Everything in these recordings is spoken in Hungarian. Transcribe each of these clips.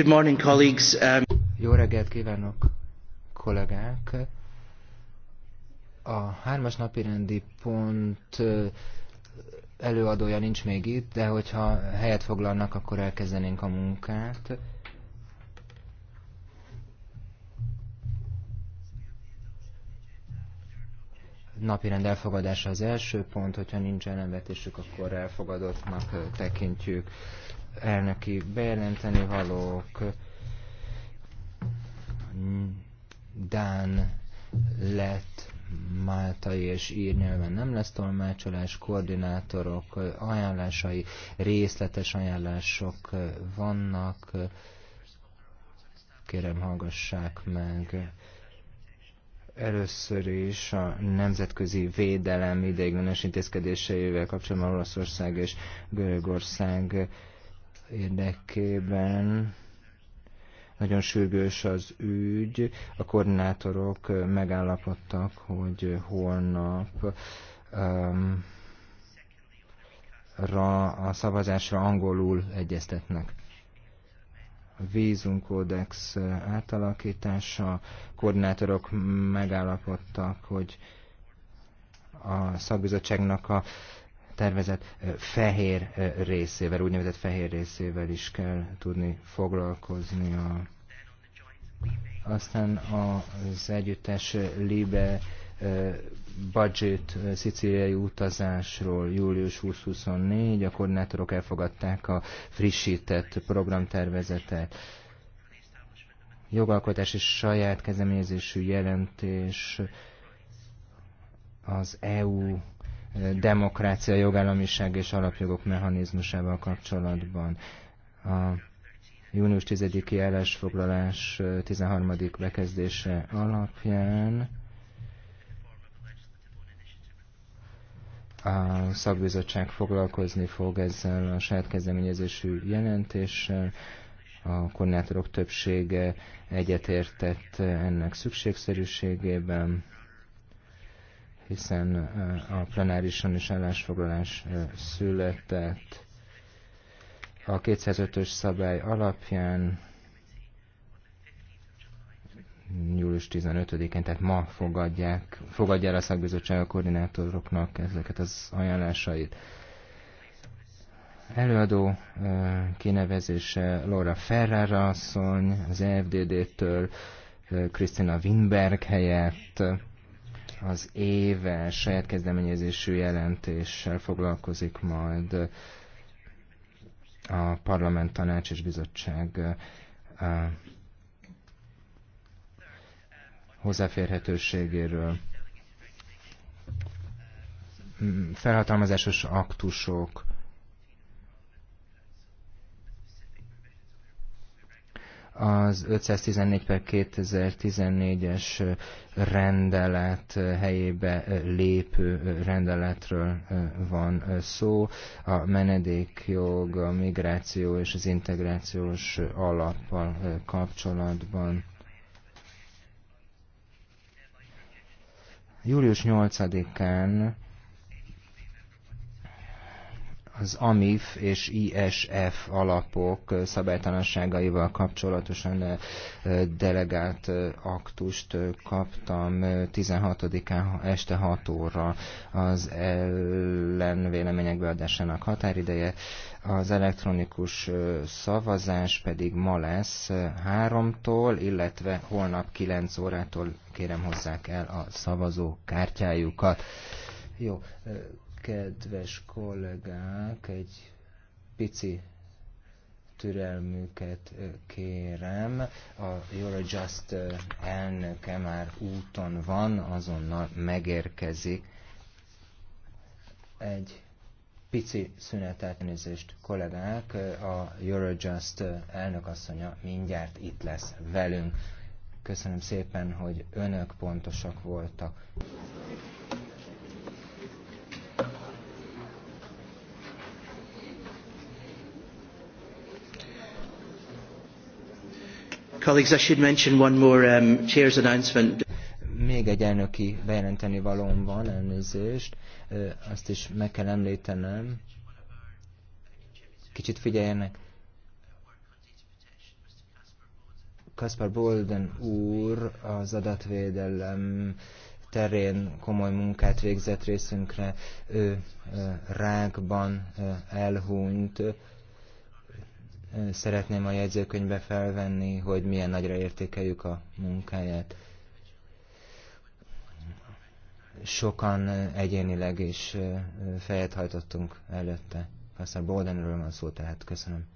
Good morning, colleagues. Um... Jó reggelt kívánok, kollégák! A hármas napi rendi pont előadója nincs még itt, de hogyha helyet foglalnak, akkor elkezdenénk a munkát. napirend elfogadása az első pont, hogyha nincs ellenvetésük, akkor elfogadottnak tekintjük elnöki bejelenteni valók. Dán lett máltai és ír nyelven nem lesz tolmácsolás, koordinátorok ajánlásai, részletes ajánlások vannak. Kérem, hallgassák meg először is a nemzetközi védelem ideiglenes intézkedéseivel kapcsolatban Olaszország és Görögország érdekében nagyon sürgős az ügy. A koordinátorok megállapodtak, hogy holnap um, ra, a szavazásra angolul egyeztetnek. A vízunkódex átalakítása, a koordinátorok megállapodtak, hogy a szakbizottságnak a tervezet fehér részével, úgynevezett fehér részével is kell tudni foglalkozni a aztán az együttes Libe budget szicíliai utazásról július 2024, a koordinátorok elfogadták a frissített programtervezetet. Jogalkotás és saját kezeményezésű jelentés az EU demokrácia, jogállamiság és alapjogok mechanizmusával kapcsolatban. A június 10-i foglalás, 13. bekezdése alapján a szakbizottság foglalkozni fog ezzel a saját kezdeményezésű jelentéssel. A koordinátorok többsége egyetértett ennek szükségszerűségében hiszen eh, a plenárison is állásfoglalás eh, született. A 205-ös szabály alapján július 15-én, tehát ma fogadják, fogadja el a szakbizottság a koordinátoroknak ezeket az ajánlásait. Előadó eh, kinevezése Laura Ferrara asszony, az FDD-től, Krisztina Winberg helyett, az éves saját kezdeményezésű jelentéssel foglalkozik majd a Parlament Tanács és Bizottság hozzáférhetőségéről mm, felhatalmazásos aktusok, az 514 per 2014-es rendelet helyébe lépő rendeletről van szó. A menedékjog, a migráció és az integrációs alappal kapcsolatban. Július 8-án az AMIF és ISF alapok szabálytalanságaival kapcsolatosan delegált aktust kaptam 16-án este 6 óra az ellenvélemények beadásának határideje. Az elektronikus szavazás pedig ma lesz 3-tól, illetve holnap 9 órától kérem hozzák el a szavazó kártyájukat. Jó, kedves kollégák, egy pici türelmüket kérem. A Eurojust elnöke már úton van, azonnal megérkezik. Egy pici szünetet, nézést kollégák, a Eurojust elnökasszonya mindjárt itt lesz velünk. Köszönöm szépen, hogy önök pontosak voltak. Um, Még egy elnöki bejelenteni valóm van, elnézést. Azt is meg kell említenem. Kicsit figyeljenek. Kaspar Bolden úr az adatvédelem terén komoly munkát végzett részünkre, ő rákban elhunyt szeretném a jegyzőkönyvbe felvenni, hogy milyen nagyra értékeljük a munkáját. Sokan egyénileg is fejet hajtottunk előtte. Pastor Boldenről van szó, tehát köszönöm.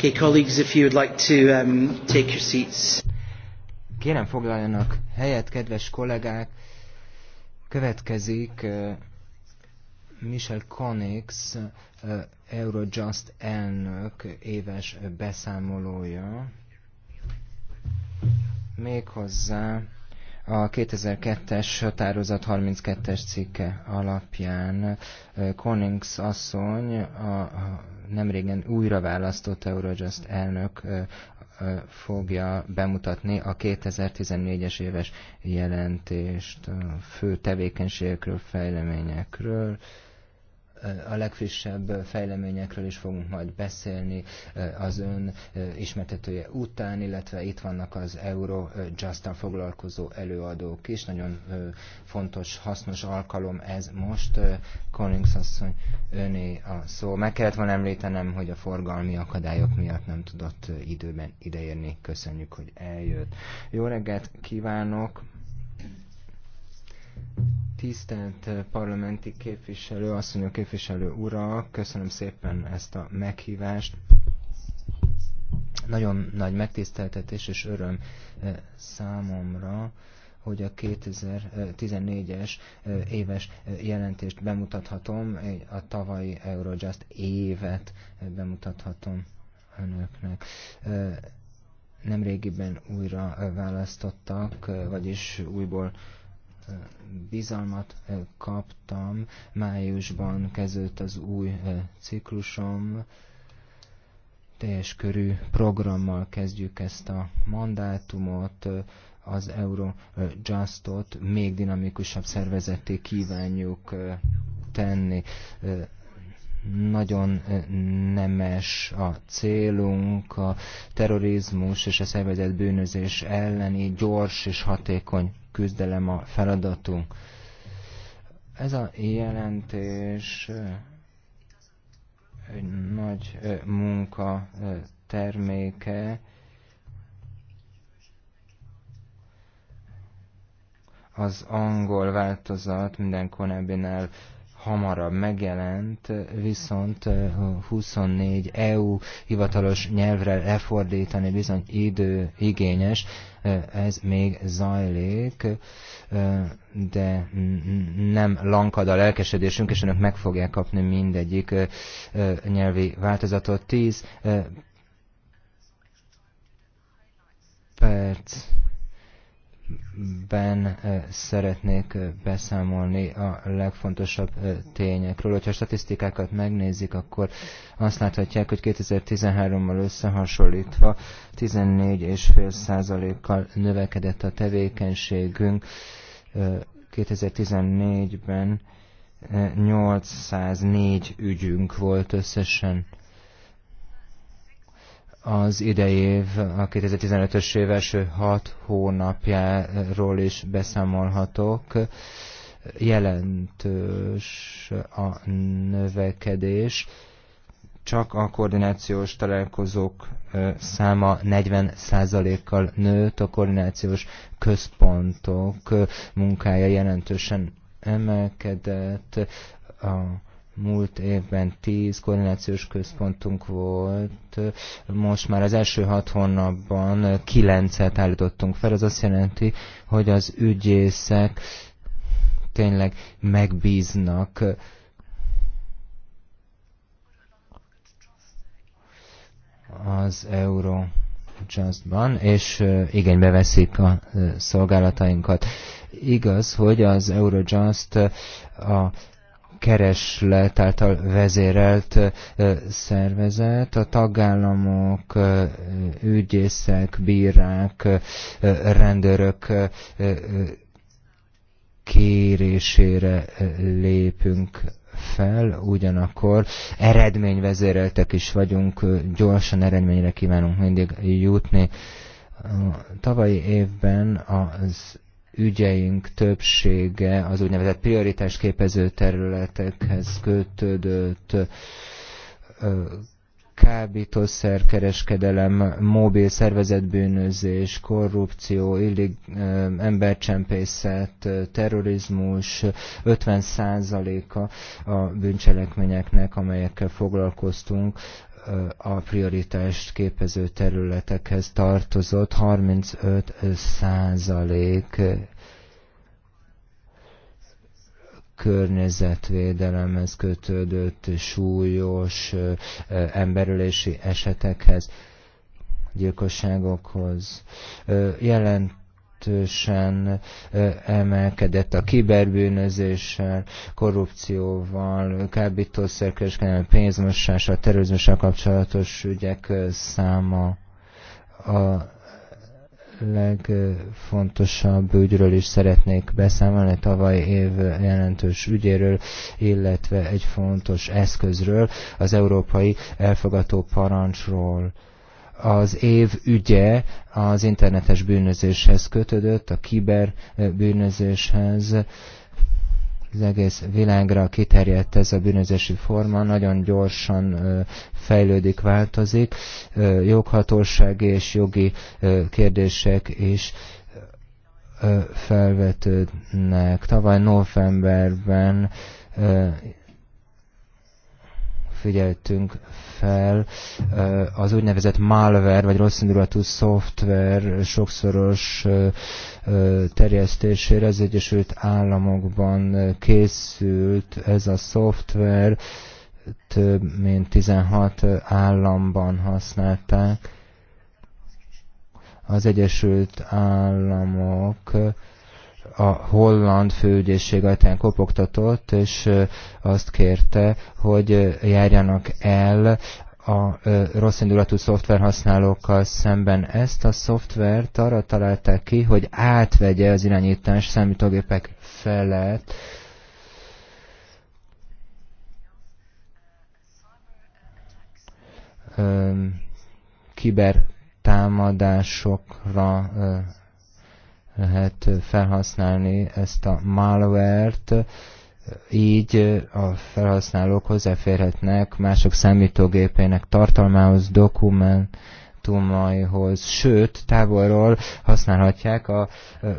Okay, colleagues, if you would like to um, take your seats. Kérem foglaljanak helyet, kedves kollégák. Következik uh, Michel Connex, uh, Eurojust elnök éves beszámolója. Méghozzá a 2002-es határozat 32-es cikke alapján uh, Konings asszony a, a nemrégen újra választott Eurojust elnök fogja bemutatni a 2014-es éves jelentést a fő tevékenységekről, fejleményekről, a legfrissebb fejleményekről is fogunk majd beszélni eh, az ön eh, ismertetője után, illetve itt vannak az Euro eh, just foglalkozó előadók is. Nagyon fontos, hasznos alkalom ez most. Konings asszony, öné a szó. Meg kellett volna említenem, hogy a forgalmi akadályok miatt nem tudott időben ideérni. Köszönjük, hogy eljött. Jó reggelt kívánok! Tisztelt parlamenti képviselő, asszonyok képviselő ura, köszönöm szépen ezt a meghívást. Nagyon nagy megtiszteltetés és öröm eh, számomra, hogy a 2014-es eh, éves eh, jelentést bemutathatom, a tavalyi Eurojust évet bemutathatom önöknek nemrégiben újra választottak, vagyis újból bizalmat kaptam. Májusban kezdődött az új ciklusom. Teljes körű programmal kezdjük ezt a mandátumot az Eurojustot még dinamikusabb szervezetté kívánjuk tenni. Nagyon nemes a célunk, a terrorizmus és a szervezett bűnözés elleni gyors és hatékony küzdelem a feladatunk. Ez a jelentés egy nagy munka terméke, az angol változat minden konebinál hamarabb megjelent, viszont 24 EU hivatalos nyelvre lefordítani bizony idő igényes, ez még zajlik, de nem lankad a lelkesedésünk, és önök meg fogják kapni mindegyik nyelvi változatot. 10 perc ben eh, szeretnék eh, beszámolni a legfontosabb eh, tényekről. Hogyha a statisztikákat megnézik, akkor azt láthatják, hogy 2013-mal összehasonlítva 14,5%-kal növekedett a tevékenységünk. 2014-ben 804 ügyünk volt összesen az idejév, a 2015-ös év első hat hónapjáról is beszámolhatok. Jelentős a növekedés. Csak a koordinációs találkozók száma 40%-kal nőtt, a koordinációs központok munkája jelentősen emelkedett, a Múlt évben 10 koordinációs központunk volt, most már az első hat hónapban 9-et állítottunk fel, ez azt jelenti, hogy az ügyészek tényleg megbíznak az euró Justban, és igénybe veszik a szolgálatainkat. Igaz, hogy az Eurojust a kereslet által vezérelt szervezet. A tagállamok, ügyészek, bírák, rendőrök kérésére lépünk fel, ugyanakkor eredményvezéreltek is vagyunk, gyorsan eredményre kívánunk mindig jutni. A tavalyi évben az ügyeink többsége az úgynevezett prioritás képező területekhez kötődött kábítószerkereskedelem, mobil szervezetbűnözés, korrupció, illig, embercsempészet, terrorizmus, 50%-a a bűncselekményeknek, amelyekkel foglalkoztunk, a prioritást képező területekhez tartozott, 35 százalék környezetvédelemhez kötődött súlyos emberölési esetekhez, gyilkosságokhoz. Jelent jelentősen emelkedett a kiberbűnözéssel, korrupcióval, kábítószerkereskedelmi pénzmosással, terrorizmussal kapcsolatos ügyek száma a legfontosabb ügyről is szeretnék beszámolni, tavaly év jelentős ügyéről, illetve egy fontos eszközről, az európai elfogató parancsról az év ügye az internetes bűnözéshez kötődött, a kiberbűnözéshez, az egész világra kiterjedt ez a bűnözési forma, nagyon gyorsan fejlődik, változik, joghatósági és jogi kérdések is felvetődnek. Tavaly novemberben figyeltünk fel, az úgynevezett malware, vagy rosszindulatú szoftver sokszoros terjesztésére az Egyesült Államokban készült ez a szoftver, több mint 16 államban használták. Az Egyesült Államok a holland főügyészség ajtán kopogtatott, és azt kérte, hogy járjanak el a rosszindulatú szoftverhasználókkal szemben ezt a szoftvert arra találták ki, hogy átvegye az irányítás számítógépek felett, kiber támadásokra lehet felhasználni ezt a malware-t, így a felhasználók hozzáférhetnek mások számítógépének tartalmához, dokumentumaihoz, sőt, távolról használhatják a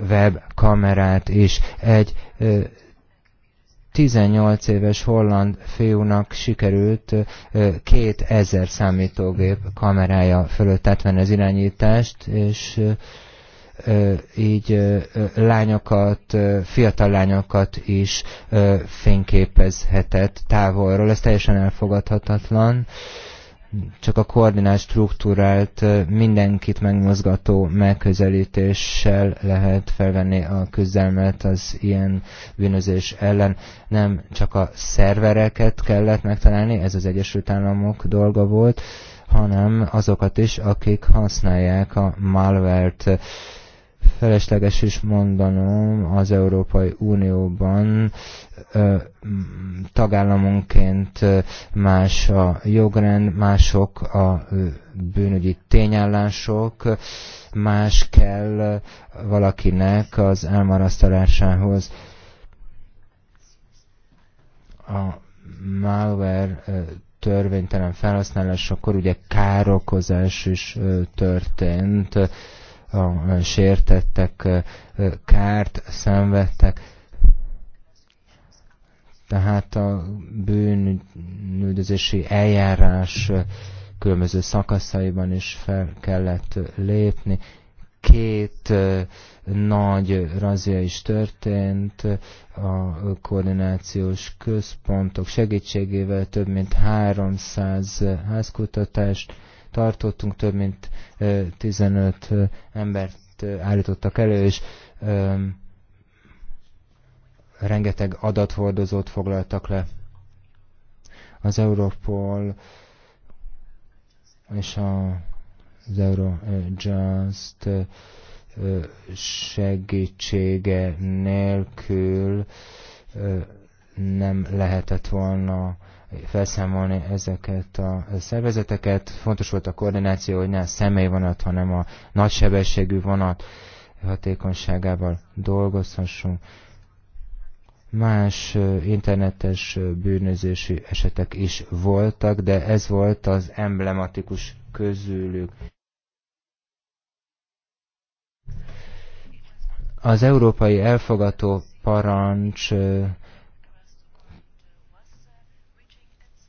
webkamerát is. Egy 18 éves holland fiúnak sikerült 2000 számítógép kamerája fölött átvenni az irányítást, és így lányokat, fiatal lányokat is fényképezhetett távolról. Ez teljesen elfogadhatatlan csak a koordinált struktúrált, mindenkit megmozgató megközelítéssel lehet felvenni a küzdelmet az ilyen bűnözés ellen. Nem csak a szervereket kellett megtalálni, ez az Egyesült Államok dolga volt, hanem azokat is, akik használják a malware-t felesleges is mondanom, az Európai Unióban tagállamonként más a jogrend, mások a bűnügyi tényállások, más kell valakinek az elmarasztalásához. A malware törvénytelen felhasználásakor ugye károkozás is történt, a sértettek kárt szenvedtek. Tehát a bűnüldözési eljárás különböző szakaszaiban is fel kellett lépni. Két nagy razia is történt a koordinációs központok segítségével több mint 300 házkutatást tartottunk, több mint 15 embert állítottak elő, és rengeteg adathordozót foglaltak le. Az Europol és a, az Eurojust segítsége nélkül nem lehetett volna felszámolni ezeket a szervezeteket. Fontos volt a koordináció, hogy ne a személyvonat, hanem a nagysebességű vonat hatékonyságával dolgozhassunk. Más internetes bűnözési esetek is voltak, de ez volt az emblematikus közülük. Az európai elfogató parancs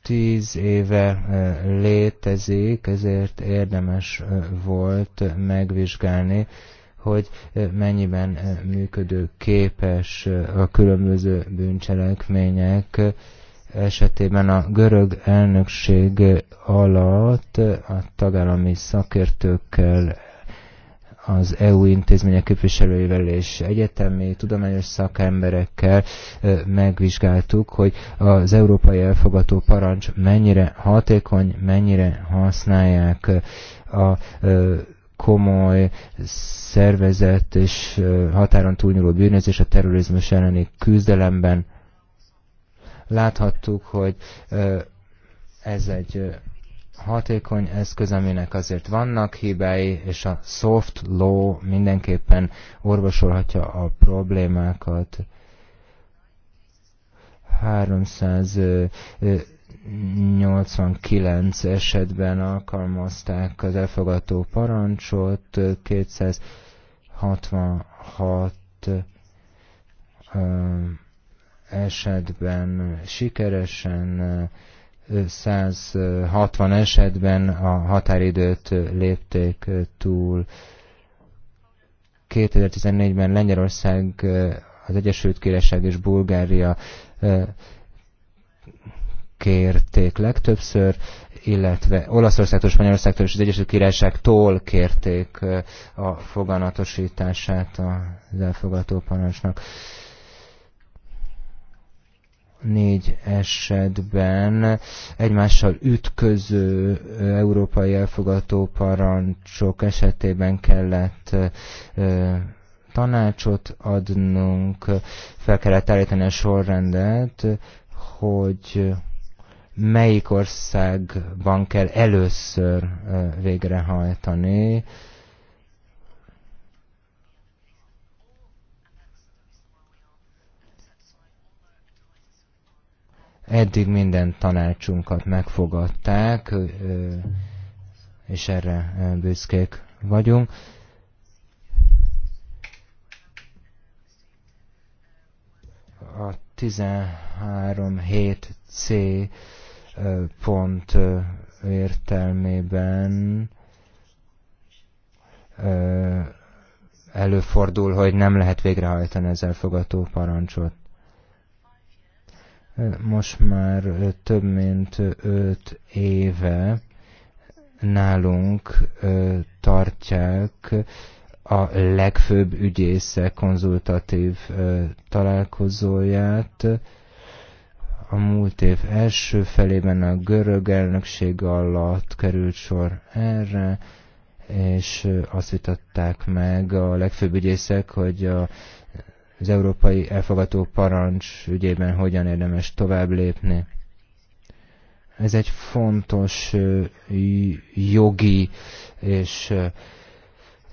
tíz éve létezik, ezért érdemes volt megvizsgálni, hogy mennyiben működő képes a különböző bűncselekmények esetében a görög elnökség alatt a tagállami szakértőkkel az EU intézmények képviselőivel és egyetemi tudományos szakemberekkel megvizsgáltuk, hogy az európai elfogató parancs mennyire hatékony, mennyire használják a komoly szervezet és határon túlnyúló bűnözés a terrorizmus elleni küzdelemben. Láthattuk, hogy ez egy hatékony eszköz, aminek azért vannak hibái, és a soft law mindenképpen orvosolhatja a problémákat. 389 esetben alkalmazták az elfogadó parancsot, 266 esetben sikeresen 160 esetben a határidőt lépték túl. 2014-ben Lengyelország, az Egyesült Királyság és Bulgária kérték legtöbbször, illetve Olaszországtól, Spanyolországtól és az Egyesült Királyságtól kérték a foganatosítását az elfogadó parancsnak négy esetben egymással ütköző európai elfogató parancsok esetében kellett tanácsot adnunk, fel kellett állítani a sorrendet, hogy melyik országban kell először végrehajtani Eddig minden tanácsunkat megfogadták, és erre büszkék vagyunk. A 13.7c pont értelmében előfordul, hogy nem lehet végrehajtani ezzel fogató parancsot. Most már több mint öt éve nálunk tartják a legfőbb ügyészek konzultatív találkozóját. A múlt év első felében a görög elnökség alatt került sor erre, és azt vitatták meg a legfőbb ügyészek, hogy a az európai elfogató parancs ügyében hogyan érdemes tovább lépni. Ez egy fontos jogi és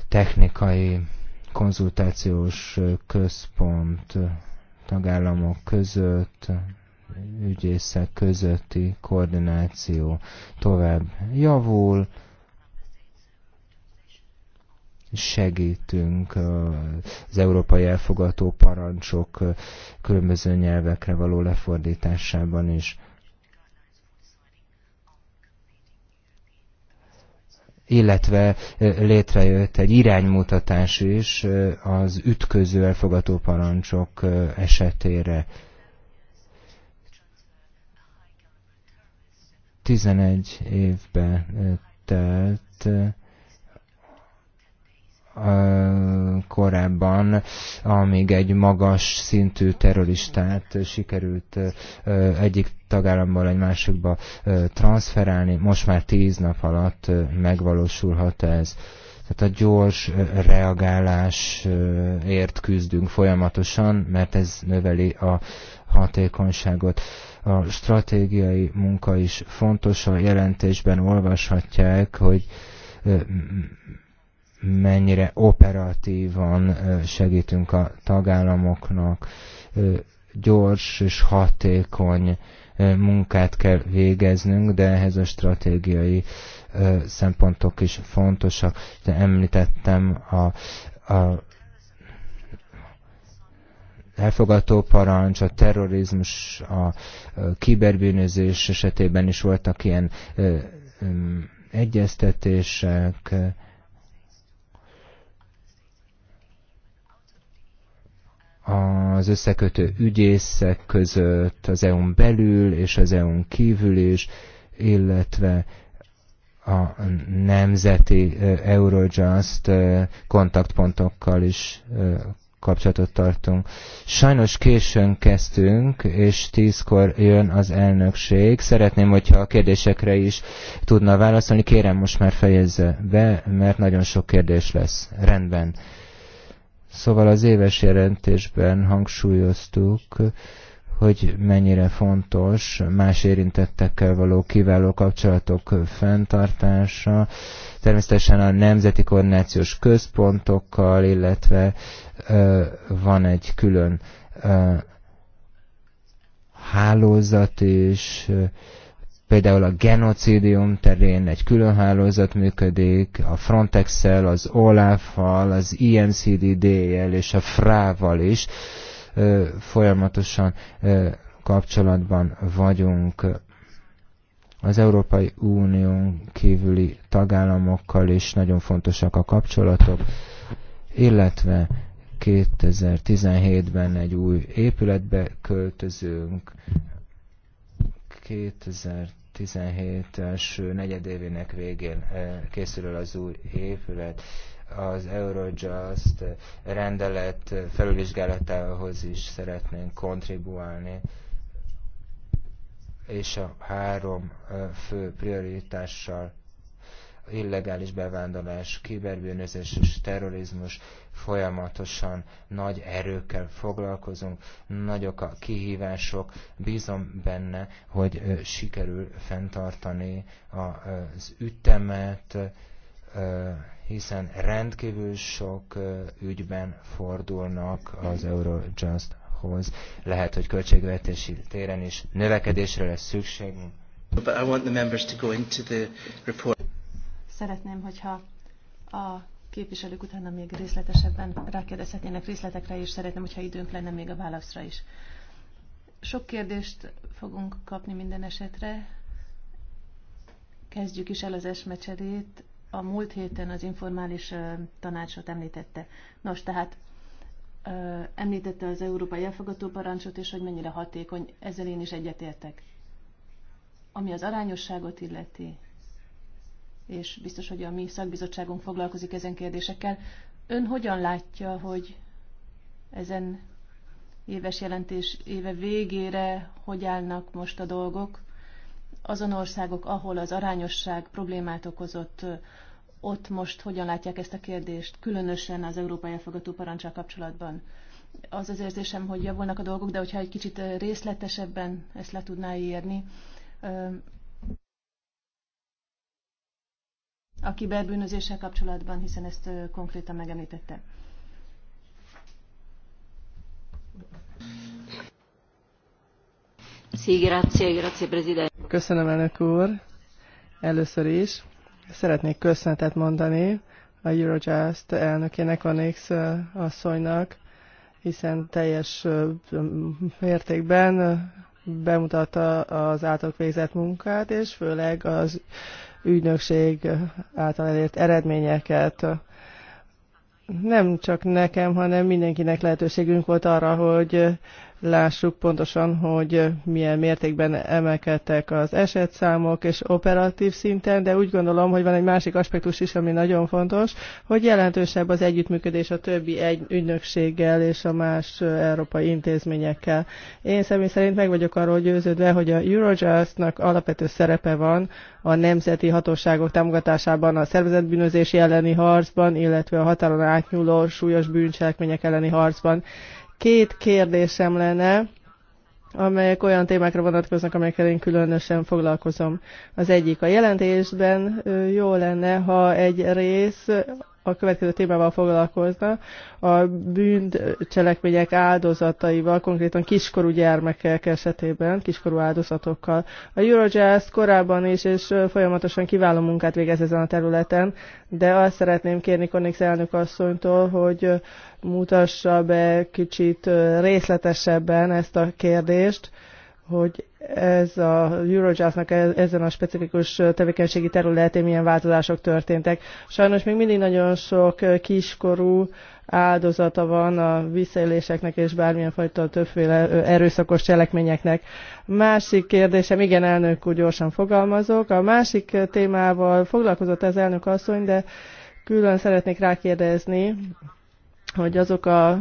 technikai konzultációs központ tagállamok között, ügyészek közötti koordináció tovább javul, segítünk az európai elfogató parancsok különböző nyelvekre való lefordításában is. illetve létrejött egy iránymutatás is az ütköző elfogató parancsok esetére. 11 évbe telt korábban, amíg egy magas szintű terroristát sikerült egyik tagállamból egy másikba transferálni, most már tíz nap alatt megvalósulhat ez. Tehát a gyors reagálásért küzdünk folyamatosan, mert ez növeli a hatékonyságot. A stratégiai munka is fontos, a jelentésben olvashatják, hogy mennyire operatívan segítünk a tagállamoknak, gyors és hatékony munkát kell végeznünk, de ehhez a stratégiai szempontok is fontosak. De említettem a, a elfogató parancs, a terrorizmus, a kiberbűnözés esetében is voltak ilyen egyeztetések, az összekötő ügyészek között, az EU-n belül és az EU-n kívül is, illetve a nemzeti Eurojust kontaktpontokkal is kapcsolatot tartunk. Sajnos későn kezdtünk, és tízkor jön az elnökség. Szeretném, hogyha a kérdésekre is tudna válaszolni. Kérem, most már fejezze be, mert nagyon sok kérdés lesz. Rendben. Szóval az éves jelentésben hangsúlyoztuk, hogy mennyire fontos más érintettekkel való kiváló kapcsolatok fenntartása, természetesen a nemzeti koordinációs központokkal, illetve ö, van egy külön ö, hálózat is, ö, Például a genocidium terén egy külön hálózat működik, a Frontex-el, az OLAF-val, az INCDD-jel és a FRA-val is folyamatosan kapcsolatban vagyunk az Európai Unión kívüli tagállamokkal is nagyon fontosak a kapcsolatok, illetve 2017-ben egy új épületbe költözünk, 2017 első negyedévének végén eh, készül az új épület. Az Eurojust rendelet felülvizsgálatához is szeretnénk kontribuálni és a három eh, fő prioritással illegális bevándorlás, kiberbűnözés és terrorizmus folyamatosan nagy erőkkel foglalkozunk, nagyok a kihívások, bízom benne, hogy sikerül fenntartani az ütemet, hiszen rendkívül sok ügyben fordulnak az Eurojust-hoz. Lehet, hogy költségvetési téren is növekedésre lesz szükségünk. But I want the members to go into the report. Szeretném, hogyha a képviselők utána még részletesebben rákérdezhetnének részletekre, és szeretném, hogyha időnk lenne még a válaszra is. Sok kérdést fogunk kapni minden esetre. Kezdjük is el az esmecserét. A múlt héten az informális tanácsot említette. Nos, tehát említette az európai elfogadó parancsot, és hogy mennyire hatékony, ezzel én is egyetértek. Ami az arányosságot illeti, és biztos, hogy a mi szakbizottságunk foglalkozik ezen kérdésekkel. Ön hogyan látja, hogy ezen éves jelentés éve végére hogy állnak most a dolgok? Azon országok, ahol az arányosság problémát okozott, ott most hogyan látják ezt a kérdést, különösen az európai Elfogató parancsal kapcsolatban? Az az érzésem, hogy javulnak a dolgok, de hogyha egy kicsit részletesebben ezt le tudná írni, a kiberbűnözéssel kapcsolatban, hiszen ezt konkrétan megemlítette. Köszönöm, elnök úr. Először is szeretnék köszönetet mondani a Eurojust elnökének, a Nix asszonynak, hiszen teljes mértékben bemutatta az által végzett munkát, és főleg az ügynökség által elért eredményeket. Nem csak nekem, hanem mindenkinek lehetőségünk volt arra, hogy lássuk pontosan, hogy milyen mértékben emelkedtek az esetszámok és operatív szinten, de úgy gondolom, hogy van egy másik aspektus is, ami nagyon fontos, hogy jelentősebb az együttműködés a többi egy ügynökséggel és a más európai intézményekkel. Én személy szerint meg vagyok arról győződve, hogy a Eurojustnak alapvető szerepe van a nemzeti hatóságok támogatásában, a szervezetbűnözési elleni harcban, illetve a határon átnyúló súlyos bűncselekmények elleni harcban Két kérdésem lenne, amelyek olyan témákra vonatkoznak, amelyekkel én különösen foglalkozom. Az egyik a jelentésben jó lenne, ha egy rész a következő témával foglalkozna, a bűncselekmények áldozataival, konkrétan kiskorú gyermekek esetében, kiskorú áldozatokkal. A Eurojazz korábban is, és folyamatosan kiváló munkát végez ezen a területen, de azt szeretném kérni Konix elnök asszonytól, hogy mutassa be kicsit részletesebben ezt a kérdést, hogy ez a Eurojazznak e- ezen a specifikus tevékenységi területén milyen változások történtek. Sajnos még mindig nagyon sok kiskorú áldozata van a visszaéléseknek és bármilyen fajta többféle erőszakos cselekményeknek. Másik kérdésem, igen, elnök úgy gyorsan fogalmazok. A másik témával foglalkozott az elnök asszony, de külön szeretnék rákérdezni, hogy azok a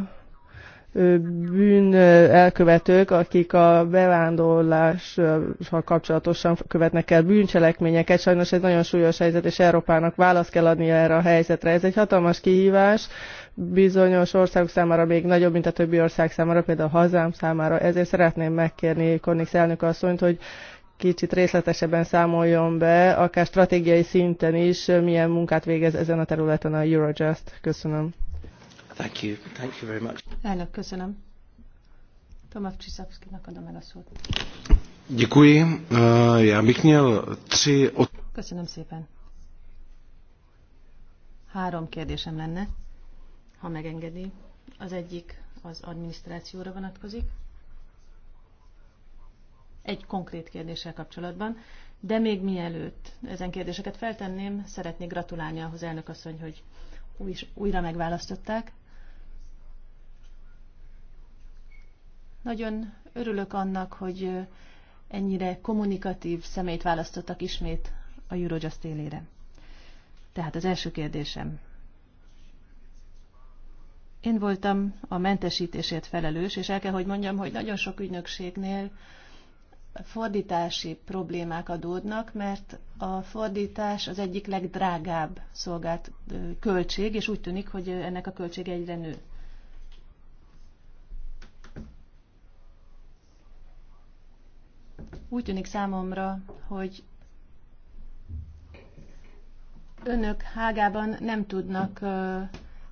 bűn elkövetők, akik a bevándorlással kapcsolatosan követnek el bűncselekményeket. Sajnos ez nagyon súlyos helyzet, és Európának választ kell adnia erre a helyzetre. Ez egy hatalmas kihívás, bizonyos országok számára még nagyobb, mint a többi ország számára, például a hazám számára. Ezért szeretném megkérni Konix elnök asszonyt, hogy kicsit részletesebben számoljon be, akár stratégiai szinten is, milyen munkát végez ezen a területen a Eurojust. Köszönöm. Thank you. Thank you very much. Elnök, köszönöm. Tomáš adom el a szót. Děkuji. Eh, já bych měl tři... Köszönöm szépen. Három kérdésem lenne, ha megengedi. Az egyik az adminisztrációra vonatkozik. Egy konkrét kérdéssel kapcsolatban. De még mielőtt ezen kérdéseket feltenném, szeretnék gratulálni ahhoz elnök asszony, hogy újra megválasztották. Nagyon örülök annak, hogy ennyire kommunikatív szemét választottak ismét a Eurojust élére. Tehát az első kérdésem. Én voltam a mentesítésért felelős, és el kell, hogy mondjam, hogy nagyon sok ügynökségnél fordítási problémák adódnak, mert a fordítás az egyik legdrágább szolgált költség, és úgy tűnik, hogy ennek a költsége egyre nő. Úgy tűnik számomra, hogy önök Hágában nem tudnak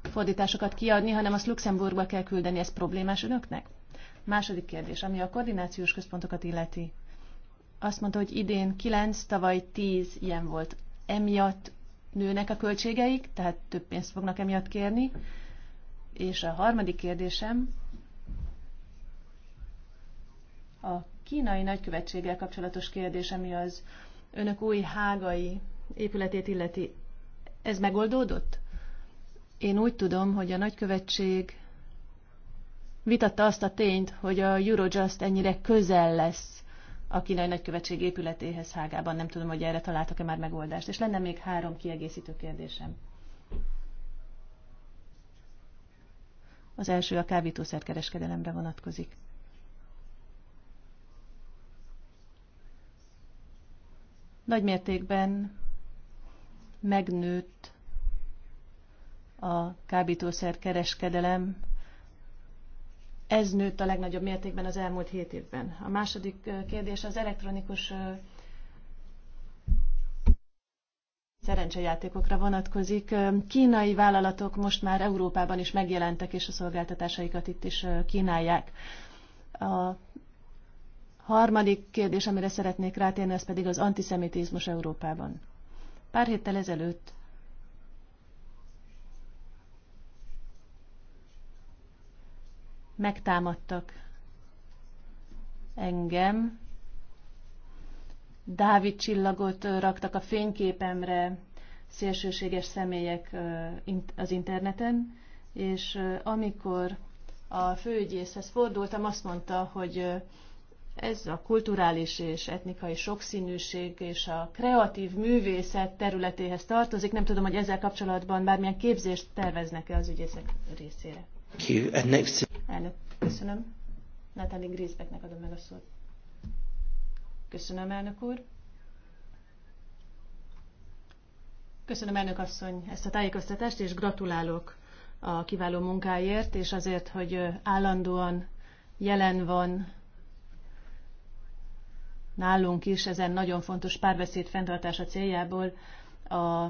fordításokat kiadni, hanem azt Luxemburgba kell küldeni. Ez problémás önöknek? Második kérdés, ami a koordinációs központokat illeti. Azt mondta, hogy idén 9, tavaly 10 ilyen volt. Emiatt nőnek a költségeik, tehát több pénzt fognak emiatt kérni. És a harmadik kérdésem, a kínai nagykövetséggel kapcsolatos kérdésem ami az önök új hágai épületét illeti. Ez megoldódott? Én úgy tudom, hogy a nagykövetség vitatta azt a tényt, hogy a Eurojust ennyire közel lesz a kínai nagykövetség épületéhez Hágában. Nem tudom, hogy erre találtak-e már megoldást. És lenne még három kiegészítő kérdésem. Az első a kábítószerkereskedelemre vonatkozik. Nagymértékben megnőtt a kábítószer kereskedelem. Ez nőtt a legnagyobb mértékben az elmúlt hét évben. A második kérdés az elektronikus szerencsejátékokra vonatkozik. Kínai vállalatok most már Európában is megjelentek, és a szolgáltatásaikat itt is kínálják. A Harmadik kérdés, amire szeretnék rátérni, ez pedig az antiszemitizmus Európában. Pár héttel ezelőtt megtámadtak engem. Dávid csillagot raktak a fényképemre szélsőséges személyek az interneten, és amikor a főügyészhez fordultam, azt mondta, hogy ez a kulturális és etnikai sokszínűség és a kreatív művészet területéhez tartozik. Nem tudom, hogy ezzel kapcsolatban bármilyen képzést terveznek-e az ügyészek részére. Elnök, köszönöm. Natalie Grisbecknek adom meg a szót. Köszönöm, elnök úr. Köszönöm, elnök asszony, ezt a tájékoztatást, és gratulálok a kiváló munkáért, és azért, hogy állandóan jelen van nálunk is ezen nagyon fontos párbeszéd fenntartása céljából a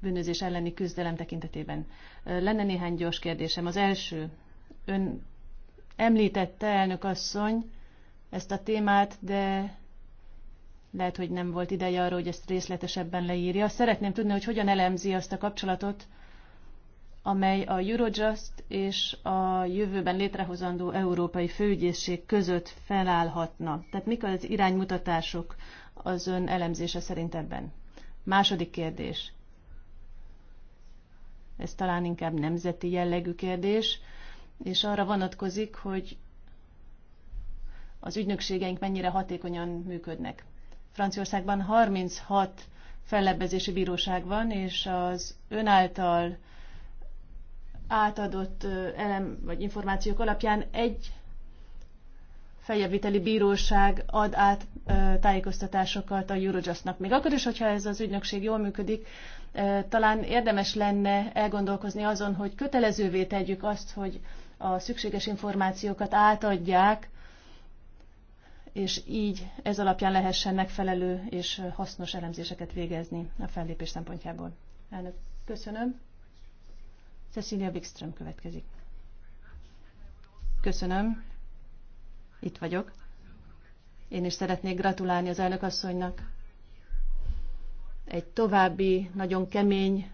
bűnözés elleni küzdelem tekintetében. Lenne néhány gyors kérdésem. Az első, ön említette, elnök asszony, ezt a témát, de lehet, hogy nem volt ideje arra, hogy ezt részletesebben leírja. Szeretném tudni, hogy hogyan elemzi azt a kapcsolatot, amely a Eurojust és a jövőben létrehozandó Európai Főügyészség között felállhatna. Tehát mik az iránymutatások az ön elemzése szerint ebben? Második kérdés. Ez talán inkább nemzeti jellegű kérdés, és arra vonatkozik, hogy az ügynökségeink mennyire hatékonyan működnek. Franciaországban 36 fellebbezési bíróság van, és az önáltal átadott elem vagy információk alapján egy feljebbviteli bíróság ad át tájékoztatásokat a Eurojustnak. Még akkor is, hogyha ez az ügynökség jól működik, talán érdemes lenne elgondolkozni azon, hogy kötelezővé tegyük azt, hogy a szükséges információkat átadják, és így ez alapján lehessen megfelelő és hasznos elemzéseket végezni a fellépés szempontjából. Elnök, köszönöm. Cecilia Wikström következik. Köszönöm. Itt vagyok. Én is szeretnék gratulálni az elnökasszonynak. Egy további, nagyon kemény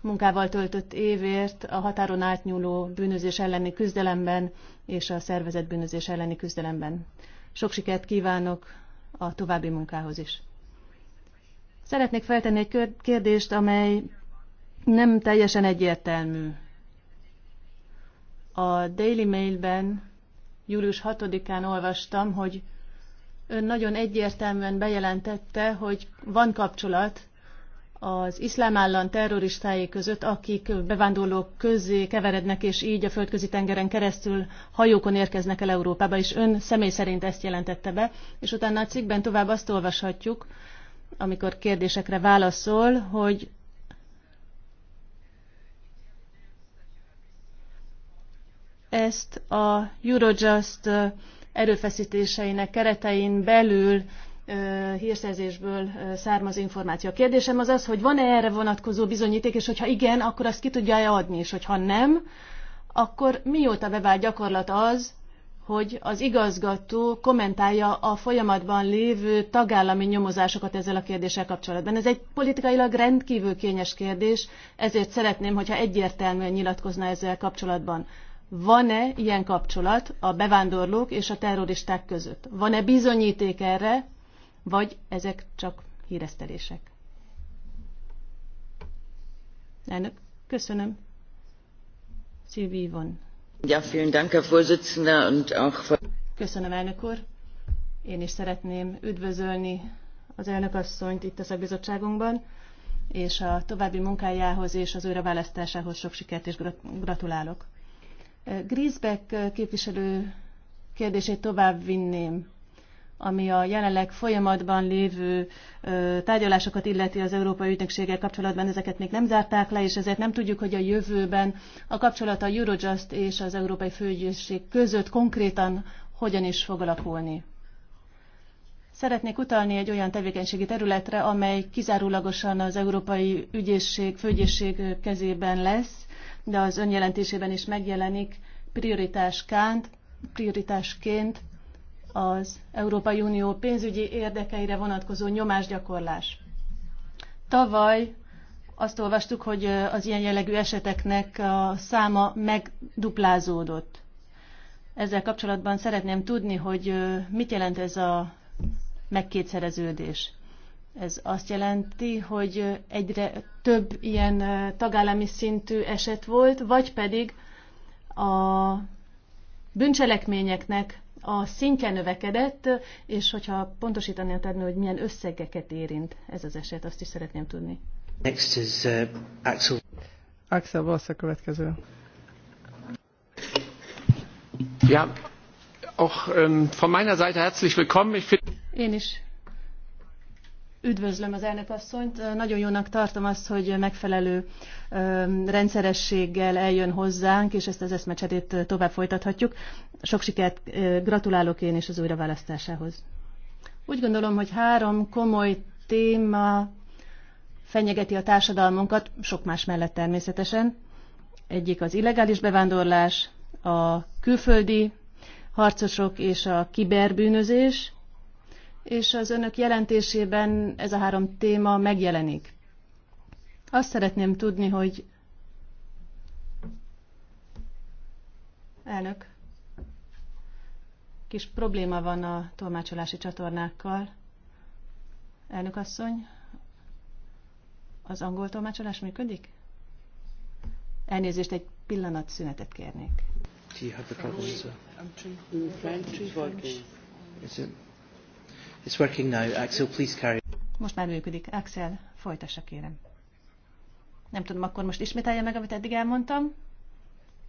munkával töltött évért a határon átnyúló bűnözés elleni küzdelemben és a szervezett bűnözés elleni küzdelemben. Sok sikert kívánok a további munkához is. Szeretnék feltenni egy kérdést, amely nem teljesen egyértelmű. A Daily Mailben július 6-án olvastam, hogy ön nagyon egyértelműen bejelentette, hogy van kapcsolat az iszlám állam terroristái között, akik bevándorlók közé keverednek, és így a földközi tengeren keresztül hajókon érkeznek el Európába, és ön személy szerint ezt jelentette be. És utána a cikkben tovább azt olvashatjuk, amikor kérdésekre válaszol, hogy ezt a Eurojust erőfeszítéseinek keretein belül hírszerzésből származó információ. A kérdésem az az, hogy van-e erre vonatkozó bizonyíték, és hogyha igen, akkor azt ki tudja-e adni, és hogyha nem, akkor mióta bevált gyakorlat az, hogy az igazgató kommentálja a folyamatban lévő tagállami nyomozásokat ezzel a kérdéssel kapcsolatban. Ez egy politikailag rendkívül kényes kérdés, ezért szeretném, hogyha egyértelműen nyilatkozna ezzel kapcsolatban van-e ilyen kapcsolat a bevándorlók és a terroristák között? Van-e bizonyíték erre, vagy ezek csak híresztelések? Elnök, köszönöm. Szilvi van. Ja, vielen Dank, Herr Vorsitzender, und auch... Köszönöm, elnök úr. Én is szeretném üdvözölni az elnök asszonyt itt a szakbizottságunkban, és a további munkájához és az újraválasztásához sok sikert és gratulálok. Griesbeck képviselő kérdését tovább vinném, ami a jelenleg folyamatban lévő tárgyalásokat illeti az Európai Ügynökséggel kapcsolatban, ezeket még nem zárták le, és ezért nem tudjuk, hogy a jövőben a kapcsolat a Eurojust és az Európai Főügyészség között konkrétan hogyan is fog alakulni. Szeretnék utalni egy olyan tevékenységi területre, amely kizárólagosan az Európai Ügyészség, Főügyészség kezében lesz, de az önjelentésében is megjelenik prioritásként, prioritásként az Európai Unió pénzügyi érdekeire vonatkozó nyomásgyakorlás. Tavaly azt olvastuk, hogy az ilyen jellegű eseteknek a száma megduplázódott. Ezzel kapcsolatban szeretném tudni, hogy mit jelent ez a megkétszereződés. Ez azt jelenti, hogy egyre több ilyen tagállami szintű eset volt, vagy pedig a bűncselekményeknek a szintje növekedett, és hogyha pontosítani a tenni, hogy milyen összegeket érint ez az eset, azt is szeretném tudni. Next is uh, Axel. Axel Bass a következő. Ja, auch um, von meiner Seite herzlich willkommen. Ich find... Én is Üdvözlöm az asszonyt. Nagyon jónak tartom azt, hogy megfelelő rendszerességgel eljön hozzánk, és ezt az eszmecserét tovább folytathatjuk. Sok sikert gratulálok én is az újraválasztásához. Úgy gondolom, hogy három komoly téma fenyegeti a társadalmunkat, sok más mellett természetesen. Egyik az illegális bevándorlás, a külföldi harcosok és a kiberbűnözés – és az önök jelentésében ez a három téma megjelenik. Azt szeretném tudni, hogy elnök, kis probléma van a tolmácsolási csatornákkal. Elnök asszony, az angol tolmácsolás működik? Elnézést, egy pillanat szünetet kérnék. Do you have the French, Is it? It's working now. Axel, please carry. Most már működik. Axel, folytassa kérem. Nem tudom, akkor most ismételje meg, amit eddig elmondtam?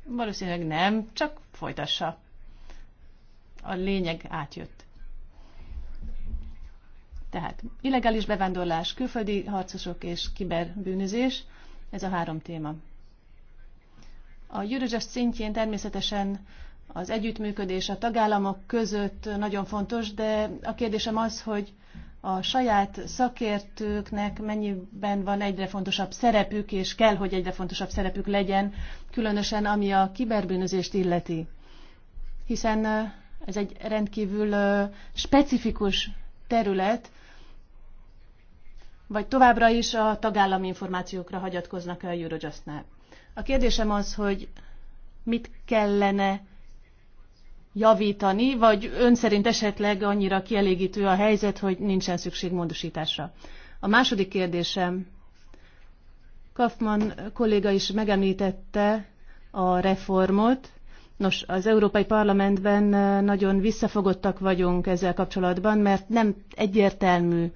Valószínűleg nem, csak folytassa. A lényeg átjött. Tehát illegális bevándorlás, külföldi harcosok és kiberbűnözés, ez a három téma. A Eurojust szintjén természetesen az együttműködés a tagállamok között nagyon fontos, de a kérdésem az, hogy a saját szakértőknek mennyiben van egyre fontosabb szerepük, és kell, hogy egyre fontosabb szerepük legyen, különösen ami a kiberbűnözést illeti. Hiszen ez egy rendkívül specifikus terület, vagy továbbra is a tagállami információkra hagyatkoznak a Eurojustnál. A kérdésem az, hogy mit kellene javítani, vagy ön szerint esetleg annyira kielégítő a helyzet, hogy nincsen szükség módosításra. A második kérdésem, Kaufmann kolléga is megemlítette a reformot. Nos, az Európai Parlamentben eh, nagyon visszafogottak vagyunk ezzel kapcsolatban, mert nem egyértelmű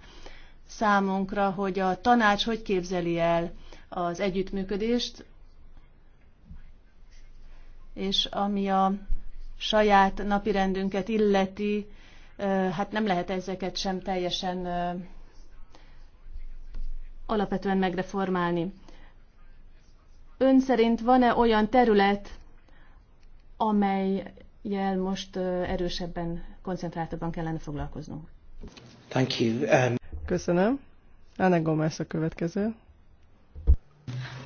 számunkra, hogy a tanács hogy képzeli el az együttműködést, és ami a saját napirendünket illeti, hát nem lehet ezeket sem teljesen alapvetően megreformálni. Ön szerint van-e olyan terület, amelyel most erősebben, koncentráltabban kellene foglalkoznunk? Thank you. Um... Köszönöm. Anna Gomez a következő.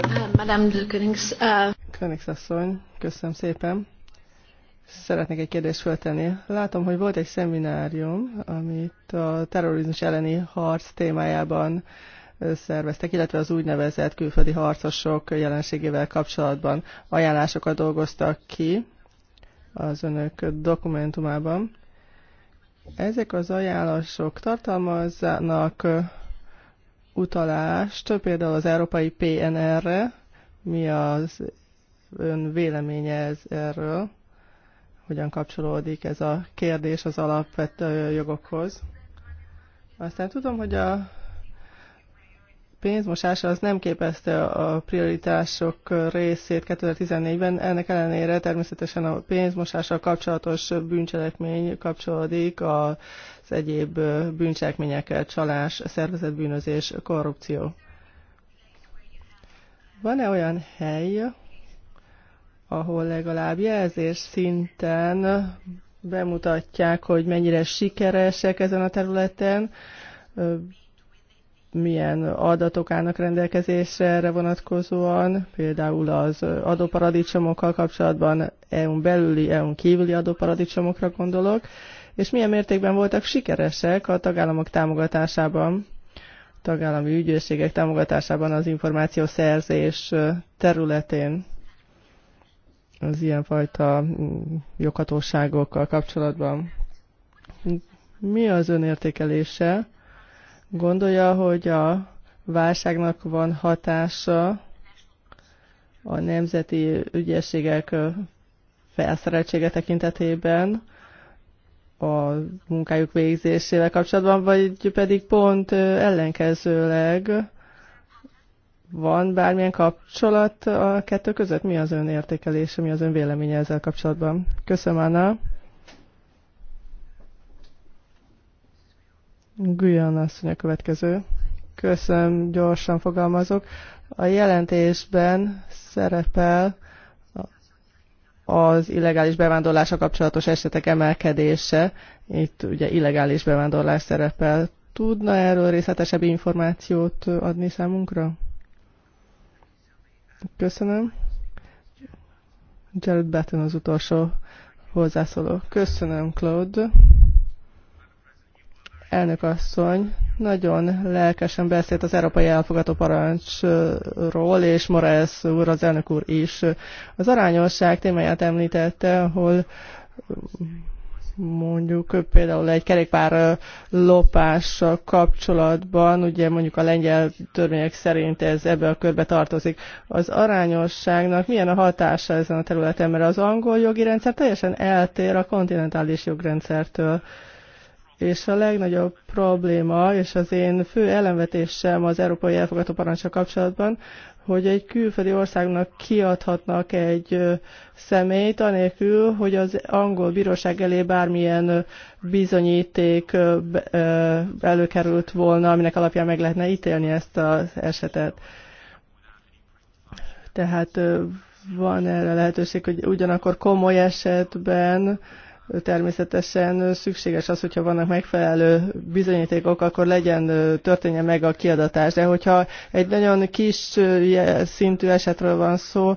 Uh, Madame de Königs, uh... Königs asszony, köszönöm szépen szeretnék egy kérdést föltenni. Látom, hogy volt egy szeminárium, amit a terrorizmus elleni harc témájában szerveztek, illetve az úgynevezett külföldi harcosok jelenségével kapcsolatban ajánlásokat dolgoztak ki az önök dokumentumában. Ezek az ajánlások tartalmaznak utalást, például az európai PNR-re, mi az ön véleménye ez erről? hogyan kapcsolódik ez a kérdés az alapvető jogokhoz. Aztán tudom, hogy a pénzmosása az nem képezte a prioritások részét 2014-ben, ennek ellenére természetesen a pénzmosással kapcsolatos bűncselekmény kapcsolódik az egyéb bűncselekményekkel, csalás, szervezetbűnözés, korrupció. Van-e olyan hely, ahol legalább jelzés szinten bemutatják, hogy mennyire sikeresek ezen a területen, milyen adatok állnak rendelkezésre erre vonatkozóan, például az adóparadicsomokkal kapcsolatban, EU-n belüli, EU-n kívüli adóparadicsomokra gondolok, és milyen mértékben voltak sikeresek a tagállamok támogatásában, tagállami ügyészségek támogatásában az információszerzés területén az ilyenfajta mm, joghatóságokkal kapcsolatban. Mi az ön értékelése? Gondolja, hogy a válságnak van hatása a nemzeti ügyességek felszereltsége tekintetében a munkájuk végzésével kapcsolatban, vagy pedig pont ellenkezőleg van bármilyen kapcsolat a kettő között? Mi az ön értékelése, mi az ön véleménye ezzel kapcsolatban? Köszönöm, Anna. Gujan asszony a következő. Köszönöm, gyorsan fogalmazok. A jelentésben szerepel az illegális bevándorlása kapcsolatos esetek emelkedése. Itt ugye illegális bevándorlás szerepel. Tudna erről részletesebb információt adni számunkra? Köszönöm. Jared Batten az utolsó hozzászóló. Köszönöm, Claude. Elnök asszony, nagyon lelkesen beszélt az Európai Elfogató Parancsról, és Morales úr, az elnök úr is. Az arányosság témáját említette, ahol mondjuk például egy kerékpár lopással kapcsolatban, ugye mondjuk a lengyel törvények szerint ez ebbe a körbe tartozik. Az arányosságnak milyen a hatása ezen a területen, mert az angol jogi rendszer teljesen eltér a kontinentális jogrendszertől. És a legnagyobb probléma, és az én fő ellenvetésem az európai elfogadó parancsra kapcsolatban, hogy egy külföldi országnak kiadhatnak egy személyt, anélkül, hogy az angol bíróság elé bármilyen bizonyíték előkerült volna, aminek alapján meg lehetne ítélni ezt az esetet. Tehát van erre lehetőség, hogy ugyanakkor komoly esetben Természetesen szükséges az, hogyha vannak megfelelő bizonyítékok, akkor legyen, történjen meg a kiadatás. De hogyha egy nagyon kis szintű esetről van szó,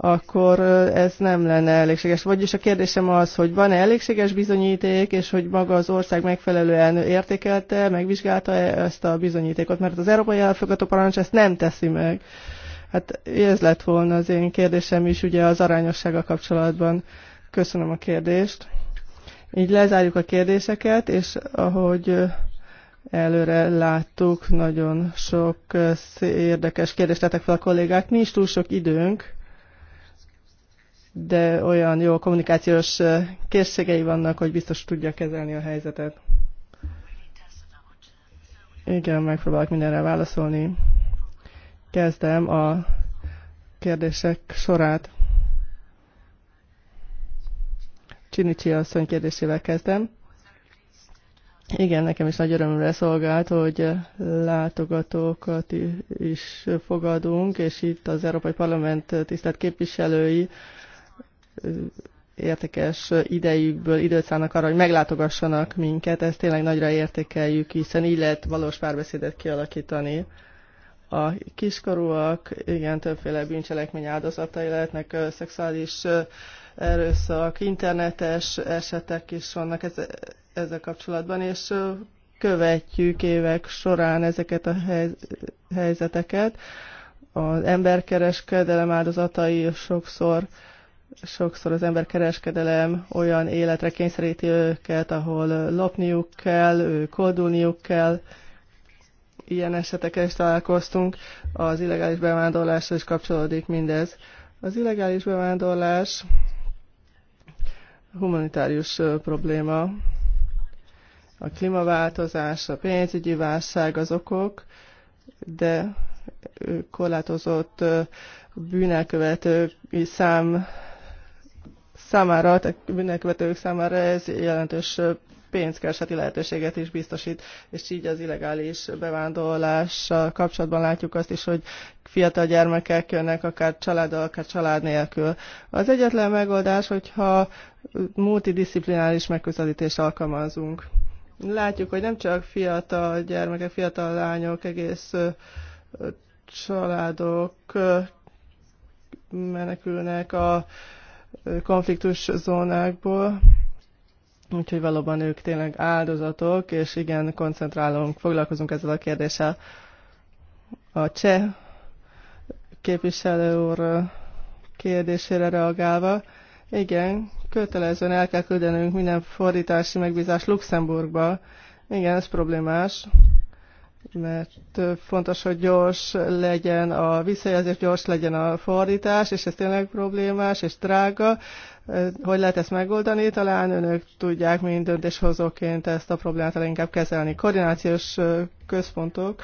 akkor ez nem lenne elégséges. Vagyis a kérdésem az, hogy van-e elégséges bizonyíték, és hogy maga az ország megfelelően értékelte, megvizsgálta -e ezt a bizonyítékot, mert az Európai Elfogató Parancs ezt nem teszi meg. Hát ez lett volna az én kérdésem is ugye az arányossága kapcsolatban. Köszönöm a kérdést. Így lezárjuk a kérdéseket, és ahogy előre láttuk, nagyon sok érdekes kérdést tettek fel a kollégák. Nincs túl sok időnk, de olyan jó kommunikációs készségei vannak, hogy biztos tudja kezelni a helyzetet. Igen, megpróbálok mindenre válaszolni. Kezdem a kérdések sorát. Csinicsi asszony kérdésével kezdem. Igen, nekem is nagy örömre szolgált, hogy eh, látogatókat is fogadunk, és itt az Európai Parlament eh, tisztelt képviselői eh, értékes idejükből időt szállnak arra, hogy meglátogassanak minket. Ezt tényleg nagyra értékeljük, hiszen így lehet valós párbeszédet kialakítani. A kiskorúak, igen, többféle bűncselekmény áldozatai lehetnek, szexuális erőszak, internetes esetek is vannak ezzel kapcsolatban, és követjük évek során ezeket a helyzeteket. Az emberkereskedelem áldozatai sokszor sokszor az emberkereskedelem olyan életre kényszeríti őket, ahol lopniuk kell, koldulniuk kell. Ilyen esetekkel is találkoztunk. Az illegális bevándorlásra is kapcsolódik mindez. Az illegális bevándorlás humanitárius probléma. A klímaváltozás, a pénzügyi válság az okok, de korlátozott bűnelkövetők szám számára, tehát bűnelkövetők számára ez jelentős pénzkereseti lehetőséget is biztosít, és így az illegális bevándorlás kapcsolatban látjuk azt is, hogy fiatal gyermekek jönnek akár családdal, akár család nélkül. Az egyetlen megoldás, hogyha multidisziplinális megközelítést alkalmazunk. Látjuk, hogy nem csak fiatal gyermekek, fiatal lányok, egész családok menekülnek a konfliktus zónákból, Úgyhogy valóban ők tényleg áldozatok, és igen, koncentrálunk, foglalkozunk ezzel a kérdéssel. A cseh képviselő úr kérdésére reagálva, igen, kötelezően el kell küldenünk minden fordítási megbízás Luxemburgba. Igen, ez problémás, mert fontos, hogy gyors legyen a visszajelzés, gyors legyen a fordítás, és ez tényleg problémás és drága, hogy lehet ezt megoldani? Talán önök tudják, mint döntéshozóként ezt a problémát inkább kezelni. Koordinációs központok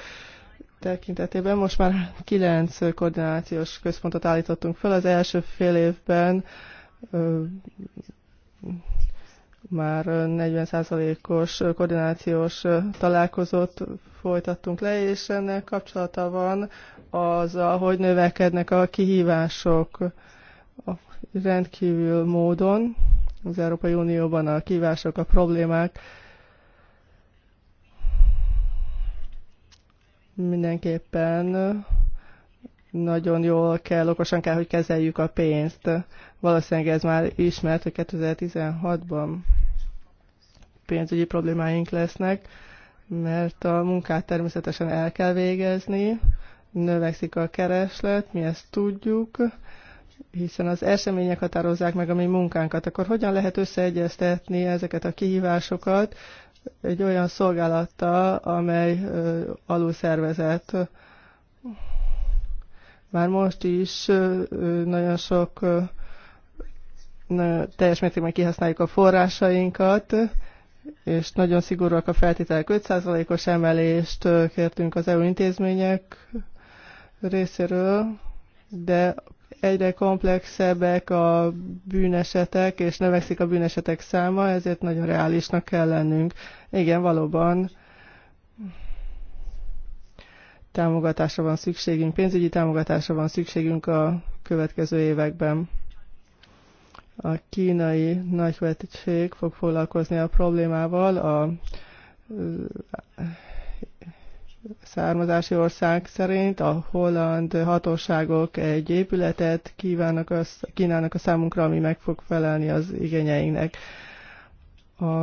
tekintetében most már kilenc koordinációs központot állítottunk fel. Az első fél évben már 40%-os koordinációs találkozót folytattunk le, és ennek kapcsolata van az, hogy növekednek a kihívások rendkívül módon az Európai Unióban a kívások, a problémák mindenképpen nagyon jól kell, okosan kell, hogy kezeljük a pénzt. Valószínűleg ez már ismert, hogy 2016-ban pénzügyi problémáink lesznek, mert a munkát természetesen el kell végezni, növekszik a kereslet, mi ezt tudjuk, hiszen az események határozzák meg a mi munkánkat, akkor hogyan lehet összeegyeztetni ezeket a kihívásokat egy olyan szolgálattal, amely alulszervezett? Már most is nagyon sok teljes mértékben kihasználjuk a forrásainkat, és nagyon szigorúak a feltételek. 5%-os emelést kértünk az EU intézmények részéről, de Egyre komplexebbek a bűnesetek, és növekszik a bűnesetek száma, ezért nagyon reálisnak kell lennünk. Igen, valóban támogatásra van szükségünk, pénzügyi támogatásra van szükségünk a következő években. A kínai nagyvetség fog foglalkozni a problémával, a származási ország szerint a holland hatóságok egy épületet kívánnak a, kínálnak a számunkra, ami meg fog felelni az igényeinknek. A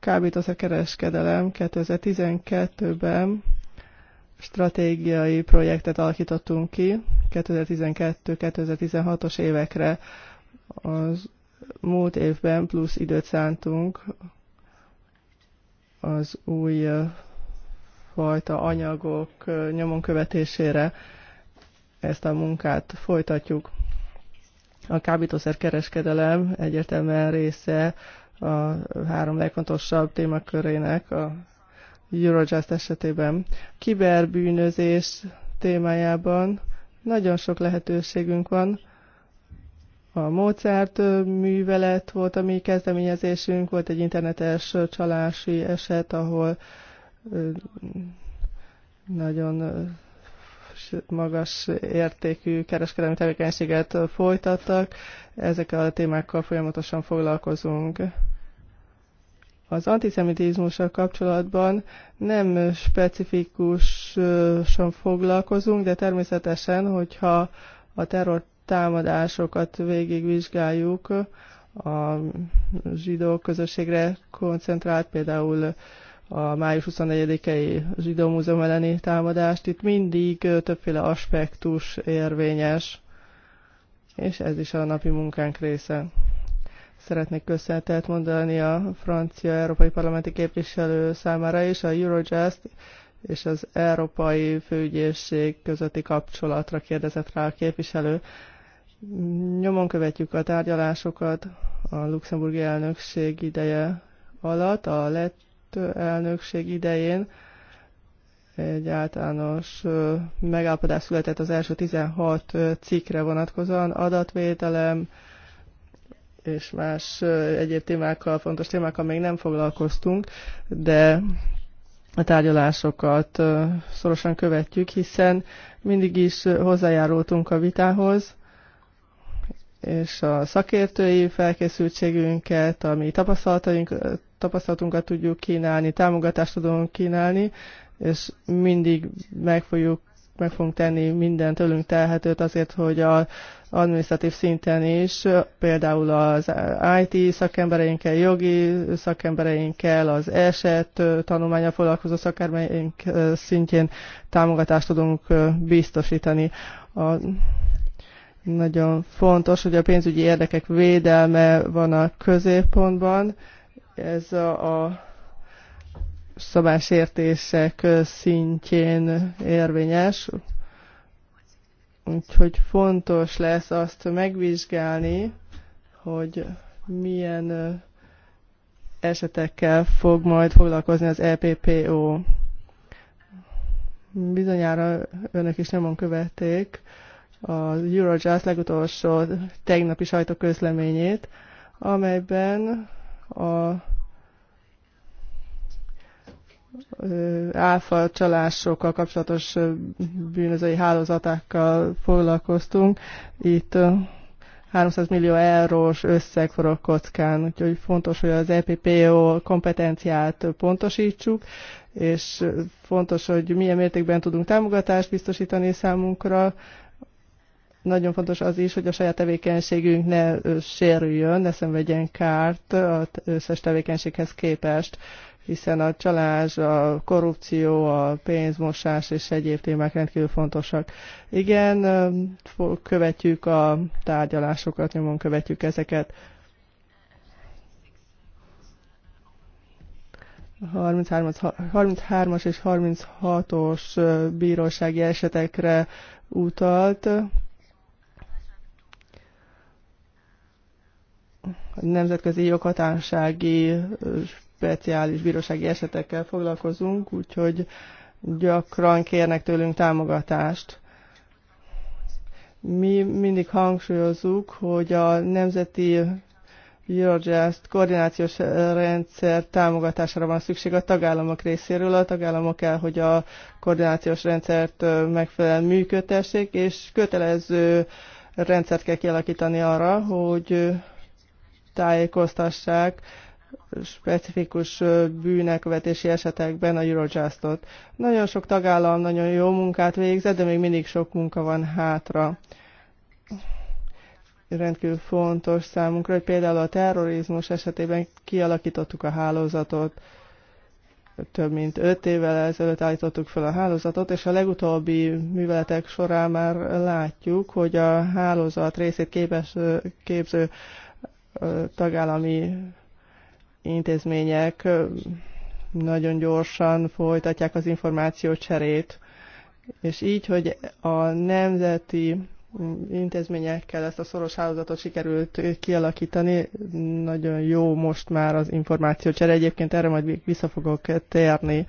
kábítószerkereskedelem 2012-ben stratégiai projektet alakítottunk ki 2012-2016-os évekre. Az múlt évben plusz időt szántunk az új fajta anyagok nyomon követésére ezt a munkát folytatjuk. A kereskedelem egyértelműen része a három legfontosabb témakörének a Eurojust esetében. Kiberbűnözés témájában nagyon sok lehetőségünk van. A Mozart művelet volt a mi kezdeményezésünk, volt egy internetes csalási eset, ahol nagyon magas értékű kereskedelmi tevékenységet folytattak. Ezekkel a témákkal folyamatosan foglalkozunk. Az antiszemitizmussal kapcsolatban nem specifikusan foglalkozunk, de természetesen, hogyha a terror támadásokat végigvizsgáljuk, a zsidó közösségre koncentrált például a május 24-i zsidó múzeum elleni támadást. Itt mindig többféle aspektus érvényes, és ez is a napi munkánk része. Szeretnék köszönetet mondani a francia európai parlamenti képviselő számára és a Eurojust és az Európai Főügyészség közötti kapcsolatra kérdezett rá a képviselő. Nyomon követjük a tárgyalásokat a luxemburgi elnökség ideje alatt, a lett elnökség idején. Egy általános megállapodás született az első 16 cikkre vonatkozóan, adatvételem és más egyéb témákkal, fontos témákkal még nem foglalkoztunk, de a tárgyalásokat szorosan követjük, hiszen mindig is hozzájárultunk a vitához, és a szakértői felkészültségünket, a mi tapasztalataink, tapasztalatunkat tudjuk kínálni, támogatást tudunk kínálni, és mindig meg fogjuk meg fogunk tenni minden tőlünk telhetőt azért, hogy a administratív szinten is, például az IT szakembereinkkel, jogi szakembereinkkel, az eset tanulmánya foglalkozó szakembereink szintjén támogatást tudunk biztosítani. A, nagyon fontos, hogy a pénzügyi érdekek védelme van a középpontban, ez a szabásértések szintjén érvényes, úgyhogy fontos lesz azt megvizsgálni, hogy milyen esetekkel fog majd foglalkozni az EPPO. Bizonyára önök is nyomon követték a Eurojust legutolsó tegnapi sajtóközleményét, amelyben a áfa csalásokkal kapcsolatos bűnözői hálózatákkal foglalkoztunk. Itt 300 millió eurós összeg forog kockán, úgyhogy fontos, hogy az EPPO kompetenciát pontosítsuk, és fontos, hogy milyen mértékben tudunk támogatást biztosítani számunkra, nagyon fontos az is, hogy a saját tevékenységünk ne sérüljön, ne szenvedjen kárt az összes tevékenységhez képest, hiszen a csalás, a korrupció, a pénzmosás és egyéb témák rendkívül fontosak. Igen, követjük a tárgyalásokat, nyomon követjük ezeket. 33-as és 36-os bírósági esetekre utalt. nemzetközi joghatársági speciális bírósági esetekkel foglalkozunk, úgyhogy gyakran kérnek tőlünk támogatást. Mi mindig hangsúlyozzuk, hogy a nemzeti Eurojust koordinációs rendszer támogatására van szükség a tagállamok részéről. A tagállamok kell, hogy a koordinációs rendszert megfelelően működtessék, és kötelező rendszert kell kialakítani arra, hogy tájékoztassák specifikus bűnekövetési esetekben a Eurojustot. Nagyon sok tagállam nagyon jó munkát végzett, de még mindig sok munka van hátra. Rendkívül fontos számunkra, hogy például a terrorizmus esetében kialakítottuk a hálózatot, több mint öt évvel ezelőtt állítottuk fel a hálózatot, és a legutóbbi műveletek során már látjuk, hogy a hálózat részét képes, képző tagállami intézmények nagyon gyorsan folytatják az információcserét, és így, hogy a nemzeti intézményekkel ezt a szoros hálózatot sikerült kialakítani. Nagyon jó most már az információcsere. Egyébként erre majd vissza fogok térni.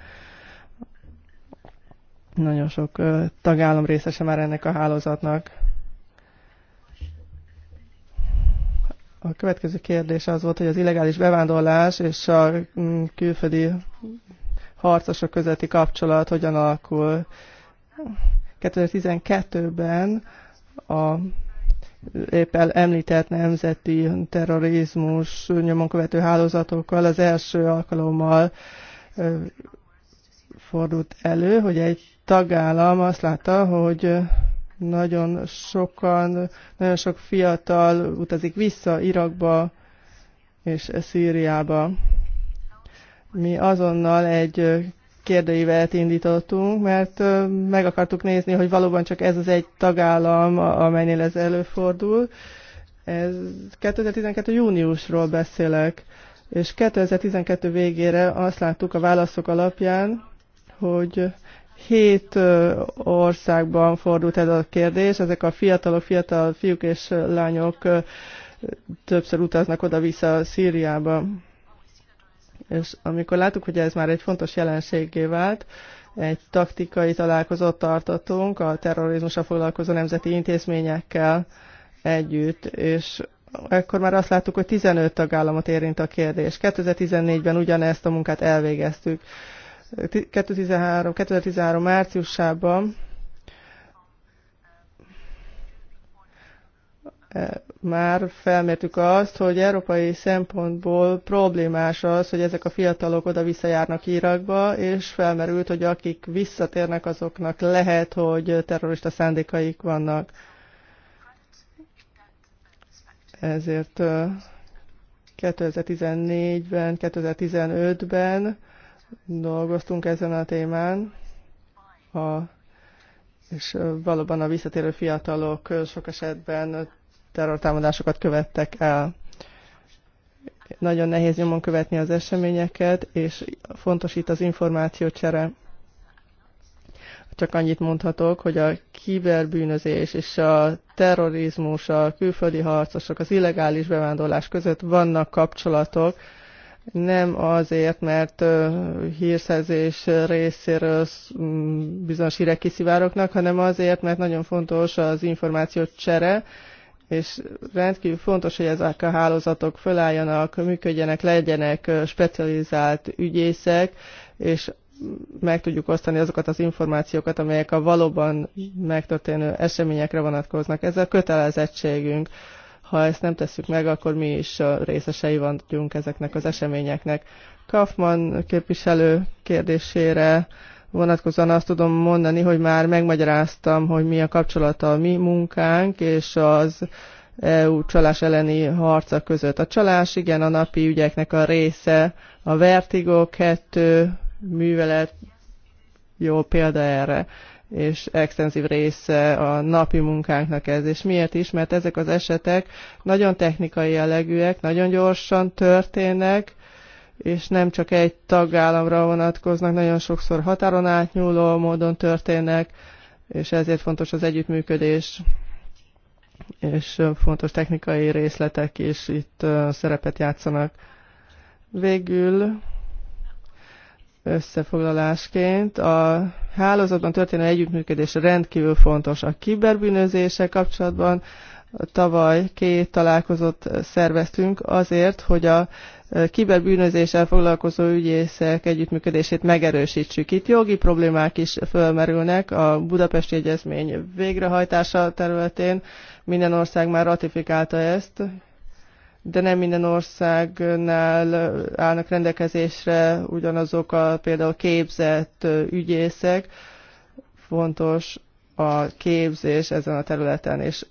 Nagyon sok tagállam részese már ennek a hálózatnak. A következő kérdés az volt, hogy az illegális bevándorlás és a mm, külföldi harcosok közötti kapcsolat hogyan alakul. 2012-ben a éppen említett nemzeti terrorizmus nyomonkövető hálózatokkal az első alkalommal fordult elő, hogy egy tagállam azt látta, hogy nagyon sokan, nagyon sok fiatal utazik vissza Irakba és Szíriába. Mi azonnal egy kérdőívet indítottunk, mert meg akartuk nézni, hogy valóban csak ez az egy tagállam, amelynél ez előfordul. Ez 2012. júniusról beszélek, és 2012 végére azt láttuk a válaszok alapján, hogy Hét országban fordult ez a kérdés, ezek a fiatalok, fiatal fiúk és lányok többször utaznak oda-vissza Szíriába. És amikor láttuk, hogy ez már egy fontos jelenségé vált, egy taktikai találkozót tartottunk a terrorizmusra foglalkozó nemzeti intézményekkel együtt, és ekkor már azt láttuk, hogy 15 tagállamot érint a kérdés. 2014-ben ugyanezt a munkát elvégeztük. 2013, 2013 márciusában eh, már felmértük azt, hogy európai szempontból problémás az, hogy ezek a fiatalok oda visszajárnak Irakba, és felmerült, hogy akik visszatérnek, azoknak lehet, hogy terrorista szándékaik vannak. Ezért 2014-ben, eh, 2015-ben dolgoztunk ezen a témán, a, és valóban a visszatérő fiatalok sok esetben terrortámadásokat követtek el. Nagyon nehéz nyomon követni az eseményeket, és fontos itt az információcsere. Csak annyit mondhatok, hogy a kiberbűnözés és a terrorizmus, a külföldi harcosok, az illegális bevándorlás között vannak kapcsolatok, nem azért, mert hírszerzés részéről bizonyos hírek kiszivárognak, hanem azért, mert nagyon fontos az információ csere, és rendkívül fontos, hogy ezek a hálózatok fölálljanak, működjenek, legyenek specializált ügyészek, és meg tudjuk osztani azokat az információkat, amelyek a valóban megtörténő eseményekre vonatkoznak. Ez a kötelezettségünk. Ha ezt nem tesszük meg, akkor mi is részesei vagyunk ezeknek az eseményeknek. Kaufman képviselő kérdésére vonatkozóan azt tudom mondani, hogy már megmagyaráztam, hogy mi a kapcsolata a mi munkánk és az EU csalás elleni harca között. A csalás igen a napi ügyeknek a része, a Vertigo 2 művelet jó példa erre és extenzív része a napi munkánknak ez. És miért is? Mert ezek az esetek nagyon technikai jellegűek, nagyon gyorsan történnek, és nem csak egy tagállamra vonatkoznak, nagyon sokszor határon átnyúló módon történnek, és ezért fontos az együttműködés, és fontos technikai részletek is itt szerepet játszanak. Végül összefoglalásként. A hálózatban történő együttműködés rendkívül fontos a kiberbűnözése kapcsolatban. Tavaly két találkozót szerveztünk azért, hogy a kiberbűnözéssel foglalkozó ügyészek együttműködését megerősítsük. Itt jogi problémák is fölmerülnek a Budapesti Egyezmény végrehajtása területén. Minden ország már ratifikálta ezt, de nem minden országnál állnak rendelkezésre ugyanazok a például képzett ügyészek. Fontos a képzés ezen a területen, és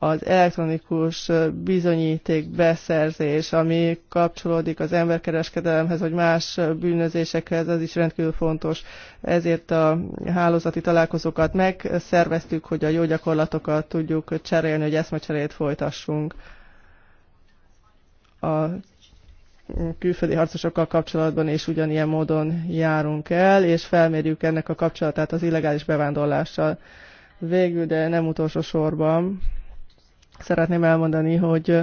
az elektronikus bizonyíték beszerzés, ami kapcsolódik az emberkereskedelemhez, vagy más bűnözésekhez, ez is rendkívül fontos. Ezért a hálózati találkozókat megszerveztük, hogy a jó gyakorlatokat tudjuk cserélni, hogy eszmecserét folytassunk. A külföldi harcosokkal kapcsolatban is ugyanilyen módon járunk el, és felmérjük ennek a kapcsolatát az illegális bevándorlással. Végül, de nem utolsó sorban, szeretném elmondani, hogy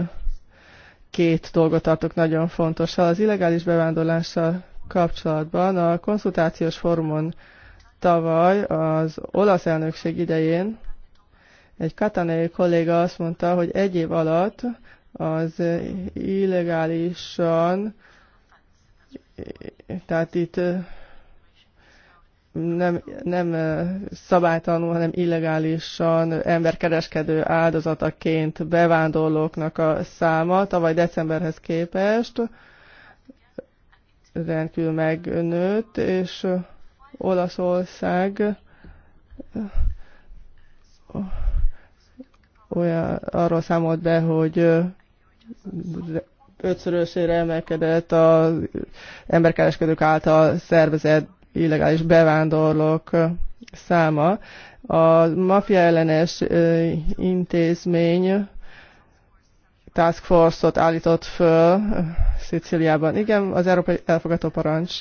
két dolgot tartok nagyon fontos. Az illegális bevándorlással kapcsolatban a konszultációs fórumon tavaly az olasz elnökség idején egy katanai kolléga azt mondta, hogy egy év alatt az illegálisan, tehát itt nem, nem szabálytalanul, hanem illegálisan emberkereskedő áldozataként bevándorlóknak a száma tavaly decemberhez képest rendkívül megnőtt, és Olaszország olyan, arról számolt be, hogy ötszörösére emelkedett az emberkereskedők által szervezett illegális bevándorlók száma. A mafia ellenes intézmény task force-ot állított föl Szicíliában. Igen, az Európai Elfogató Parancs.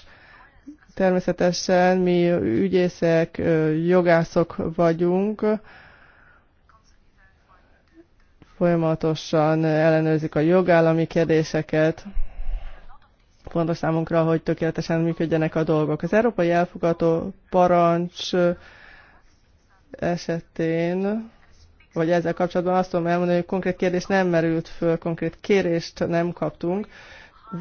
Természetesen mi ügyészek, jogászok vagyunk, folyamatosan ellenőrzik a jogállami kérdéseket, fontos számunkra, hogy tökéletesen működjenek a dolgok. Az európai elfogadó parancs esetén, vagy ezzel kapcsolatban azt tudom elmondani, hogy konkrét kérdés nem merült föl, konkrét kérést nem kaptunk.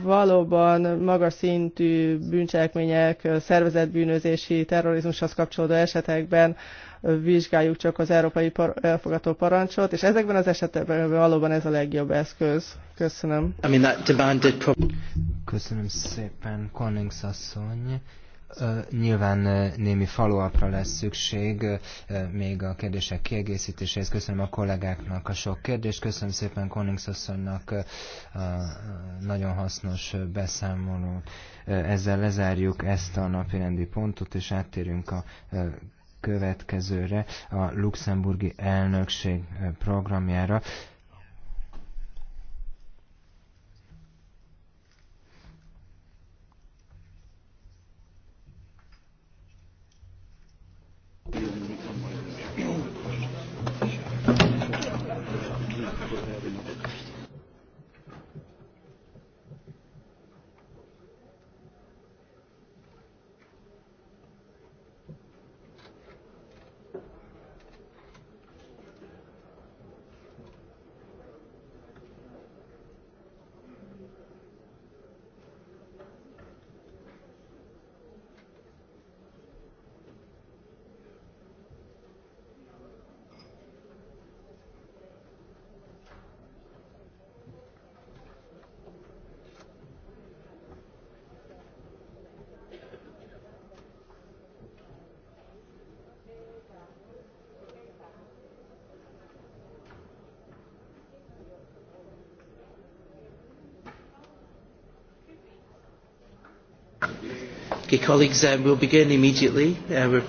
Valóban magas szintű bűncselekmények, szervezetbűnözési, terrorizmushoz kapcsolódó esetekben vizsgáljuk csak az európai par- elfogató parancsot, és ezekben az esetekben valóban ez a legjobb eszköz. Köszönöm. I mean, that demanded Köszönöm szépen, Konings asszony. Nyilván némi follow lesz szükség még a kérdések kiegészítéséhez. Köszönöm a kollégáknak a sok kérdést, köszönöm szépen Konings asszonynak uh, nagyon hasznos beszámolót. Ezzel lezárjuk ezt a napirendi pontot, és áttérünk a következőre, a luxemburgi elnökség programjára. Uh, uh,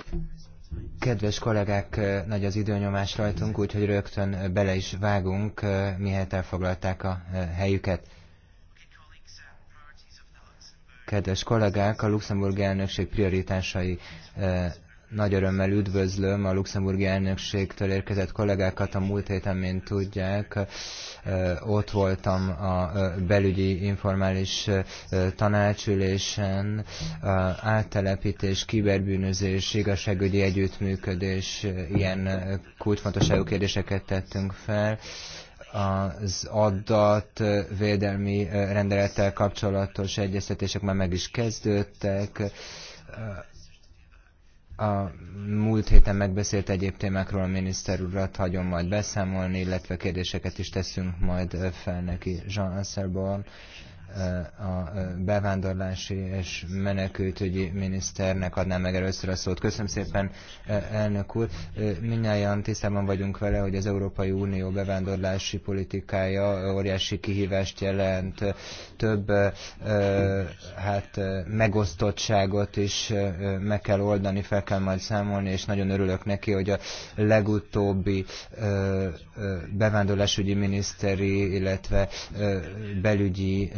Kedves kollégák, uh, nagy az időnyomás rajtunk, úgyhogy rögtön bele is vágunk, mihelyt elfoglalták a helyüket. Kedves kollégák, a Luxemburg elnökség prioritásai nagy örömmel üdvözlöm a luxemburgi elnökségtől érkezett kollégákat a múlt héten, mint tudják. Ott voltam a belügyi informális tanácsülésen, áttelepítés, kiberbűnözés, igazságügyi együttműködés, ilyen kulcsfontosságú kérdéseket tettünk fel az adatvédelmi rendelettel kapcsolatos egyeztetések már meg is kezdődtek, a múlt héten megbeszélt egyéb témákról a miniszter urat hagyom majd beszámolni, illetve kérdéseket is teszünk majd fel neki. Jean Asselborn a bevándorlási és menekültügyi miniszternek adnám meg először a szót. Köszönöm szépen, e, elnök úr. E, Minnyáján tisztában vagyunk vele, hogy az Európai Unió bevándorlási politikája óriási kihívást jelent, több e, hát megosztottságot is meg kell oldani, fel kell majd számolni, és nagyon örülök neki, hogy a legutóbbi bevándorlásügyi miniszteri, illetve belügyi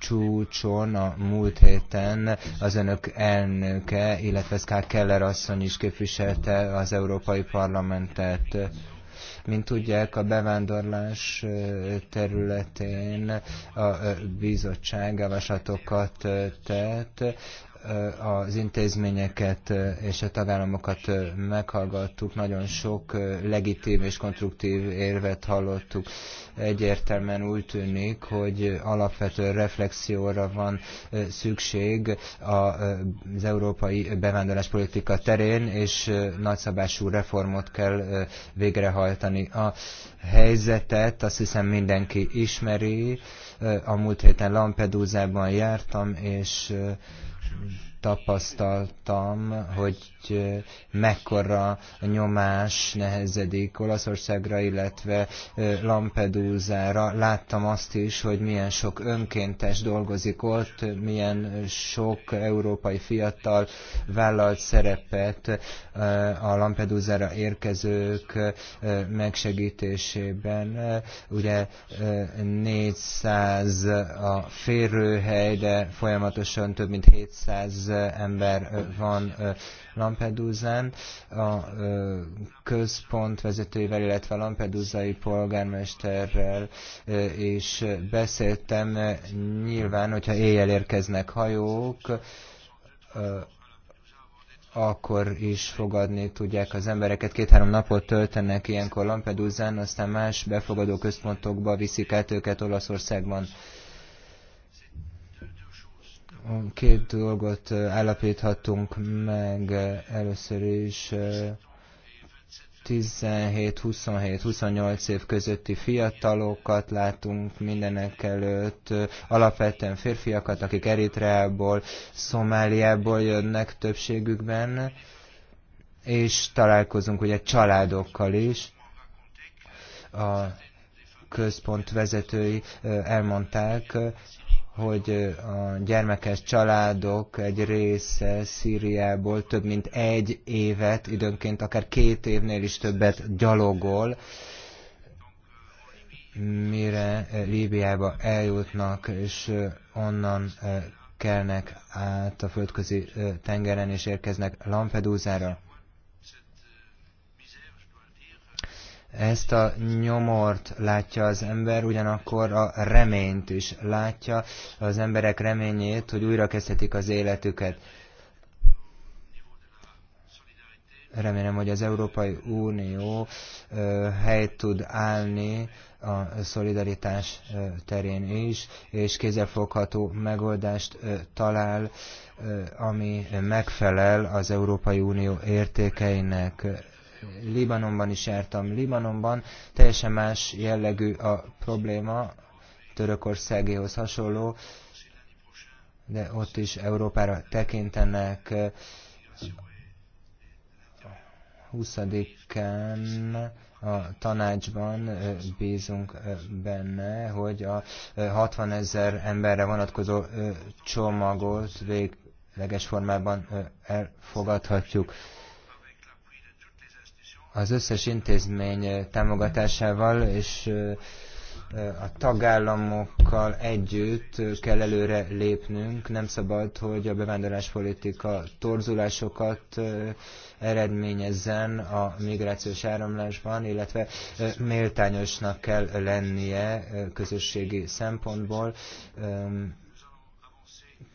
csúcson a múlt héten az önök elnöke, illetve Skár Keller asszony is képviselte az Európai Parlamentet. Mint tudják, a bevándorlás területén a bizottság javaslatokat tett az intézményeket és a tagállamokat meghallgattuk, nagyon sok legitim és konstruktív érvet hallottuk. Egyértelműen úgy tűnik, hogy alapvető reflexióra van szükség az európai bevándorláspolitika terén, és nagyszabású reformot kell végrehajtani. A helyzetet azt hiszem mindenki ismeri. A múlt héten Lampedúzában jártam, és Köszönöm tapasztaltam, hogy mekkora nyomás nehezedik Olaszországra, illetve Lampedusa-ra. Láttam azt is, hogy milyen sok önkéntes dolgozik ott, milyen sok európai fiatal vállalt szerepet a Lampedusa-ra érkezők megsegítésében. Ugye 400 a férőhely, de folyamatosan több mint 700 ember van Lampedusán. A központ vezetőivel, illetve a lampedusai polgármesterrel és beszéltem. Nyilván, hogyha éjjel érkeznek hajók, akkor is fogadni tudják az embereket. Két-három napot töltenek ilyenkor Lampedusán, aztán más befogadó központokba viszik át őket Olaszországban. Két dolgot állapíthatunk meg először is. 17-27-28 év közötti fiatalokat látunk mindenek előtt, alapvetően férfiakat, akik Eritreából, Szomáliából jönnek többségükben, és találkozunk ugye családokkal is. A központ vezetői elmondták, hogy a gyermekes családok egy része Szíriából több mint egy évet, időnként akár két évnél is többet gyalogol, mire Líbiába eljutnak, és onnan kelnek át a földközi tengeren, és érkeznek Lampedúzára, Ezt a nyomort látja az ember, ugyanakkor a reményt is látja, az emberek reményét, hogy újra kezdhetik az életüket. Remélem, hogy az Európai Unió ö, helyt tud állni a szolidaritás terén is, és kézzelfogható megoldást talál, ami megfelel az Európai Unió értékeinek. Libanonban is jártam. Libanonban teljesen más jellegű a probléma, Törökországéhoz hasonló, de ott is Európára tekintenek. 20-án a tanácsban bízunk benne, hogy a 60 ezer emberre vonatkozó csomagot végleges formában elfogadhatjuk az összes intézmény támogatásával és a tagállamokkal együtt kell előre lépnünk. Nem szabad, hogy a bevándorláspolitika torzulásokat eredményezzen a migrációs áramlásban, illetve méltányosnak kell lennie közösségi szempontból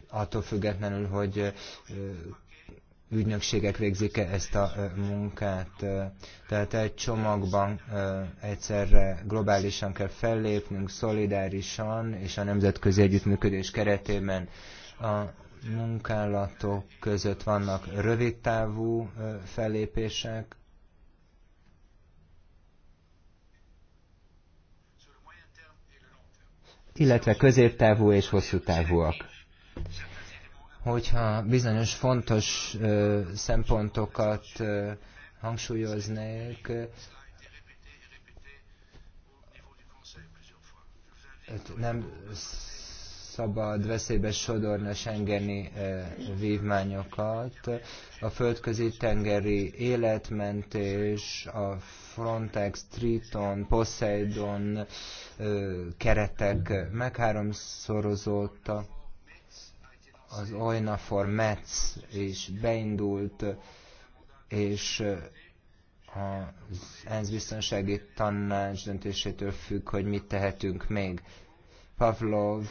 attól függetlenül, hogy ügynökségek végzik -e ezt a munkát. Tehát egy csomagban egyszerre globálisan kell fellépnünk, szolidárisan, és a nemzetközi együttműködés keretében a munkálatok között vannak rövidtávú fellépések, illetve középtávú és hosszú távúak hogyha bizonyos fontos szempontokat hangsúlyoznék, hát nem szabad veszélybe sodorni a Schengeni vívmányokat. A földközi tengeri életmentés, a Frontex, Triton, Poseidon keretek megháromszorozódtak az Ojna for Metz is beindult, és az ENSZ biztonsági tanács döntésétől függ, hogy mit tehetünk még. Pavlov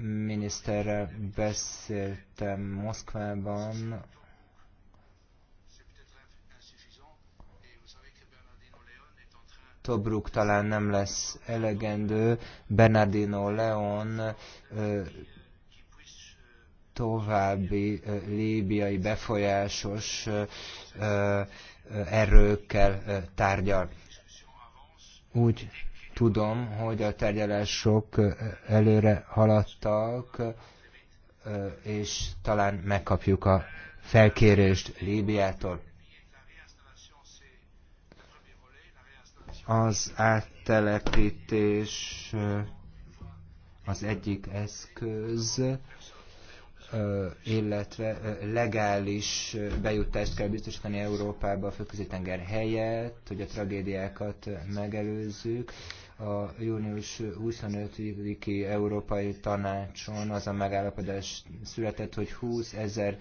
miniszterrel beszéltem Moszkvában, Tobruk talán nem lesz elegendő, Bernardino Leon további líbiai befolyásos erőkkel tárgyal. Úgy tudom, hogy a tárgyalások előre haladtak, és talán megkapjuk a felkérést Líbiától. Az áttelepítés az egyik eszköz, illetve legális bejutást kell biztosítani Európába a Földközi-tenger helyett, hogy a tragédiákat megelőzzük. A június 25-i Európai Tanácson az a megállapodás született, hogy 20 ezer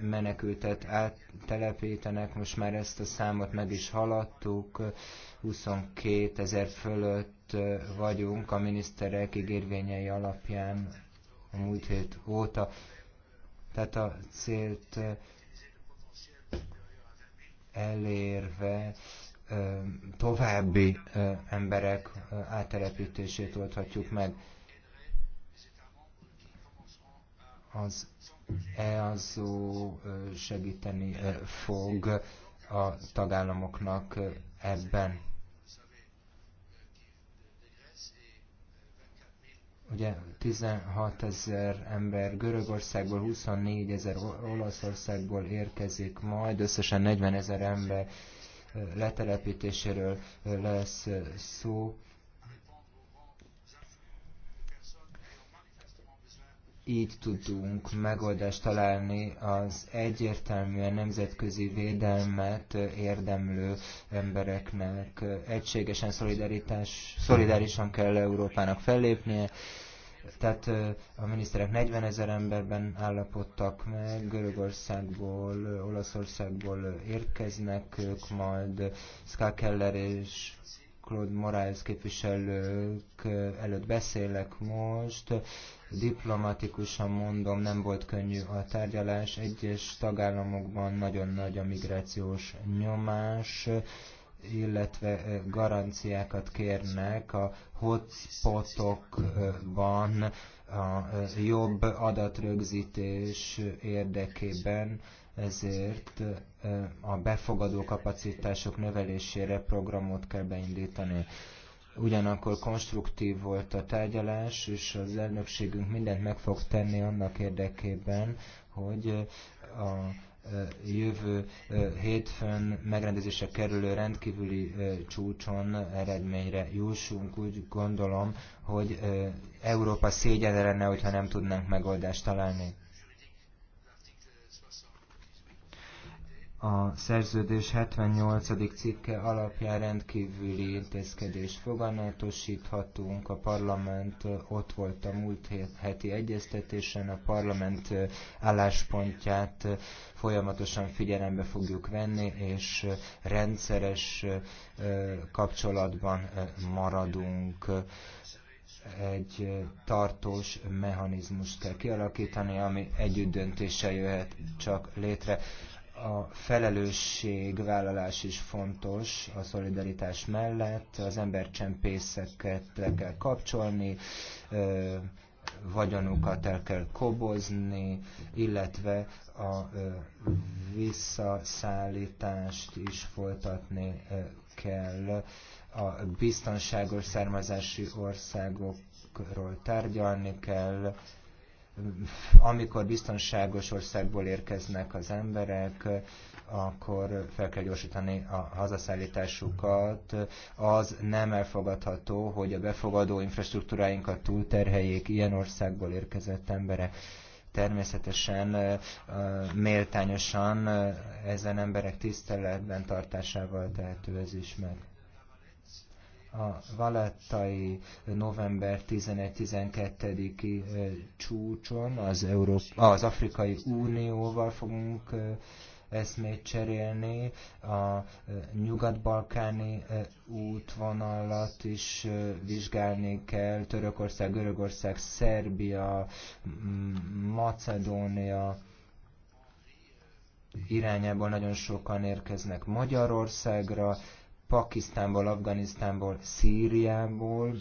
menekültet áttelepítenek, most már ezt a számot meg is haladtuk, 22 ezer fölött vagyunk a miniszterek ígérvényei alapján a múlt hét óta. Tehát a célt elérve további emberek áttelepítését oldhatjuk meg. Az EASO segíteni fog a tagállamoknak ebben. Ugye 16 ezer ember Görögországból, 24 ezer Olaszországból érkezik, majd összesen 40 ezer ember letelepítéséről lesz szó így tudunk megoldást találni az egyértelműen nemzetközi védelmet érdemlő embereknek. Egységesen, szolidaritás, szolidárisan kell Európának fellépnie, tehát a miniszterek 40 ezer emberben állapodtak meg, Görögországból, Olaszországból érkeznek ők majd, Ska Keller és Claude Morales képviselők előtt beszélek most. Diplomatikusan mondom, nem volt könnyű a tárgyalás. Egyes tagállamokban nagyon nagy a migrációs nyomás, illetve garanciákat kérnek a hotspotokban a jobb adatrögzítés érdekében, ezért a befogadó kapacitások növelésére programot kell beindítani. Ugyanakkor konstruktív volt a tárgyalás, és az elnökségünk mindent meg fog tenni annak érdekében, hogy a e, jövő e, hétfőn megrendezése kerülő rendkívüli e, csúcson eredményre jussunk. Úgy gondolom, hogy Európa szégyenre lenne, hogyha nem tudnánk megoldást találni. a szerződés 78. cikke alapján rendkívüli intézkedést foganatosíthatunk. A parlament ott volt a múlt heti egyeztetésen, a parlament álláspontját folyamatosan figyelembe fogjuk venni, és rendszeres kapcsolatban maradunk egy tartós mechanizmust kell kialakítani, ami együtt döntéssel jöhet csak létre a felelősségvállalás is fontos a szolidaritás mellett, az embercsempészeket le kell kapcsolni, vagyonukat el kell kobozni, illetve a visszaszállítást is folytatni kell. A biztonságos származási országokról tárgyalni kell, amikor biztonságos országból érkeznek az emberek, akkor fel kell gyorsítani a hazaszállításukat. Az nem elfogadható, hogy a befogadó infrastruktúráinkat túlterheljék ilyen országból érkezett emberek természetesen méltányosan ezen emberek tiszteletben tartásával tehető ez is meg a valettai november 11-12-i csúcson az, Európa, az Afrikai Unióval fogunk eszmét cserélni, a nyugat-balkáni útvonalat is vizsgálni kell, Törökország, Görögország, Szerbia, Macedónia, irányából nagyon sokan érkeznek Magyarországra, Pakisztánból, Afganisztánból, Szíriából.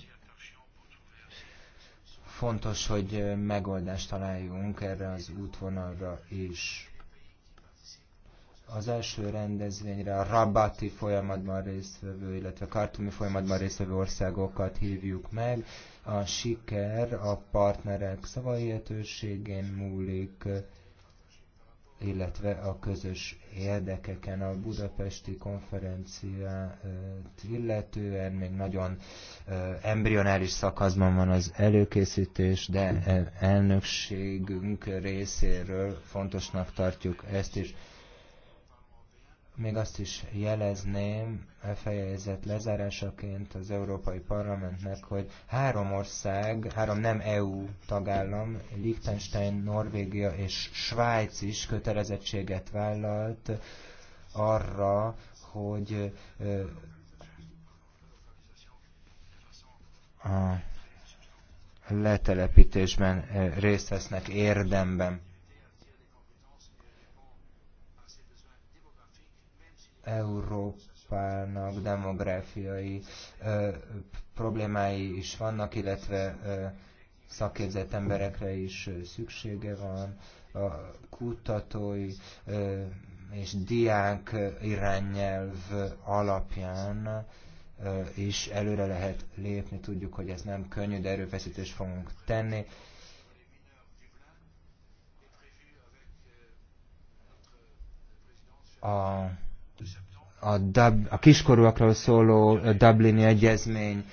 Fontos, hogy megoldást találjunk erre az útvonalra is. Az első rendezvényre a rabati folyamatban résztvevő, illetve kartumi folyamatban résztvevő országokat hívjuk meg. A siker a partnerek szavaihetőségén múlik illetve a közös érdekeken a budapesti konferenciát illetően még nagyon embrionális szakaszban van az előkészítés, de elnökségünk részéről fontosnak tartjuk ezt is. Még azt is jelezném e fejezet lezárásaként az Európai Parlamentnek, hogy három ország, három nem EU tagállam, Liechtenstein, Norvégia és Svájc is kötelezettséget vállalt arra, hogy a letelepítésben részt vesznek érdemben. Európának demográfiai ö, problémái is vannak, illetve ö, szakképzett emberekre is szüksége van. A kutatói ö, és diák irányelv alapján ö, is előre lehet lépni. Tudjuk, hogy ez nem könnyű, de erőfeszítést fogunk tenni. A a, Dub, a kiskorúakról szóló Dublini egyezmény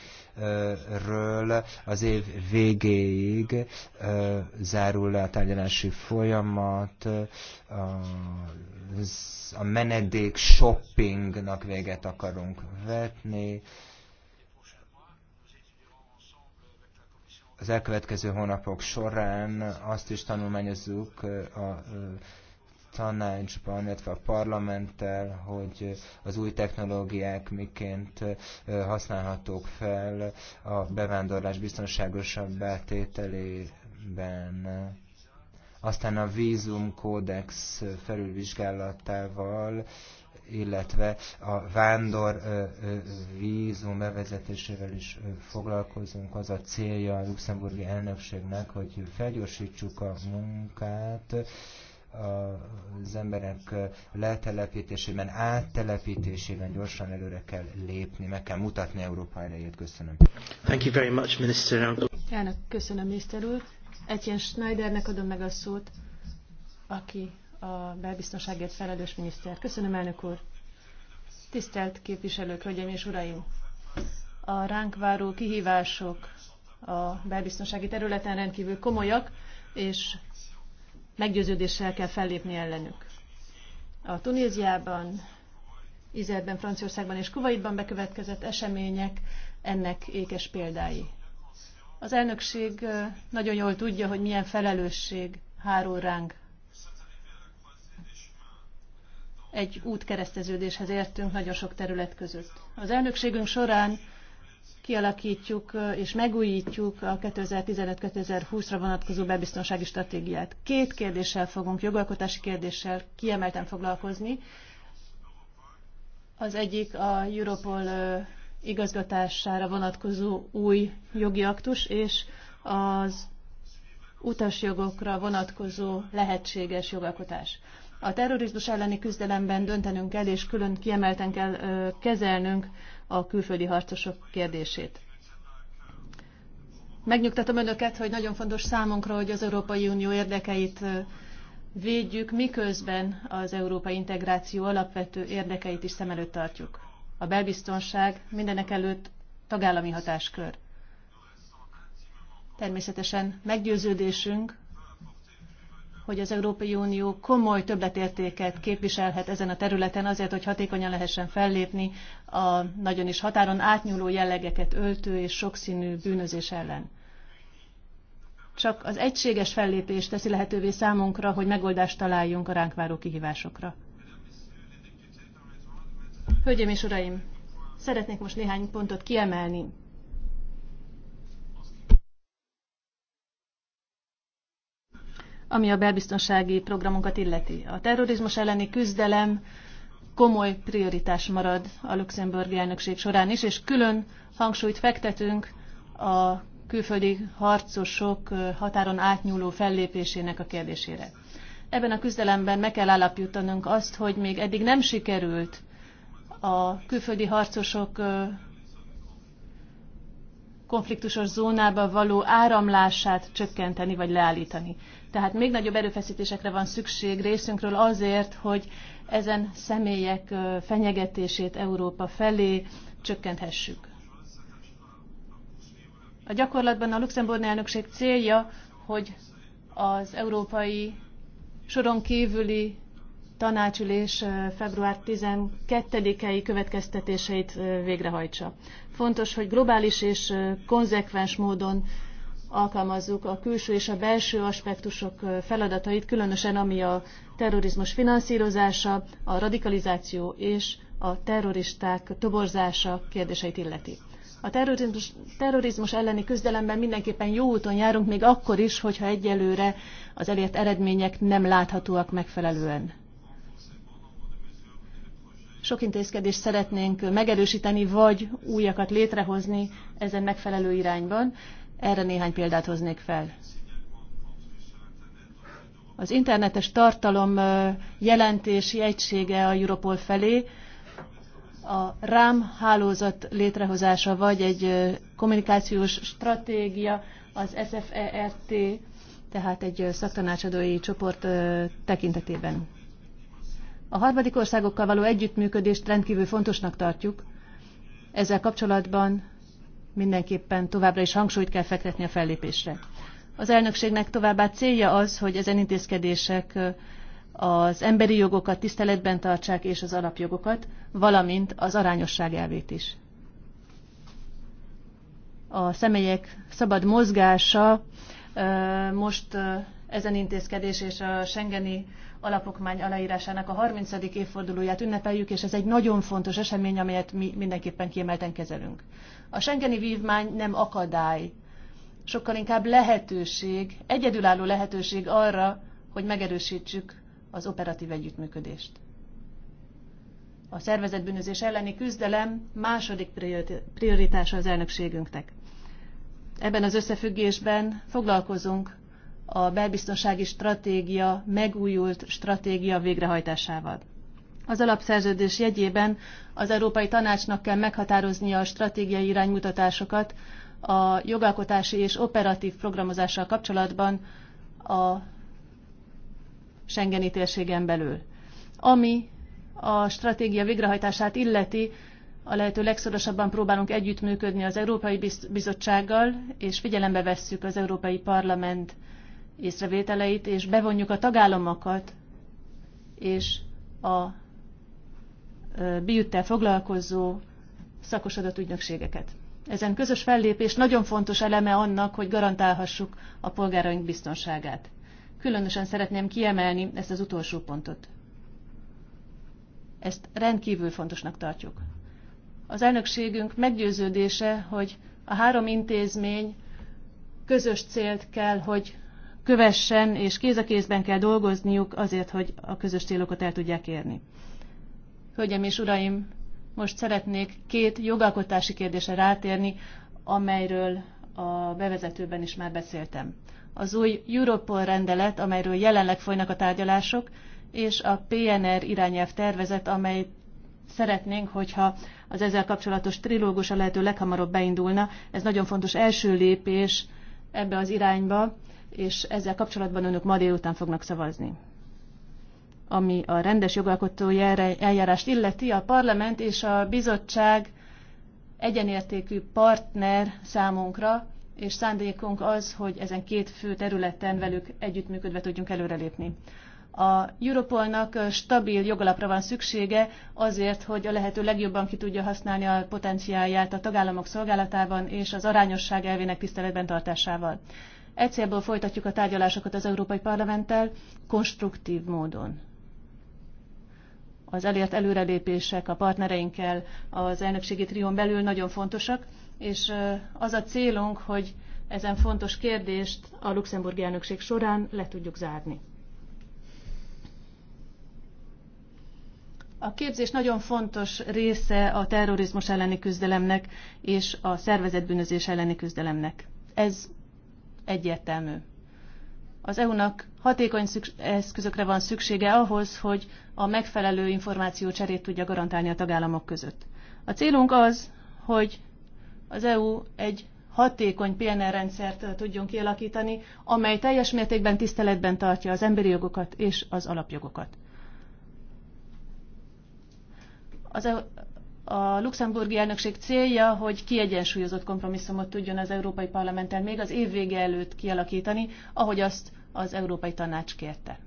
ről az év végéig zárul le a tárgyalási folyamat, a menedék shoppingnak véget akarunk vetni, az elkövetkező hónapok során azt is tanulmányozzuk a tanácsban, illetve a parlamenttel, hogy az új technológiák miként használhatók fel a bevándorlás biztonságosabb betételében aztán a vízumkódex felülvizsgálatával, illetve a vándor vízum bevezetésével is foglalkozunk. Az a célja a luxemburgi elnökségnek, hogy felgyorsítsuk a munkát, az emberek letelepítésében, áttelepítésében gyorsan előre kell lépni, meg kell mutatni Európa erejét. Köszönöm. Thank you very much, Minister. Elnök, köszönöm, miniszter úr. Etienne Schneidernek adom meg a szót, aki a belbiztonságért felelős miniszter. Köszönöm, elnök úr. Tisztelt képviselők, hölgyeim és uraim! A ránk váró kihívások a belbiztonsági területen rendkívül komolyak, és meggyőződéssel kell fellépni ellenük. A Tunéziában, Izraelben, Franciaországban és Kuwaitban bekövetkezett események ennek ékes példái. Az elnökség nagyon jól tudja, hogy milyen felelősség hárul ránk. Egy útkereszteződéshez értünk nagyon sok terület között. Az elnökségünk során kialakítjuk és megújítjuk a 2015-2020-ra vonatkozó bebiztonsági stratégiát. Két kérdéssel fogunk, jogalkotási kérdéssel kiemelten foglalkozni. Az egyik a Europol igazgatására vonatkozó új jogi aktus, és az utasjogokra vonatkozó lehetséges jogalkotás. A terrorizmus elleni küzdelemben döntenünk kell, és külön kiemelten kell kezelnünk a külföldi harcosok kérdését. Megnyugtatom önöket, hogy nagyon fontos számunkra, hogy az Európai Unió érdekeit védjük, miközben az európai integráció alapvető érdekeit is szem előtt tartjuk. A belbiztonság mindenek előtt tagállami hatáskör. Természetesen meggyőződésünk, hogy az Európai Unió komoly többletértéket képviselhet ezen a területen azért, hogy hatékonyan lehessen fellépni a nagyon is határon átnyúló jellegeket öltő és sokszínű bűnözés ellen. Csak az egységes fellépés teszi lehetővé számunkra, hogy megoldást találjunk a ránk váró kihívásokra. Hölgyeim és Uraim! Szeretnék most néhány pontot kiemelni, ami a belbiztonsági programunkat illeti. A terrorizmus elleni küzdelem komoly prioritás marad a luxemburgi elnökség során is, és külön hangsúlyt fektetünk a külföldi harcosok határon átnyúló fellépésének a kérdésére. Ebben a küzdelemben meg kell állapítanunk azt, hogy még eddig nem sikerült a külföldi harcosok konfliktusos zónába való áramlását csökkenteni vagy leállítani. Tehát még nagyobb erőfeszítésekre van szükség részünkről azért, hogy ezen személyek fenyegetését Európa felé csökkenthessük. A gyakorlatban a Luxemburg elnökség célja, hogy az európai soron kívüli tanácsülés február 12-i következtetéseit végrehajtsa. Fontos, hogy globális és konzekvens módon alkalmazzuk a külső és a belső aspektusok feladatait, különösen ami a terrorizmus finanszírozása, a radikalizáció és a terroristák toborzása kérdéseit illeti. A terrorizmus, terrorizmus elleni küzdelemben mindenképpen jó úton járunk, még akkor is, hogyha egyelőre az elért eredmények nem láthatóak megfelelően. Sok intézkedést szeretnénk megerősíteni, vagy újakat létrehozni ezen megfelelő irányban. Erre néhány példát hoznék fel. Az internetes tartalom jelentési egysége a Europol felé a RAM hálózat létrehozása, vagy egy kommunikációs stratégia, az SFERT, tehát egy szaktanácsadói csoport tekintetében. A harmadik országokkal való együttműködést rendkívül fontosnak tartjuk. Ezzel kapcsolatban mindenképpen továbbra is hangsúlyt kell fektetni a fellépésre. Az elnökségnek továbbá célja az, hogy ezen intézkedések az emberi jogokat tiszteletben tartsák és az alapjogokat, valamint az arányosság elvét is. A személyek szabad mozgása most ezen intézkedés és a Schengeni alapokmány aláírásának a 30. évfordulóját ünnepeljük, és ez egy nagyon fontos esemény, amelyet mi mindenképpen kiemelten kezelünk. A Schengeni vívmány nem akadály, sokkal inkább lehetőség, egyedülálló lehetőség arra, hogy megerősítsük az operatív együttműködést. A szervezetbűnözés elleni küzdelem második prioritása az elnökségünknek. Ebben az összefüggésben foglalkozunk a belbiztonsági stratégia megújult stratégia végrehajtásával. Az alapszerződés jegyében az Európai Tanácsnak kell meghatároznia a stratégiai iránymutatásokat a jogalkotási és operatív programozással kapcsolatban a Schengeni térségen belül. Ami a stratégia végrehajtását illeti, a lehető legszorosabban próbálunk együttműködni az Európai Bizottsággal, és figyelembe vesszük az Európai Parlament észrevételeit, és bevonjuk a tagállamokat és a biüttel foglalkozó szakos adatügynökségeket. Ezen közös fellépés nagyon fontos eleme annak, hogy garantálhassuk a polgáraink biztonságát. Különösen szeretném kiemelni ezt az utolsó pontot. Ezt rendkívül fontosnak tartjuk. Az elnökségünk meggyőződése, hogy a három intézmény közös célt kell, hogy kövessen, és kéz a kézben kell dolgozniuk azért, hogy a közös célokat el tudják érni. Hölgyeim és uraim, most szeretnék két jogalkotási kérdésre rátérni, amelyről a bevezetőben is már beszéltem. Az új Europol rendelet, amelyről jelenleg folynak a tárgyalások, és a PNR irányelv tervezet, amely szeretnénk, hogyha az ezzel kapcsolatos trilógus a lehető leghamarabb beindulna. Ez nagyon fontos első lépés ebbe az irányba, és ezzel kapcsolatban önök ma délután fognak szavazni ami a rendes jogalkotói eljárást illeti, a parlament és a bizottság egyenértékű partner számunkra, és szándékunk az, hogy ezen két fő területen velük együttműködve tudjunk előrelépni. A Europolnak stabil jogalapra van szüksége azért, hogy a lehető legjobban ki tudja használni a potenciáját a tagállamok szolgálatában és az arányosság elvének tiszteletben tartásával. Egy folytatjuk a tárgyalásokat az Európai Parlamenttel konstruktív módon az elért előrelépések a partnereinkkel az elnökségi trión belül nagyon fontosak, és az a célunk, hogy ezen fontos kérdést a luxemburgi elnökség során le tudjuk zárni. A képzés nagyon fontos része a terrorizmus elleni küzdelemnek és a szervezetbűnözés elleni küzdelemnek. Ez egyértelmű. Az EU-nak hatékony eszközökre van szüksége ahhoz, hogy a megfelelő információ cserét tudja garantálni a tagállamok között. A célunk az, hogy az EU egy hatékony PNR rendszert tudjon kialakítani, amely teljes mértékben tiszteletben tartja az emberi jogokat és az alapjogokat. Az EU, a luxemburgi elnökség célja, hogy kiegyensúlyozott kompromisszumot tudjon az Európai Parlamenten még az év vége előtt kialakítani, ahogy azt az Európai Tanács kérte.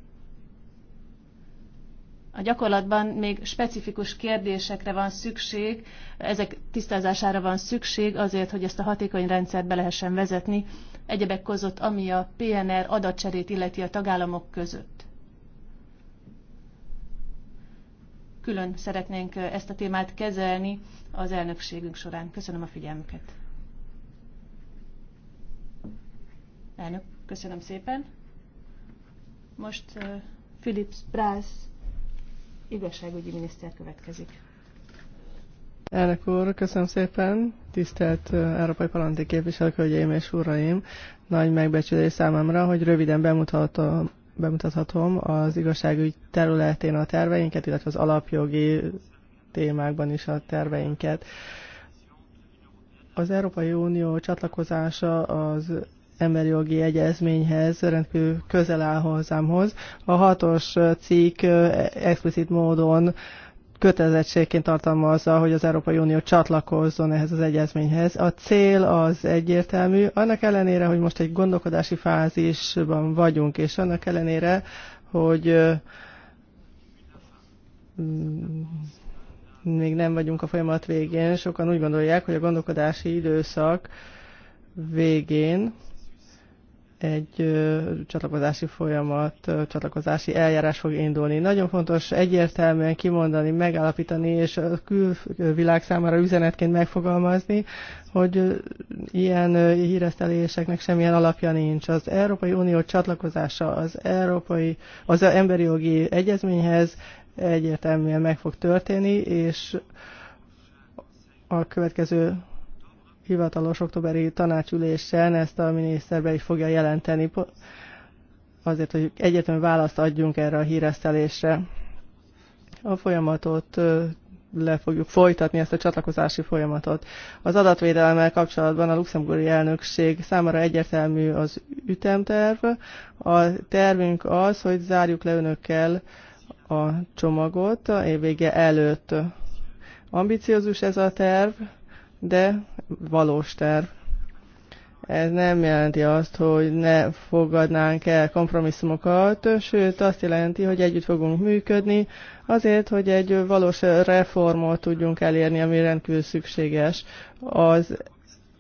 A gyakorlatban még specifikus kérdésekre van szükség, ezek tisztázására van szükség azért, hogy ezt a hatékony rendszert be lehessen vezetni, egyebek között, ami a PNR adatcserét illeti a tagállamok között. Külön szeretnénk ezt a témát kezelni az elnökségünk során. Köszönöm a figyelmüket. Elnök, köszönöm szépen. Most uh, Philip Sprász igazságügyi miniszter következik. Elnök úr, köszönöm szépen, tisztelt Európai Parlamenti képviselők, hölgyeim és uraim! Nagy megbecsülés számomra, hogy röviden bemutathatom, bemutathatom az igazságügy területén a terveinket, illetve az alapjogi témákban is a terveinket. Az Európai Unió csatlakozása az emberi jogi egyezményhez rendkívül közel áll hozzámhoz. A hatos cikk explicit módon kötelezettségként tartalmazza, hogy az Európai Unió csatlakozzon ehhez az egyezményhez. A cél az egyértelmű, annak ellenére, hogy most egy gondolkodási fázisban vagyunk, és annak ellenére, hogy még nem vagyunk a folyamat végén, sokan úgy gondolják, hogy a gondolkodási időszak végén egy csatlakozási folyamat, csatlakozási eljárás fog indulni. Nagyon fontos egyértelműen kimondani, megállapítani és a külvilág számára üzenetként megfogalmazni, hogy ilyen híreszteléseknek semmilyen alapja nincs. Az Európai Unió csatlakozása az Európai, az emberi jogi egyezményhez egyértelműen meg fog történni, és a következő hivatalos októberi tanácsülésen ezt a miniszterbe is fogja jelenteni, azért, hogy egyetlen választ adjunk erre a híresztelésre. A folyamatot le fogjuk folytatni ezt a csatlakozási folyamatot. Az adatvédelemmel kapcsolatban a luxemburgi elnökség számára egyértelmű az ütemterv. A tervünk az, hogy zárjuk le önökkel a csomagot a évvége előtt. Ambiciózus ez a terv, de valós terv. Ez nem jelenti azt, hogy ne fogadnánk el kompromisszumokat, sőt azt jelenti, hogy együtt fogunk működni azért, hogy egy valós reformot tudjunk elérni, ami rendkívül szükséges az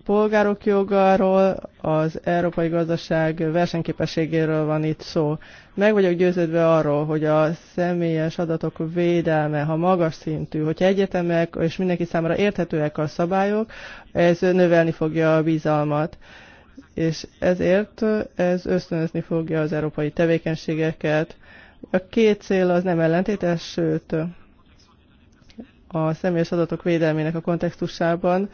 polgárok jogáról, az európai gazdaság versenyképességéről van itt szó. Meg vagyok győződve arról, hogy a személyes adatok védelme, ha magas szintű, hogy egyetemek és mindenki számára érthetőek a szabályok, ez növelni fogja a bizalmat. És ezért ez ösztönözni fogja az európai tevékenységeket. A két cél az nem ellentétes, sőt a személyes adatok védelmének a kontextusában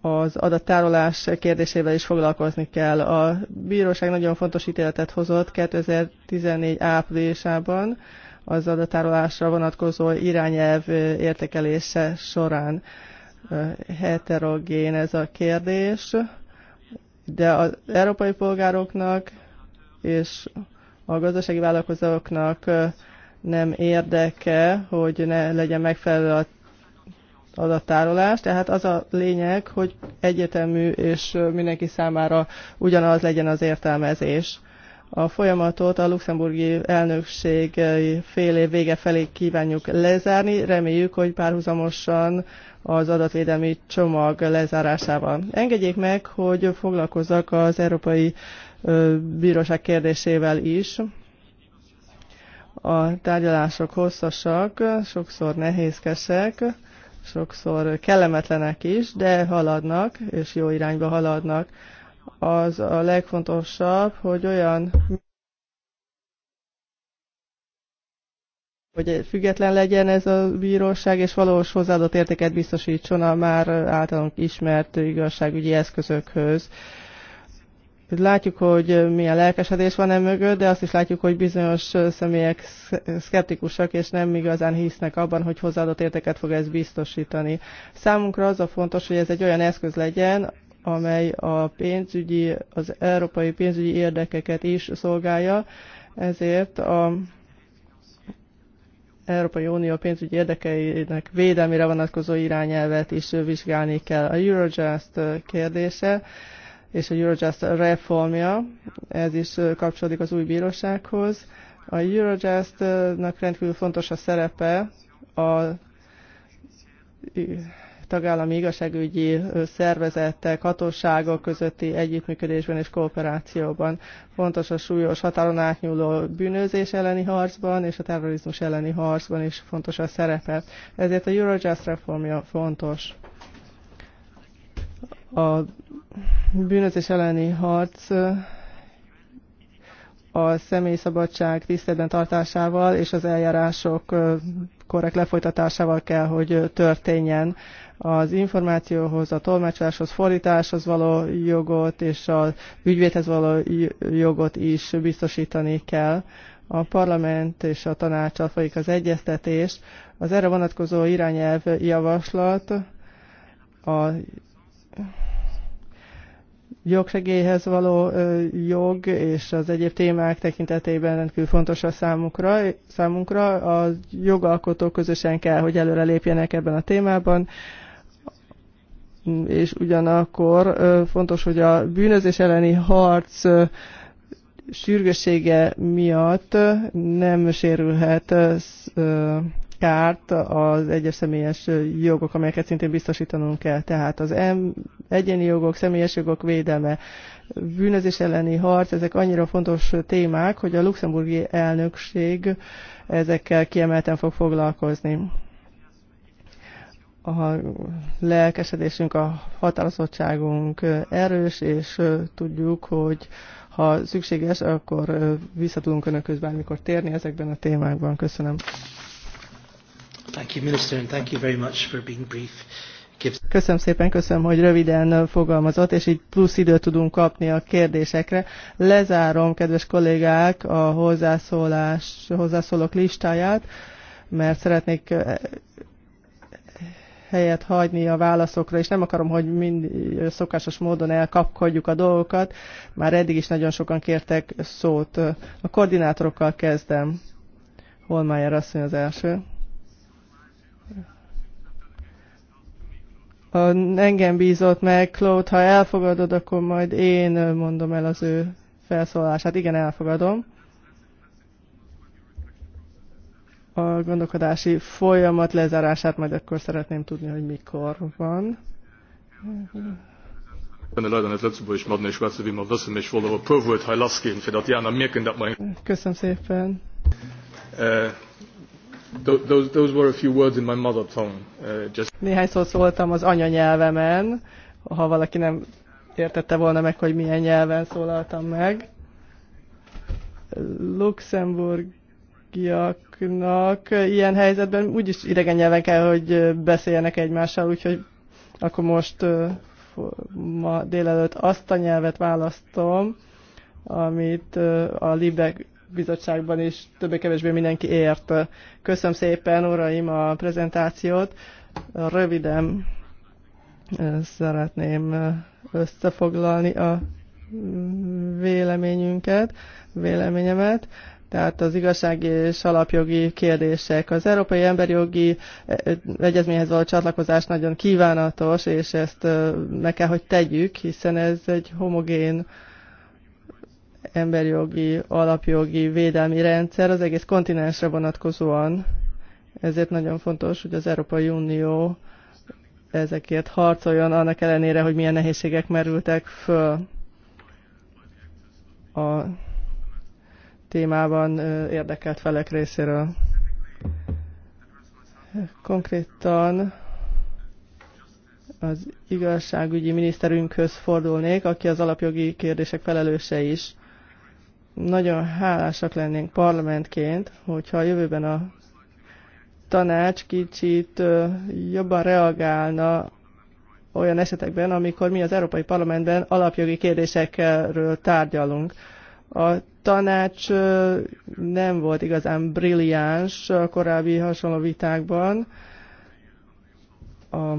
az adattárolás kérdésével is foglalkozni kell. A bíróság nagyon fontos ítéletet hozott 2014 áprilisában az adatárolásra vonatkozó irányelv értékelése során. Heterogén ez a kérdés, de az európai polgároknak és a gazdasági vállalkozóknak nem érdeke, hogy ne legyen megfelelő a adattárolás, tehát az a lényeg, hogy egyetemű és mindenki számára ugyanaz legyen az értelmezés. A folyamatot a luxemburgi elnökség fél év vége felé kívánjuk lezárni. Reméljük, hogy párhuzamosan az adatvédelmi csomag lezárásával. Engedjék meg, hogy foglalkozzak az Európai Bíróság kérdésével is. A tárgyalások hosszasak, sokszor nehézkesek sokszor kellemetlenek is, de haladnak, és jó irányba haladnak. Az a legfontosabb, hogy olyan hogy független legyen ez a bíróság, és valós hozzáadott értéket biztosítson a már általunk ismert igazságügyi eszközökhöz. Látjuk, hogy milyen lelkesedés van e mögött, de azt is látjuk, hogy bizonyos személyek szkeptikusak, és nem igazán hisznek abban, hogy hozzáadott értéket fog ez biztosítani. Számunkra az a fontos, hogy ez egy olyan eszköz legyen, amely a pénzügyi, az európai pénzügyi érdekeket is szolgálja, ezért a Európai Unió pénzügyi érdekeinek védelmére vonatkozó irányelvet is vizsgálni kell. A Eurojust kérdése és a Eurojust reformja, ez is kapcsolódik az új bírósághoz. A Eurojustnak nak rendkívül fontos a szerepe a tagállami igazságügyi szervezettek, hatóságok közötti együttműködésben és kooperációban. Fontos a súlyos határon átnyúló bűnözés elleni harcban és a terrorizmus elleni harcban is fontos a szerepe. Ezért a Eurojust reformja fontos. A bűnözés elleni harc a személy szabadság tiszteletben tartásával és az eljárások korrekt lefolytatásával kell, hogy történjen. Az információhoz, a tolmácsoláshoz, fordításhoz való jogot és az ügyvédhez való jogot is biztosítani kell. A parlament és a tanácsal folyik az egyeztetés. Az erre vonatkozó irányelv javaslat a jogsegélyhez való jog és az egyéb témák tekintetében rendkívül fontos a számukra. számunkra. A jogalkotók közösen kell, hogy előre lépjenek ebben a témában, és ugyanakkor fontos, hogy a bűnözés elleni harc sürgősége miatt nem sérülhet kárt az egyes személyes jogok, amelyeket szintén biztosítanunk kell. Tehát az em, egyéni jogok, személyes jogok védelme, bűnözés elleni harc, ezek annyira fontos témák, hogy a luxemburgi elnökség ezekkel kiemelten fog foglalkozni. A lelkesedésünk, a határozottságunk erős, és tudjuk, hogy ha szükséges, akkor vissza tudunk önökhöz bármikor térni ezekben a témákban. Köszönöm. Köszönöm szépen, köszönöm, hogy röviden fogalmazott, és így plusz időt tudunk kapni a kérdésekre. Lezárom, kedves kollégák, a hozzászólás, hozzászólók listáját, mert szeretnék helyet hagyni a válaszokra, és nem akarom, hogy mind szokásos módon elkapkodjuk a dolgokat. Már eddig is nagyon sokan kértek szót. A koordinátorokkal kezdem. Holmájer asszony az első. ha engem bízott meg, Claude, ha elfogadod, akkor majd én mondom el az ő felszólását. Igen, elfogadom. A gondolkodási folyamat lezárását majd akkor szeretném tudni, hogy mikor van. Köszönöm szépen. Eh, Those, those were a few words in my mother tongue. Uh, just... Néhány szót szóltam az anyanyelvemen, ha valaki nem értette volna meg, hogy milyen nyelven szólaltam meg. Luxemburgiaknak ilyen helyzetben úgyis idegen nyelven kell, hogy beszéljenek egymással, úgyhogy akkor most ma délelőtt azt a nyelvet választom, amit a Libe bizottságban is többé-kevésbé mindenki ért. Köszönöm szépen, uraim, a prezentációt. Röviden szeretném összefoglalni a véleményünket, véleményemet. Tehát az igazság és alapjogi kérdések. Az Európai Emberi Jogi Egyezményhez való csatlakozás nagyon kívánatos, és ezt meg kell, hogy tegyük, hiszen ez egy homogén emberjogi, alapjogi, védelmi rendszer az egész kontinensre vonatkozóan. Ezért nagyon fontos, hogy az Európai Unió ezekért harcoljon, annak ellenére, hogy milyen nehézségek merültek föl a témában érdekelt felek részéről. Konkrétan az igazságügyi miniszterünkhöz fordulnék, aki az alapjogi kérdések felelőse is. Nagyon hálásak lennénk parlamentként, hogyha a jövőben a tanács kicsit jobban reagálna olyan esetekben, amikor mi az Európai Parlamentben alapjogi kérdésekről tárgyalunk. A tanács nem volt igazán brilliáns a korábbi hasonló vitákban. A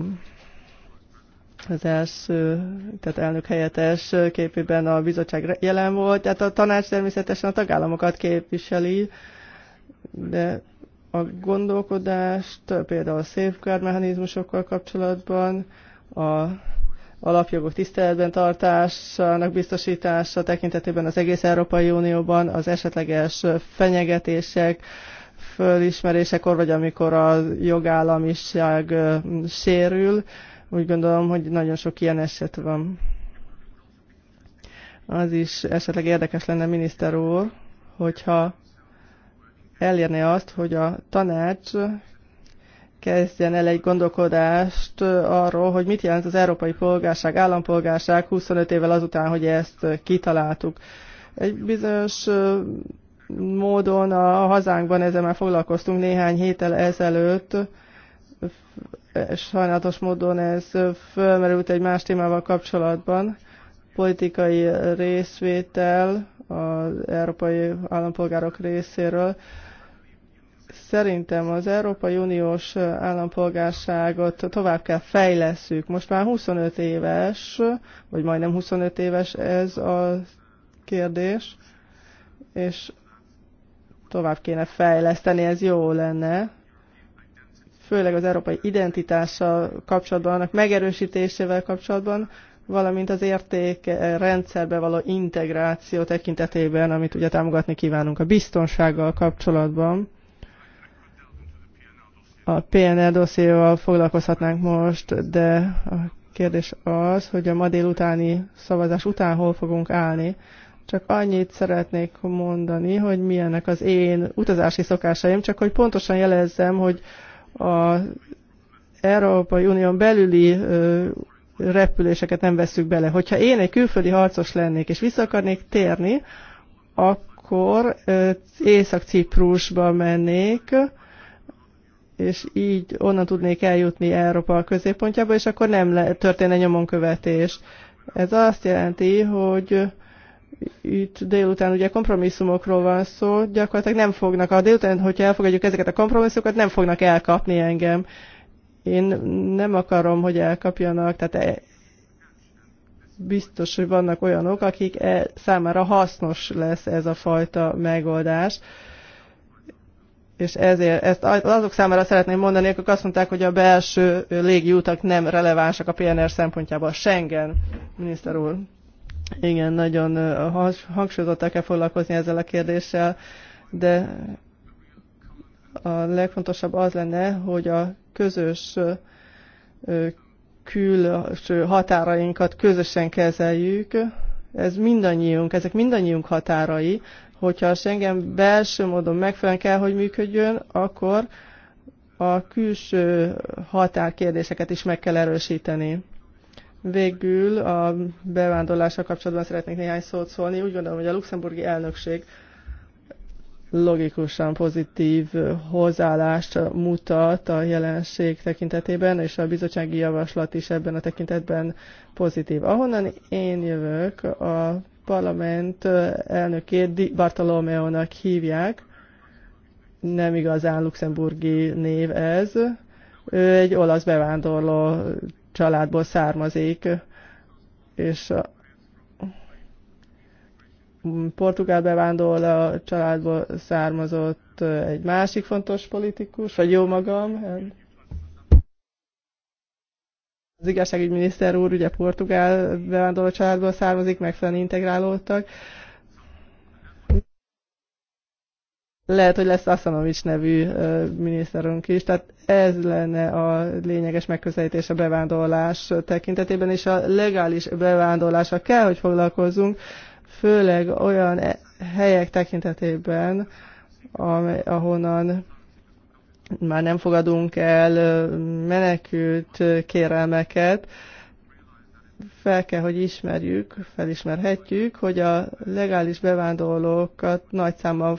az első, tehát elnök helyettes képében a bizottság jelen volt, tehát a tanács természetesen a tagállamokat képviseli, de a gondolkodást például a safeguard mechanizmusokkal kapcsolatban, a alapjogok tiszteletben tartásának biztosítása tekintetében az egész Európai Unióban az esetleges fenyegetések, fölismerésekor, vagy amikor a jogállamiság sérül, úgy gondolom, hogy nagyon sok ilyen eset van. Az is esetleg érdekes lenne, miniszter úr, hogyha elérne azt, hogy a tanács kezdjen el egy gondolkodást arról, hogy mit jelent az európai polgárság, állampolgárság 25 évvel azután, hogy ezt kitaláltuk. Egy bizonyos módon a hazánkban ezzel már foglalkoztunk néhány héttel ezelőtt, Sajnálatos módon ez fölmerült egy más témával kapcsolatban. Politikai részvétel az európai állampolgárok részéről. Szerintem az Európai Uniós állampolgárságot tovább kell fejleszünk. Most már 25 éves, vagy majdnem 25 éves ez a kérdés, és tovább kéne fejleszteni, ez jó lenne főleg az európai identitással kapcsolatban, annak megerősítésével kapcsolatban, valamint az érték rendszerbe való integráció tekintetében, amit ugye támogatni kívánunk a biztonsággal kapcsolatban. A PNL dossziéval foglalkozhatnánk most, de a kérdés az, hogy a ma délutáni szavazás után hol fogunk állni. Csak annyit szeretnék mondani, hogy milyenek az én utazási szokásaim, csak hogy pontosan jelezzem, hogy a Európai Unión belüli repüléseket nem veszük bele. Hogyha én egy külföldi harcos lennék, és vissza akarnék térni, akkor Észak-Ciprusba mennék, és így onnan tudnék eljutni Európa középpontjába, és akkor nem le, történne nyomonkövetés. Ez azt jelenti, hogy itt délután ugye kompromisszumokról van szó, gyakorlatilag nem fognak, a délután, hogyha elfogadjuk ezeket a kompromisszumokat, nem fognak elkapni engem. Én nem akarom, hogy elkapjanak, tehát e- biztos, hogy vannak olyanok, akik e számára hasznos lesz ez a fajta megoldás. És ezért ezt azok számára szeretném mondani, akik azt mondták, hogy a belső utak nem relevánsak a PNR szempontjából. Schengen, miniszter úr igen, nagyon hangsúlyozottak kell foglalkozni ezzel a kérdéssel, de a legfontosabb az lenne, hogy a közös külső határainkat közösen kezeljük. Ez mindannyiunk, ezek mindannyiunk határai. Hogyha a Schengen belső módon megfelelően kell, hogy működjön, akkor a külső határkérdéseket is meg kell erősíteni. Végül a bevándorlással kapcsolatban szeretnék néhány szót szólni. Úgy gondolom, hogy a luxemburgi elnökség logikusan pozitív hozzáállást mutat a jelenség tekintetében, és a bizottsági javaslat is ebben a tekintetben pozitív. Ahonnan én jövök, a parlament elnökét Di Bartolomeónak hívják, nem igazán luxemburgi név ez, ő egy olasz bevándorló családból származik, és a portugál bevándorló családból származott egy másik fontos politikus, vagy jó magam, hát. az igazságügyminiszter úr ugye portugál bevándorló családból származik, megfelelően integrálódtak, lehet, hogy lesz Aszanovics nevű miniszterünk is, tehát ez lenne a lényeges megközelítés a bevándorlás tekintetében, és a legális bevándorlásra kell, hogy foglalkozzunk, főleg olyan e- helyek tekintetében, ahonnan már nem fogadunk el menekült kérelmeket, fel kell, hogy ismerjük, felismerhetjük, hogy a legális bevándorlókat nagy számban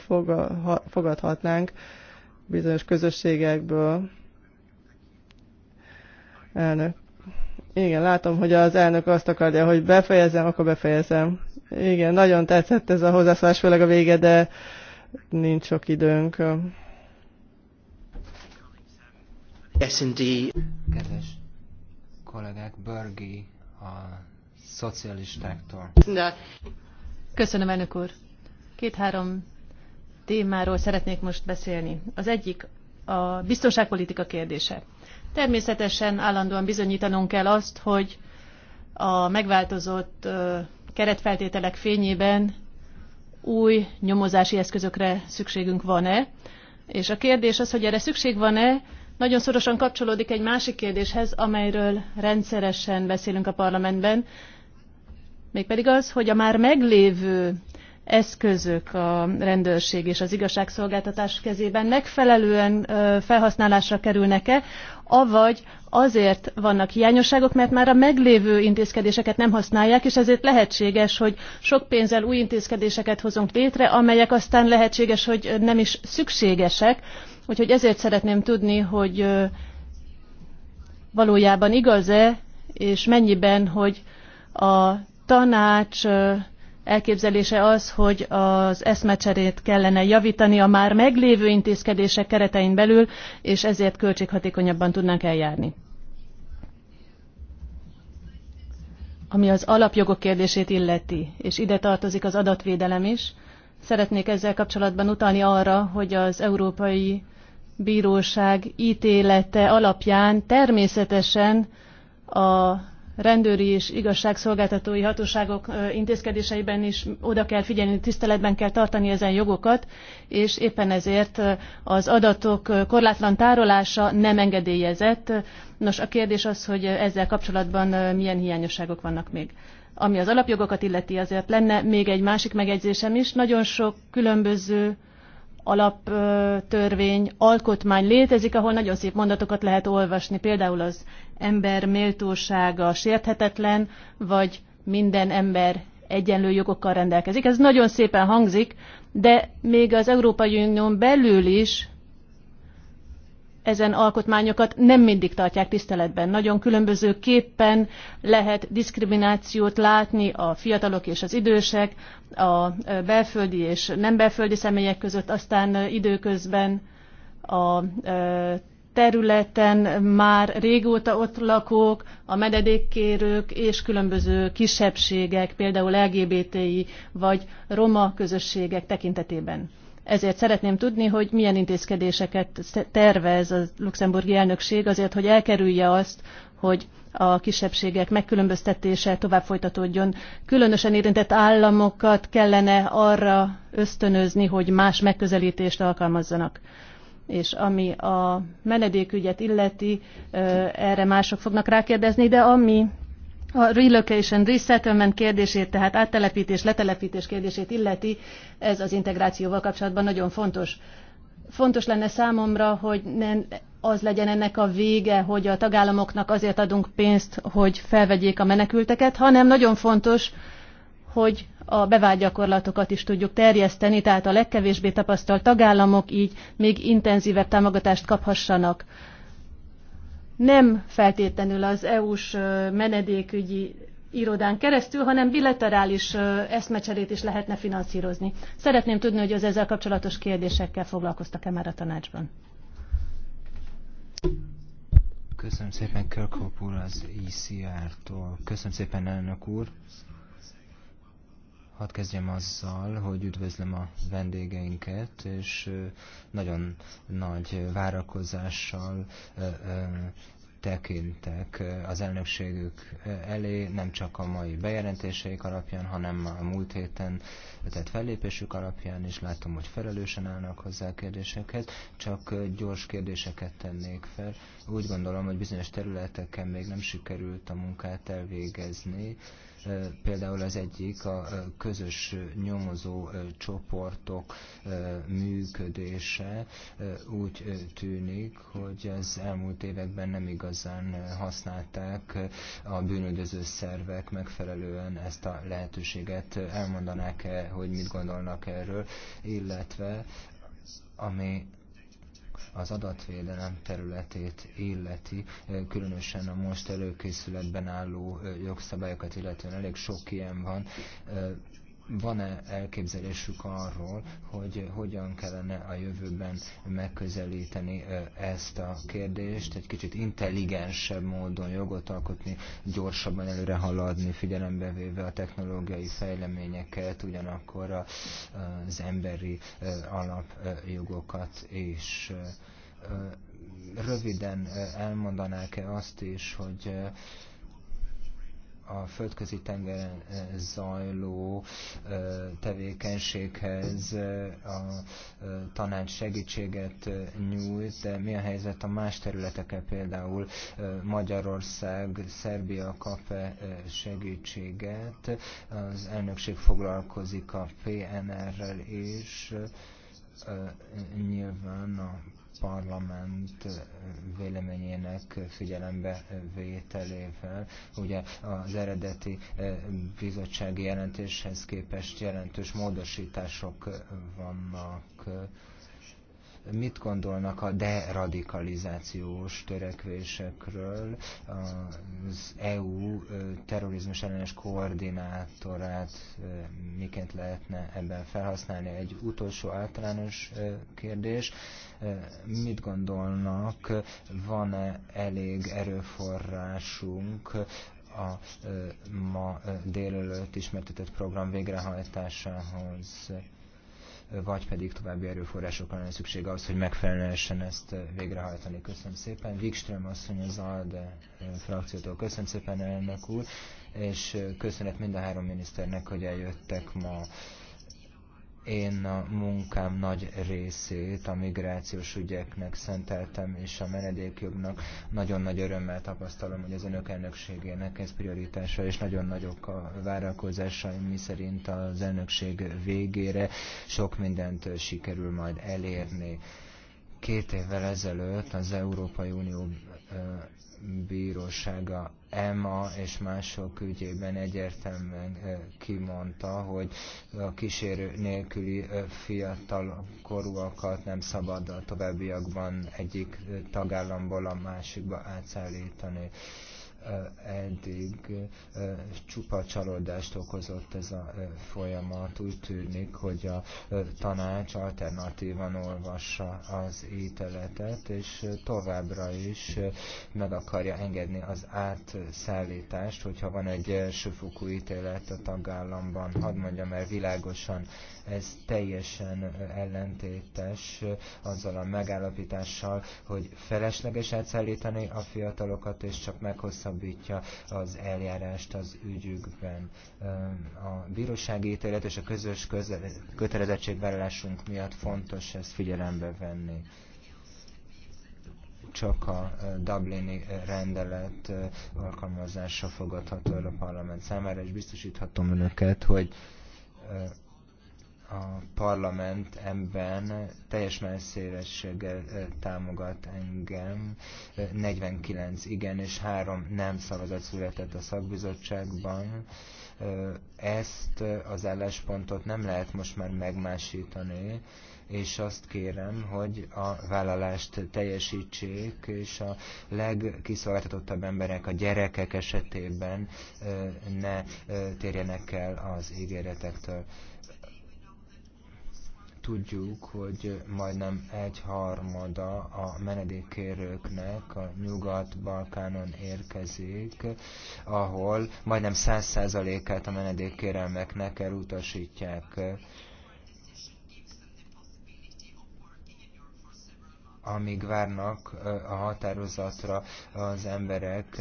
fogadhatnánk bizonyos közösségekből. Elnök. Igen, látom, hogy az elnök azt akarja, hogy befejezem, akkor befejezem. Igen, nagyon tetszett ez a hozzászólás, főleg a vége, de nincs sok időnk. Yes, indeed. Kedves kollégák, Bergi a szocialistáktól. Köszönöm, elnök úr. Két-három témáról szeretnék most beszélni. Az egyik a biztonságpolitika kérdése. Természetesen állandóan bizonyítanunk kell azt, hogy a megváltozott keretfeltételek fényében új nyomozási eszközökre szükségünk van-e, és a kérdés az, hogy erre szükség van-e, nagyon szorosan kapcsolódik egy másik kérdéshez, amelyről rendszeresen beszélünk a parlamentben, mégpedig az, hogy a már meglévő eszközök a rendőrség és az igazságszolgáltatás kezében megfelelően felhasználásra kerülnek-e, avagy azért vannak hiányosságok, mert már a meglévő intézkedéseket nem használják, és ezért lehetséges, hogy sok pénzzel új intézkedéseket hozunk létre, amelyek aztán lehetséges, hogy nem is szükségesek, Úgyhogy ezért szeretném tudni, hogy valójában igaz-e, és mennyiben, hogy a tanács elképzelése az, hogy az eszmecserét kellene javítani a már meglévő intézkedések keretein belül, és ezért költséghatékonyabban tudnánk eljárni. Ami az alapjogok kérdését illeti, és ide tartozik az adatvédelem is, szeretnék ezzel kapcsolatban utalni arra, hogy az Európai bíróság ítélete alapján természetesen a rendőri és igazságszolgáltatói hatóságok intézkedéseiben is oda kell figyelni, tiszteletben kell tartani ezen jogokat, és éppen ezért az adatok korlátlan tárolása nem engedélyezett. Nos, a kérdés az, hogy ezzel kapcsolatban milyen hiányosságok vannak még. Ami az alapjogokat illeti, azért lenne még egy másik megjegyzésem is. Nagyon sok különböző alaptörvény, alkotmány létezik, ahol nagyon szép mondatokat lehet olvasni. Például az ember méltósága sérthetetlen, vagy minden ember egyenlő jogokkal rendelkezik. Ez nagyon szépen hangzik, de még az Európai Unión belül is ezen alkotmányokat nem mindig tartják tiszteletben. Nagyon különböző képpen lehet diszkriminációt látni a fiatalok és az idősek, a belföldi és nem belföldi személyek között, aztán időközben a területen már régóta ott lakók, a mededékkérők és különböző kisebbségek, például LGBTI vagy roma közösségek tekintetében. Ezért szeretném tudni, hogy milyen intézkedéseket tervez a luxemburgi elnökség azért, hogy elkerülje azt, hogy a kisebbségek megkülönböztetése tovább folytatódjon. Különösen érintett államokat kellene arra ösztönözni, hogy más megközelítést alkalmazzanak. És ami a menedékügyet illeti, erre mások fognak rákérdezni, de ami a relocation, resettlement kérdését, tehát áttelepítés, letelepítés kérdését illeti, ez az integrációval kapcsolatban nagyon fontos. Fontos lenne számomra, hogy nem az legyen ennek a vége, hogy a tagállamoknak azért adunk pénzt, hogy felvegyék a menekülteket, hanem nagyon fontos, hogy a bevált gyakorlatokat is tudjuk terjeszteni, tehát a legkevésbé tapasztalt tagállamok így még intenzívebb támogatást kaphassanak nem feltétlenül az EU-s menedékügyi irodán keresztül, hanem bilaterális eszmecserét is lehetne finanszírozni. Szeretném tudni, hogy az ezzel kapcsolatos kérdésekkel foglalkoztak-e már a tanácsban. Köszönöm szépen Kirkhope úr az ICR-tól. E Köszönöm szépen elnök úr. Hadd kezdjem azzal, hogy üdvözlöm a vendégeinket, és nagyon nagy várakozással tekintek az elnökségük elé, nem csak a mai bejelentéseik alapján, hanem a múlt héten tehát fellépésük alapján is látom, hogy felelősen állnak hozzá a kérdésekhez, csak gyors kérdéseket tennék fel. Úgy gondolom, hogy bizonyos területeken még nem sikerült a munkát elvégezni, Például az egyik a közös nyomozó csoportok működése úgy tűnik, hogy az elmúlt években nem igazán használták a bűnöldöző szervek megfelelően ezt a lehetőséget. Elmondanák-e, hogy mit gondolnak erről, illetve ami az adatvédelem területét illeti, különösen a most előkészületben álló jogszabályokat illetően elég sok ilyen van, van-e elképzelésük arról, hogy hogyan kellene a jövőben megközelíteni ezt a kérdést, egy kicsit intelligensebb módon jogot alkotni, gyorsabban előre haladni, figyelembe véve a technológiai fejleményeket, ugyanakkor az emberi alapjogokat és röviden elmondanák-e azt is, hogy a földközi tengeren eh, zajló eh, tevékenységhez eh, a tanács segítséget nyújt, de mi a helyzet a más területeken, például Magyarország, Szerbia kap -e segítséget, az elnökség foglalkozik a PNR-rel is, nyilván a parlament véleményének figyelembe vételével. Ugye az eredeti eh, bizottsági jelentéshez képest jelentős módosítások vannak mit gondolnak a deradikalizációs törekvésekről. Az EU terrorizmus ellenes koordinátorát miként lehetne ebben felhasználni? Egy utolsó általános kérdés. Mit gondolnak, van-e elég erőforrásunk a ma délelőtt ismertetett program végrehajtásához? vagy pedig további erőforrásokra lenne szükség ahhoz, hogy megfelelően ezt eh, végrehajtani. Köszönöm szépen. Wikström asszony az ALDE eh, frakciótól. Köszönöm szépen, elnök úr, és eh, köszönet mind a három miniszternek, hogy eljöttek ma. Én a munkám nagy részét a migrációs ügyeknek szenteltem, és a menedékjognak nagyon nagy örömmel tapasztalom, hogy az önök elnökségének ez prioritása, és nagyon nagyok a várakozásaim, mi szerint az elnökség végére sok mindent sikerül majd elérni. Két évvel ezelőtt az Európai Unió bírósága EMA és mások ügyében egyértelműen kimondta, hogy a kísérő nélküli fiatal korúakat nem szabad a továbbiakban egyik tagállamból a másikba átszállítani eddig csupa csalódást okozott ez a folyamat. Úgy tűnik, hogy a tanács alternatívan olvassa az íteletet, és továbbra is meg akarja engedni az átszállítást, hogyha van egy elsőfokú ítélet a tagállamban. Hadd mondjam mert világosan, ez teljesen ellentétes azzal a megállapítással, hogy felesleges átszállítani a fiatalokat, és csak meghozza meghosszabbítja az eljárást az ügyükben. A bírósági ítélet és a közös kötelezettségvállalásunk miatt fontos ezt figyelembe venni csak a Dublini rendelet alkalmazása fogadható el a parlament számára, és biztosíthatom önöket, hogy a parlament ebben teljes messzélességgel támogat engem. 49 igen és 3 nem szavazat született a szakbizottságban. Ezt az álláspontot nem lehet most már megmásítani, és azt kérem, hogy a vállalást teljesítsék, és a legkiszolgáltatottabb emberek, a gyerekek esetében ne térjenek el az ígéretektől Tudjuk, hogy majdnem egy harmada a menedékkérőknek a Nyugat-Balkánon érkezik, ahol majdnem száz százalékát a menedékkérelmeknek elutasítják. amíg várnak a határozatra az emberek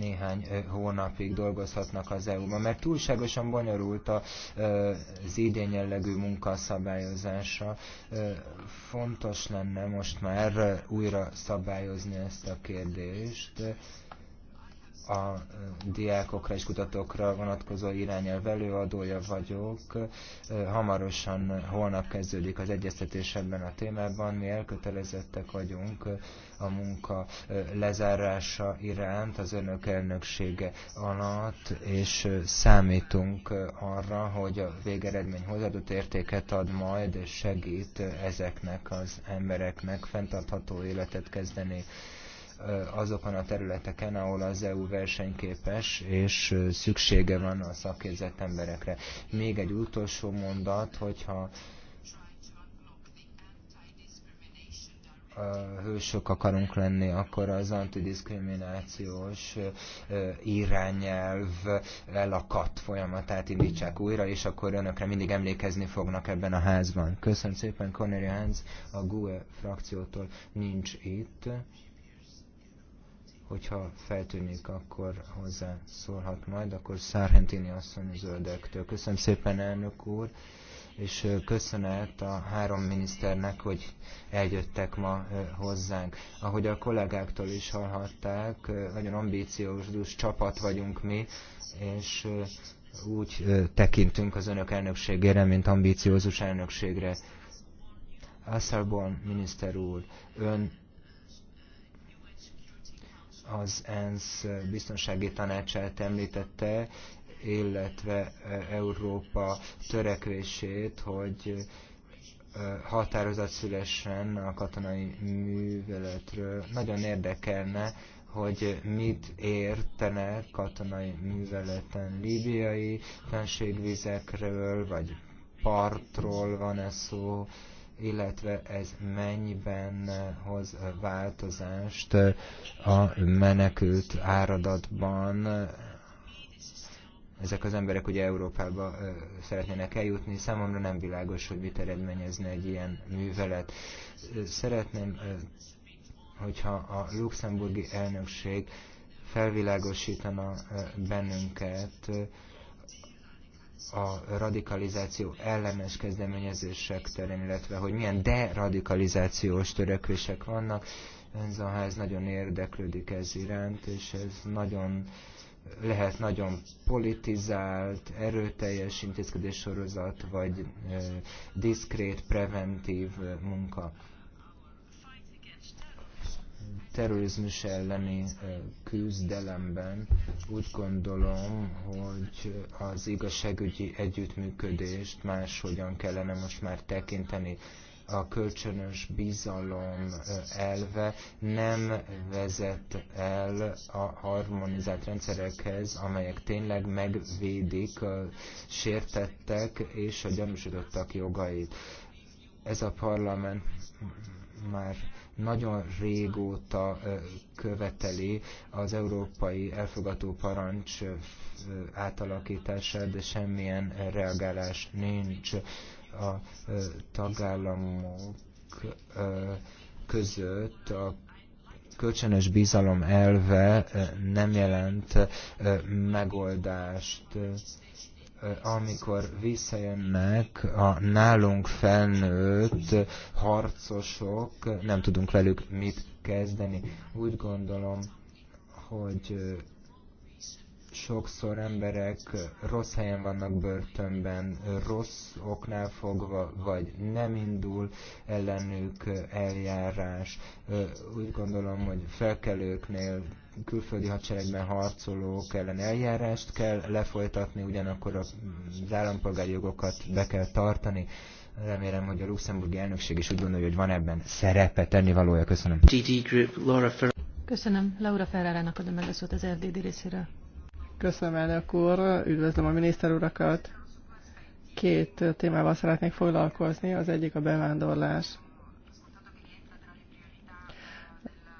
néhány hónapig dolgozhatnak az EU-ban, mert túlságosan bonyolult az idén jellegű munkaszabályozása. Fontos lenne most már újra szabályozni ezt a kérdést, a diákokra és kutatókra vonatkozó irányelv előadója vagyok. Hamarosan holnap kezdődik az egyeztetés ebben a témában. Mi elkötelezettek vagyunk a munka lezárása iránt az önök elnöksége alatt, és számítunk arra, hogy a végeredmény hozadott értéket ad majd, és segít ezeknek az embereknek fenntartható életet kezdeni azokon a területeken, ahol az EU versenyképes, és szüksége van a szakképzett emberekre. Még egy utolsó mondat, hogyha hősök akarunk lenni, akkor az antidiszkriminációs irányelv elakadt folyamatát indítsák újra, és akkor önökre mindig emlékezni fognak ebben a házban. Köszönöm szépen, Cornelia Hans a GUE frakciótól nincs itt. Hogyha feltűnik, akkor hozzá szólhat majd, akkor Szárhentini asszony az zöldektől. Köszönöm szépen, elnök úr, és köszönet a három miniszternek, hogy eljöttek ma hozzánk. Ahogy a kollégáktól is hallhatták, nagyon ambíciózus csapat vagyunk mi, és úgy tekintünk az önök elnökségére, mint ambíciózus elnökségre. Asszalbon miniszter úr, ön az ENSZ biztonsági tanácsát említette, illetve e, Európa törekvését, hogy e, határozat szülesen a katonai műveletről. Nagyon érdekelne, hogy mit értenek katonai műveleten líbiai fenségvizekről, vagy partról van-e szó, illetve ez mennyiben hoz változást a menekült áradatban. Ezek az emberek ugye Európába szeretnének eljutni, számomra nem világos, hogy mit eredményezne egy ilyen művelet. Szeretném, hogyha a luxemburgi elnökség felvilágosítana bennünket, a radikalizáció ellenes kezdeményezések terén, illetve hogy milyen deradikalizációs törekvések vannak. Ez a ház nagyon érdeklődik ez iránt, és ez nagyon lehet nagyon politizált, erőteljes intézkedéssorozat, vagy diszkrét, preventív munka terrorizmus elleni küzdelemben úgy gondolom, hogy az igazságügyi együttműködést máshogyan kellene most már tekinteni. A kölcsönös bizalom elve nem vezet el a harmonizált rendszerekhez, amelyek tényleg megvédik a sértettek és a gyanúsítottak jogait. Ez a parlament már nagyon régóta követeli az európai elfogató parancs átalakítását, de semmilyen reagálás nincs a tagállamok között a kölcsönös bizalom elve nem jelent megoldást. Eh, amikor visszajönnek a nálunk felnőtt harcosok, nem tudunk velük mit kezdeni. Úgy gondolom, hogy eh, sokszor emberek rossz helyen vannak börtönben, rossz oknál fogva, vagy nem indul ellenük eljárás. Úgy gondolom, hogy felkelőknél külföldi hadseregben harcolók ellen eljárást kell lefolytatni, ugyanakkor az állampolgári jogokat be kell tartani. Remélem, hogy a luxemburgi elnökség is úgy gondolja, hogy van ebben szerepe, valója. Köszönöm. Köszönöm. Laura Ferrara-nak adom meg a szót az RDD részéről. Köszönöm, elnök úr, üdvözlöm a miniszter urakat. Két témával szeretnék foglalkozni, az egyik a bevándorlás.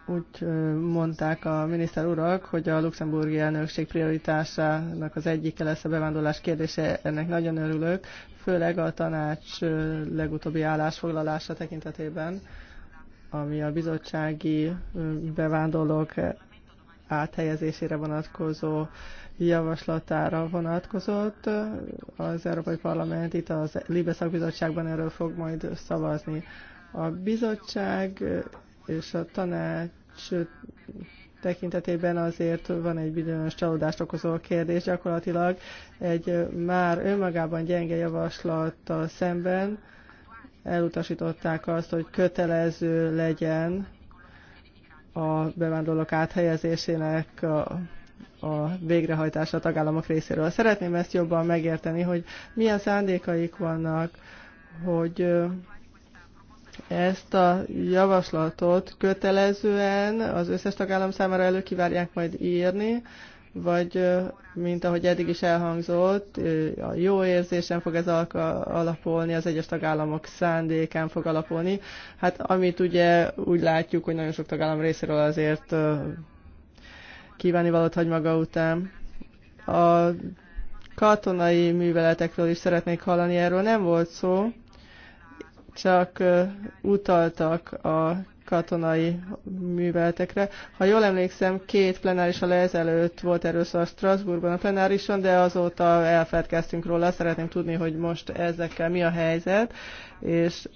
Úgy mondták a miniszter urak, hogy a luxemburgi elnökség prioritásának az egyike lesz a bevándorlás kérdése, ennek nagyon örülök, főleg a tanács legutóbbi állásfoglalása tekintetében, ami a bizottsági bevándorlók áthelyezésére vonatkozó javaslatára vonatkozott. Az Európai Parlament itt a Libe szakbizottságban erről fog majd szavazni. A bizottság és a tanács tekintetében azért van egy bizonyos csalódást okozó kérdés. Gyakorlatilag egy már önmagában gyenge javaslattal szemben elutasították azt, hogy kötelező legyen a bevándorlók áthelyezésének a a végrehajtása a tagállamok részéről. Szeretném ezt jobban megérteni, hogy milyen szándékaik vannak, hogy ezt a javaslatot kötelezően az összes tagállam számára előkivárják majd írni, vagy mint ahogy eddig is elhangzott, a jó érzésen fog ez alapolni, az egyes tagállamok szándékán fog alapolni. Hát amit ugye úgy látjuk, hogy nagyon sok tagállam részéről azért kívánni valót hagy maga után. A katonai műveletekről is szeretnék hallani, erről nem volt szó, csak utaltak a katonai műveletekre. Ha jól emlékszem, két plenáris a ezelőtt volt erről szó a Strasbourgban a plenárison, de azóta elfelelkeztünk róla. Szeretném tudni, hogy most ezekkel mi a helyzet, és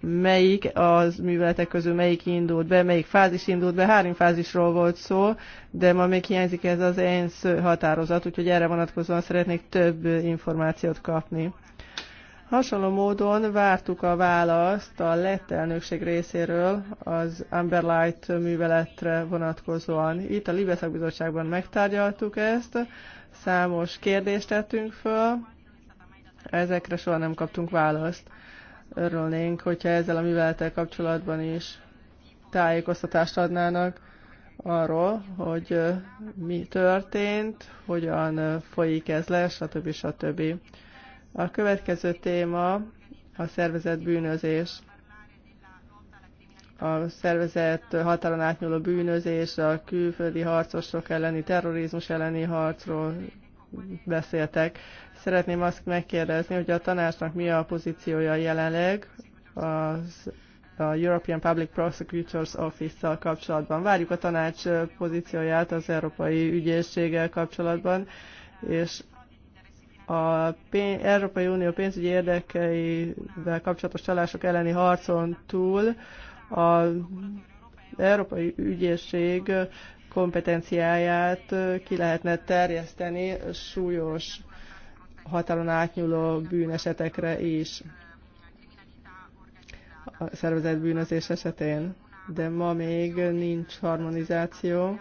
melyik az műveletek közül melyik indult be, melyik fázis indult be, három fázisról volt szó, de ma még hiányzik ez az ENSZ határozat, úgyhogy erre vonatkozóan szeretnék több információt kapni. Hasonló módon vártuk a választ a lett elnökség részéről az Light műveletre vonatkozóan. Itt a Libeszak Bizottságban megtárgyaltuk ezt, számos kérdést tettünk föl, ezekre soha nem kaptunk választ örülnénk, hogyha ezzel a művelettel kapcsolatban is tájékoztatást adnának arról, hogy mi történt, hogyan folyik ez le, stb. stb. A következő téma a szervezet bűnözés. A szervezett határon átnyúló bűnözés, a külföldi harcosok elleni terrorizmus elleni harcról beszéltek. Szeretném azt megkérdezni, hogy a tanácsnak mi a pozíciója jelenleg az a European Public Prosecutors Office-szal kapcsolatban. Várjuk a tanács pozícióját az Európai Ügyészséggel kapcsolatban, és a pén Európai Unió pénzügyi érdekeivel kapcsolatos csalások elleni harcon túl a Európai Ügyészség kompetenciáját ki lehetne terjeszteni súlyos hatalon átnyúló bűnesetekre is a szervezett bűnözés esetén. De ma még nincs harmonizáció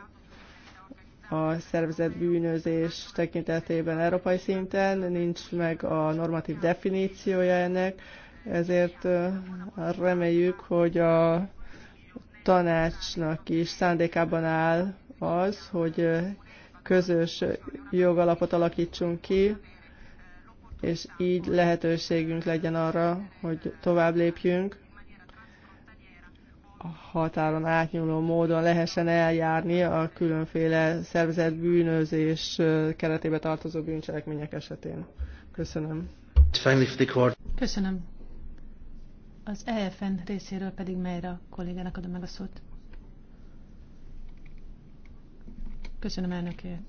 a szervezett bűnözés tekintetében európai szinten, nincs meg a normatív definíciója ennek, ezért reméljük, hogy a tanácsnak is szándékában áll az, hogy közös jogalapot alakítsunk ki, és így lehetőségünk legyen arra, hogy tovább lépjünk, a határon átnyúló módon lehessen eljárni a különféle szervezett bűnözés keretébe tartozó bűncselekmények esetén. Köszönöm. Köszönöm. Az EFN részéről pedig melyre a kollégának adom meg a szót. Köszönöm elnökért.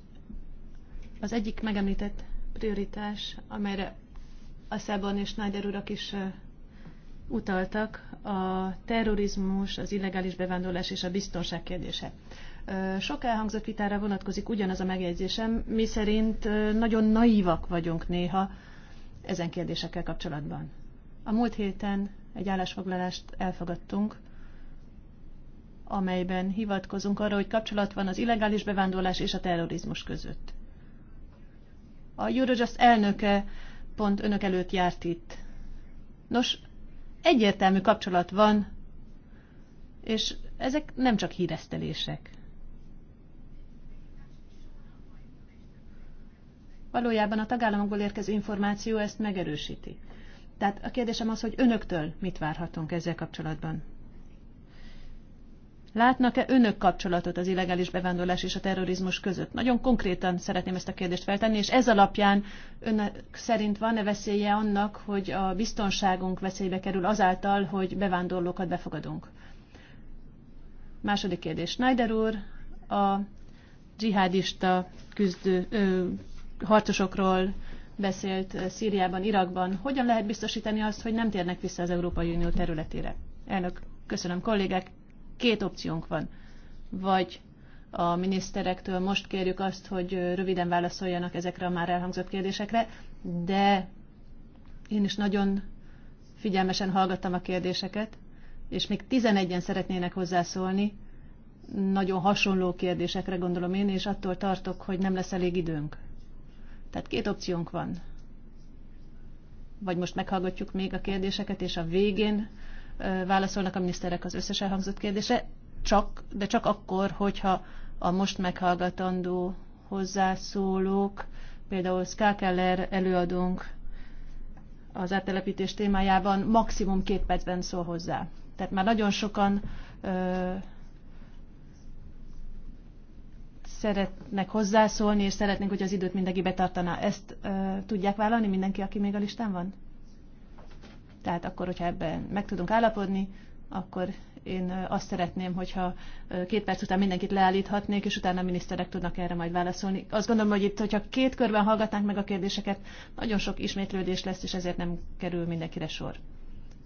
Az egyik megemlített prioritás, amelyre a Szában és Schneider urak is utaltak, a terrorizmus, az illegális bevándorlás és a biztonság kérdése. Sok elhangzott vitára vonatkozik ugyanaz a megjegyzésem, mi szerint nagyon naívak vagyunk néha ezen kérdésekkel kapcsolatban. A múlt héten egy állásfoglalást elfogadtunk, amelyben hivatkozunk arra, hogy kapcsolat van az illegális bevándorlás és a terrorizmus között. A Eurojust elnöke pont önök előtt járt itt. Nos, egyértelmű kapcsolat van, és ezek nem csak híresztelések. Valójában a tagállamokból érkező információ ezt megerősíti. Tehát a kérdésem az, hogy önöktől mit várhatunk ezzel kapcsolatban? Látnak-e önök kapcsolatot az illegális bevándorlás és a terrorizmus között? Nagyon konkrétan szeretném ezt a kérdést feltenni, és ez alapján önök szerint van-e veszélye annak, hogy a biztonságunk veszélybe kerül azáltal, hogy bevándorlókat befogadunk? Második kérdés. Snyder úr a dzsihádista küzdő, ö, harcosokról beszélt eh, Szíriában, Irakban. Hogyan lehet biztosítani azt, hogy nem térnek vissza az Európai Unió területére? Elnök, köszönöm kollégák, két opciónk van. Vagy a miniszterektől most kérjük azt, hogy eh, röviden válaszoljanak ezekre a már elhangzott kérdésekre, de én is nagyon figyelmesen hallgattam a kérdéseket, és még 11-en szeretnének hozzászólni, nagyon hasonló kérdésekre gondolom én, és attól tartok, hogy nem lesz elég időnk. Tehát két opciónk van. Vagy most meghallgatjuk még a kérdéseket, és a végén válaszolnak a miniszterek az összes elhangzott kérdése. csak, de csak akkor, hogyha a most meghallgatandó hozzászólók, például Skákeller előadónk az áttelepítés témájában maximum két percben szól hozzá. Tehát már nagyon sokan szeretnek hozzászólni, és szeretnénk, hogy az időt mindenki betartaná. Ezt ö, tudják vállalni mindenki, aki még a listán van? Tehát akkor, hogyha ebben meg tudunk állapodni, akkor én azt szeretném, hogyha két perc után mindenkit leállíthatnék, és utána a miniszterek tudnak erre majd válaszolni. Azt gondolom, hogy itt, hogyha két körben hallgatnánk meg a kérdéseket, nagyon sok ismétlődés lesz, és ezért nem kerül mindenkire sor.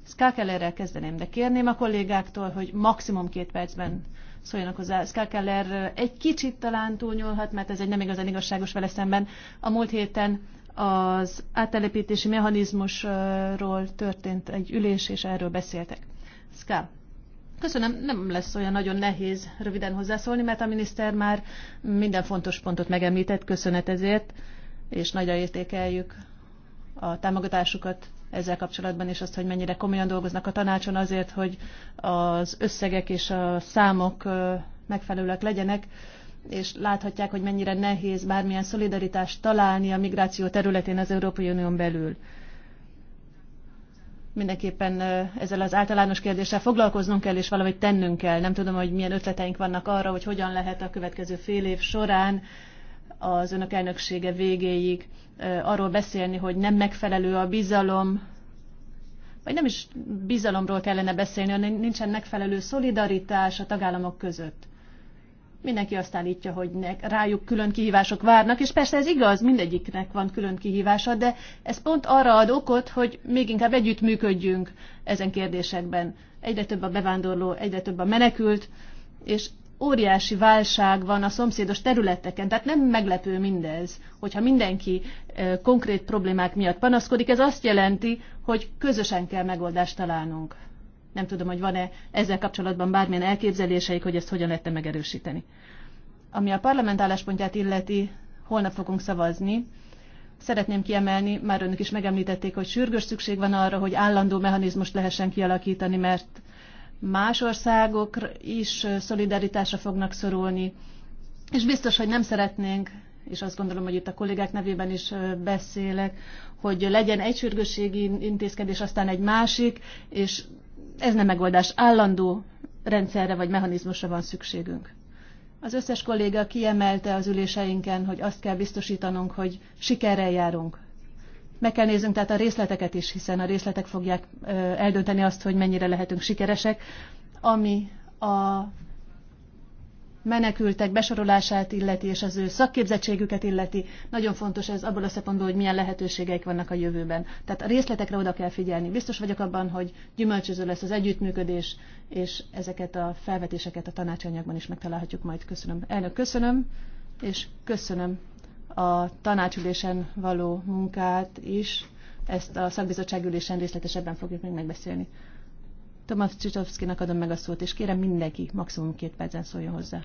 Skákelerrel kezdeném, de kérném a kollégáktól, hogy maximum két percben szóljanak hozzá. Skakeller egy kicsit talán túlnyúlhat, mert ez egy nem igazán igazságos vele szemben. A múlt héten az áttelepítési mechanizmusról történt egy ülés, és erről beszéltek. Ska. Köszönöm, nem lesz olyan nagyon nehéz röviden hozzászólni, mert a miniszter már minden fontos pontot megemlített, köszönet ezért, és nagyra értékeljük a támogatásukat ezzel kapcsolatban, és azt, hogy mennyire komolyan dolgoznak a tanácson azért, hogy az összegek és a számok megfelelőek legyenek, és láthatják, hogy mennyire nehéz bármilyen szolidaritást találni a migráció területén az Európai Unión belül. Mindenképpen ezzel az általános kérdéssel foglalkoznunk kell, és valamit tennünk kell. Nem tudom, hogy milyen ötleteink vannak arra, hogy hogyan lehet a következő fél év során az önök elnöksége végéig arról beszélni, hogy nem megfelelő a bizalom, vagy nem is bizalomról kellene beszélni, hanem nincsen megfelelő szolidaritás a tagállamok között. Mindenki azt állítja, hogy ne, rájuk külön kihívások várnak, és persze ez igaz, mindegyiknek van külön kihívása, de ez pont arra ad okot, hogy még inkább együttműködjünk ezen kérdésekben. Egyre több a bevándorló, egyre több a menekült, és óriási válság van a szomszédos területeken, tehát nem meglepő mindez, hogyha mindenki konkrét problémák miatt panaszkodik, ez azt jelenti, hogy közösen kell megoldást találnunk. Nem tudom, hogy van-e ezzel kapcsolatban bármilyen elképzeléseik, hogy ezt hogyan lehetne megerősíteni. Ami a parlament álláspontját illeti, holnap fogunk szavazni. Szeretném kiemelni, már önök is megemlítették, hogy sürgős szükség van arra, hogy állandó mechanizmust lehessen kialakítani, mert más országok is szolidaritásra fognak szorulni, és biztos, hogy nem szeretnénk, és azt gondolom, hogy itt a kollégák nevében is beszélek, hogy legyen egy sürgősségi intézkedés, aztán egy másik, és ez nem megoldás. Állandó rendszerre vagy mechanizmusra van szükségünk. Az összes kolléga kiemelte az üléseinken, hogy azt kell biztosítanunk, hogy sikerrel járunk. Meg kell néznünk tehát a részleteket is, hiszen a részletek fogják eldönteni azt, hogy mennyire lehetünk sikeresek, ami a menekültek besorolását illeti, és az ő szakképzettségüket illeti. Nagyon fontos ez abból a szempontból, hogy milyen lehetőségeik vannak a jövőben. Tehát a részletekre oda kell figyelni. Biztos vagyok abban, hogy gyümölcsöző lesz az együttműködés, és ezeket a felvetéseket a tanácsanyagban is megtalálhatjuk majd. Köszönöm. Elnök, köszönöm, és köszönöm a tanácsülésen való munkát is, ezt a szakbizottság ülésen részletesebben fogjuk még megbeszélni. Tomasz Csicsovszkinak adom meg a szót, és kérem mindenki maximum két percen szóljon hozzá.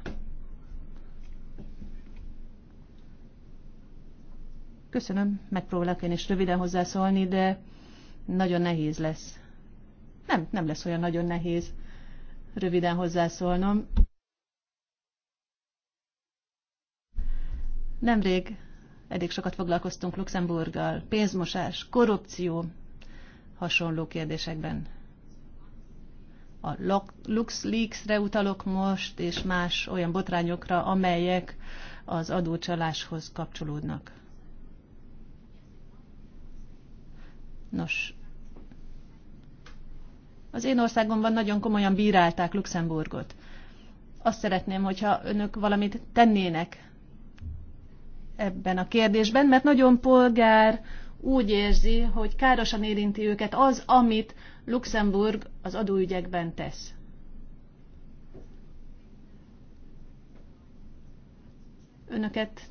Köszönöm, megpróbálok én is röviden hozzászólni, de nagyon nehéz lesz. Nem, nem lesz olyan nagyon nehéz röviden hozzászólnom. Nemrég eddig sokat foglalkoztunk Luxemburggal, pénzmosás, korrupció, hasonló kérdésekben. A LuxLeaks-re utalok most, és más olyan botrányokra, amelyek az adócsaláshoz kapcsolódnak. Nos, az én országomban nagyon komolyan bírálták Luxemburgot. Azt szeretném, hogyha önök valamit tennének ebben a kérdésben, mert nagyon polgár úgy érzi, hogy károsan érinti őket az, amit Luxemburg az adóügyekben tesz. Önöket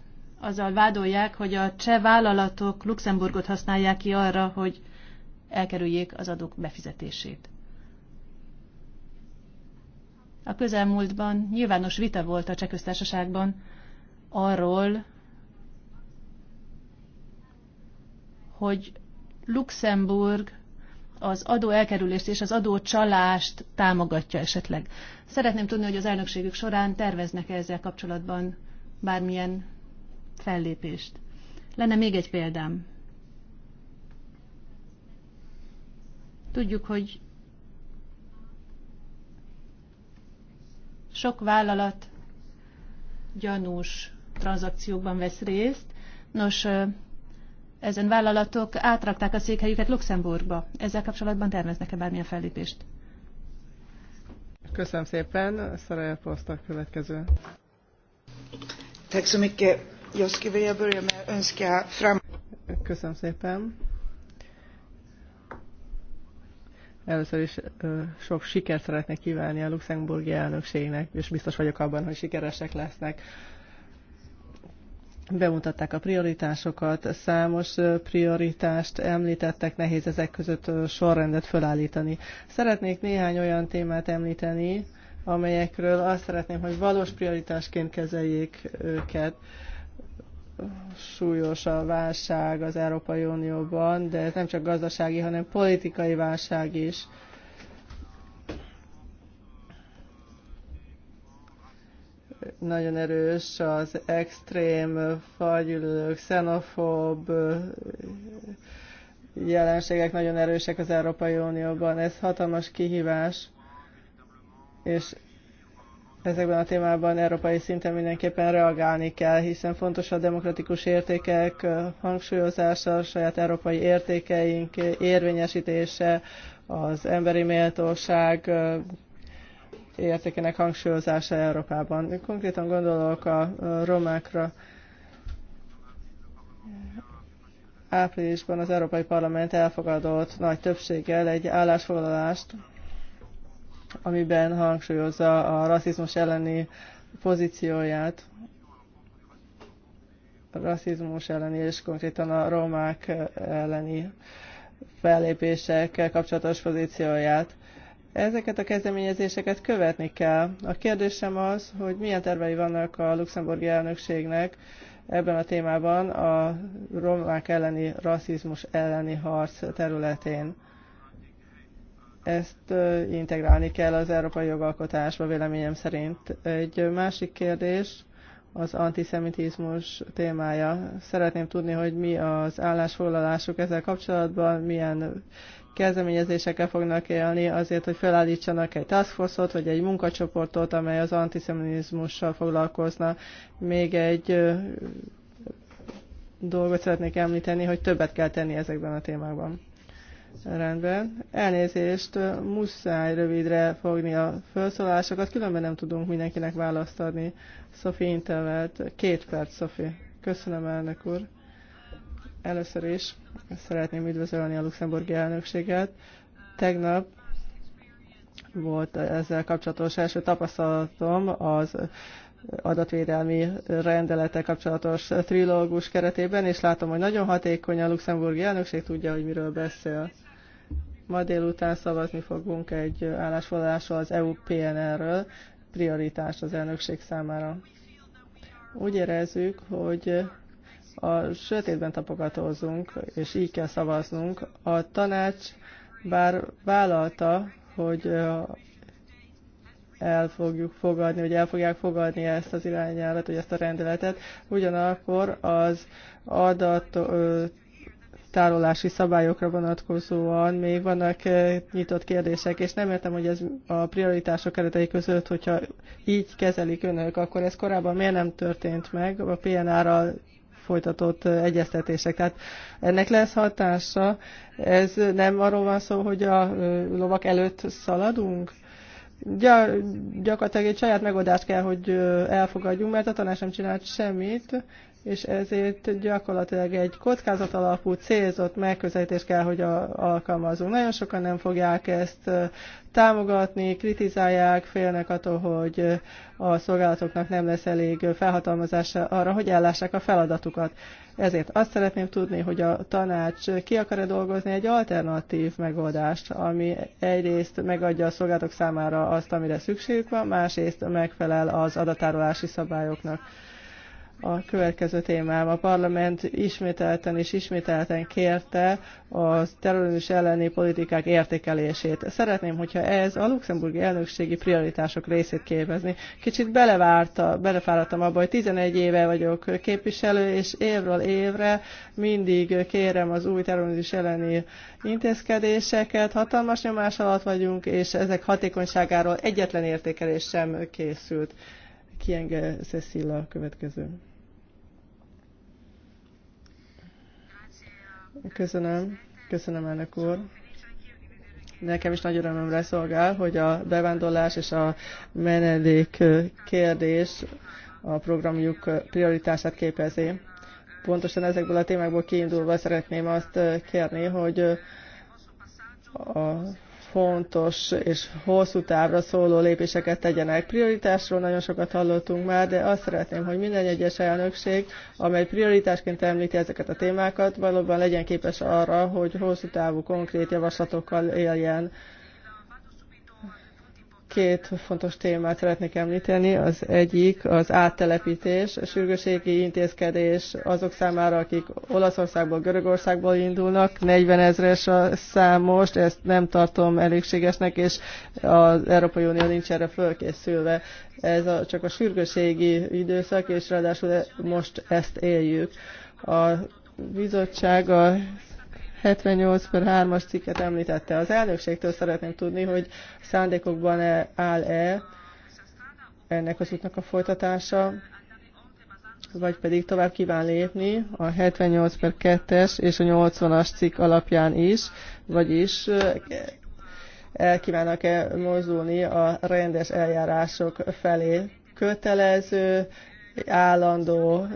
azzal vádolják, hogy a cseh vállalatok Luxemburgot használják ki arra, hogy elkerüljék az adók befizetését. A közelmúltban nyilvános vita volt a cseh köztársaságban arról, hogy Luxemburg az adó elkerülést és az adócsalást támogatja esetleg. Szeretném tudni, hogy az elnökségük során terveznek-e ezzel kapcsolatban bármilyen fellépést. Lenne még egy példám. Tudjuk, hogy sok vállalat gyanús tranzakciókban vesz részt. Nos, ezen vállalatok átrakták a székhelyüket Luxemburgba. Ezzel kapcsolatban terveznek-e bármilyen fellépést? Köszönöm szépen. Szaraja Poszta következő. Köszönöm szépen. Először is sok sikert szeretnék kívánni a luxemburgi elnökségnek, és biztos vagyok abban, hogy sikeresek lesznek bemutatták a prioritásokat, számos prioritást említettek, nehéz ezek között sorrendet felállítani. Szeretnék néhány olyan témát említeni, amelyekről azt szeretném, hogy valós prioritásként kezeljék őket. Súlyos a válság az Európai Unióban, de ez nem csak gazdasági, hanem politikai válság is nagyon erős az extrém, fagyülők, xenofób jelenségek nagyon erősek az Európai Unióban. Ez hatalmas kihívás, és ezekben a témában európai szinten mindenképpen reagálni kell, hiszen fontos a demokratikus értékek hangsúlyozása, a saját európai értékeink érvényesítése, az emberi méltóság értékének hangsúlyozása Európában. Konkrétan gondolok a romákra. Áprilisban az Európai Parlament elfogadott nagy többséggel egy állásfoglalást, amiben hangsúlyozza a rasszizmus elleni pozícióját, a rasszizmus elleni és konkrétan a romák elleni fellépésekkel kapcsolatos pozícióját. Ezeket a kezdeményezéseket követni kell. A kérdésem az, hogy milyen tervei vannak a luxemburgi elnökségnek ebben a témában a romák elleni rasszizmus elleni harc területén. Ezt integrálni kell az európai jogalkotásba véleményem szerint. Egy másik kérdés az antiszemitizmus témája. Szeretném tudni, hogy mi az állásfoglalásuk ezzel kapcsolatban, milyen kezdeményezésekkel fognak élni azért, hogy felállítsanak egy taskforce-ot, vagy egy munkacsoportot, amely az antiszemitizmussal foglalkozna. Még egy dolgot szeretnék említeni, hogy többet kell tenni ezekben a témákban. Rendben. Elnézést, muszáj rövidre fogni a felszólásokat, különben nem tudunk mindenkinek választ adni. Sophie Intervelt, két perc, Sophie. Köszönöm, elnök úr. Először is szeretném üdvözölni a luxemburgi elnökséget. Tegnap volt ezzel kapcsolatos első tapasztalatom az adatvédelmi rendelete kapcsolatos trilógus keretében, és látom, hogy nagyon hatékony a luxemburgi elnökség, tudja, hogy miről beszél. Ma délután szavazni fogunk egy állásfoglalásról az EU PNR-ről, prioritás az elnökség számára. Úgy érezzük, hogy a sötétben tapogatózunk, és így kell szavaznunk. A tanács bár vállalta, hogy el fogjuk fogadni, hogy el fogják fogadni ezt az irányelvet, vagy ezt a rendeletet, ugyanakkor az adat tárolási szabályokra vonatkozóan még vannak nyitott kérdések, és nem értem, hogy ez a prioritások keretei között, hogyha így kezelik önök, akkor ez korábban miért nem történt meg? A PNR-ral folytatott egyeztetések. Tehát ennek lesz hatása. Ez nem arról van szó, hogy a lovak előtt szaladunk? Gy- gyakorlatilag egy saját megoldást kell, hogy elfogadjunk, mert a tanács nem csinált semmit, és ezért gyakorlatilag egy kockázat alapú célzott megközelítés kell, hogy a, alkalmazunk. Nagyon sokan nem fogják ezt támogatni, kritizálják, félnek attól, hogy a szolgálatoknak nem lesz elég felhatalmazása arra, hogy ellássák a feladatukat. Ezért azt szeretném tudni, hogy a tanács ki akar-e dolgozni egy alternatív megoldást, ami egyrészt megadja a szolgálatok számára azt, amire szükségük van, másrészt megfelel az adatárolási szabályoknak a következő témám. A parlament ismételten és ismételten kérte a terrorizmus elleni politikák értékelését. Szeretném, hogyha ez a luxemburgi elnökségi prioritások részét képezni. Kicsit belefáradtam abba, hogy 11 éve vagyok képviselő, és évről évre mindig kérem az új terrorizmus elleni intézkedéseket. Hatalmas nyomás alatt vagyunk, és ezek hatékonyságáról egyetlen értékelés sem készült. Kienge Cecilia a következő. Köszönöm. Köszönöm, elnök úr nekem is nagy örömömre szolgál, hogy a bevándorlás és a menedék kérdés a programjuk prioritását képezi. Pontosan ezekből a témákból kiindulva szeretném azt kérni, hogy a fontos és hosszú távra szóló lépéseket tegyenek. Prioritásról nagyon sokat hallottunk már, de azt szeretném, hogy minden egyes elnökség, amely prioritásként említi ezeket a témákat, valóban legyen képes arra, hogy hosszú távú konkrét javaslatokkal éljen Két fontos témát szeretnék említeni. Az egyik az áttelepítés, sürgőségi intézkedés azok számára, akik Olaszországból, Görögországból indulnak. 40 ezres a szám most, ezt nem tartom elégségesnek, és az Európai Unió nincs erre fölkészülve. Ez a, csak a sürgőségi időszak, és ráadásul most ezt éljük. A bizottság a 78 per 3-as cikket említette. Az elnökségtől szeretném tudni, hogy szándékokban -e, áll-e ennek az útnak a folytatása, vagy pedig tovább kíván lépni a 78 per 2-es és a 80-as cikk alapján is, vagyis el kívánnak-e mozdulni a rendes eljárások felé kötelező, állandó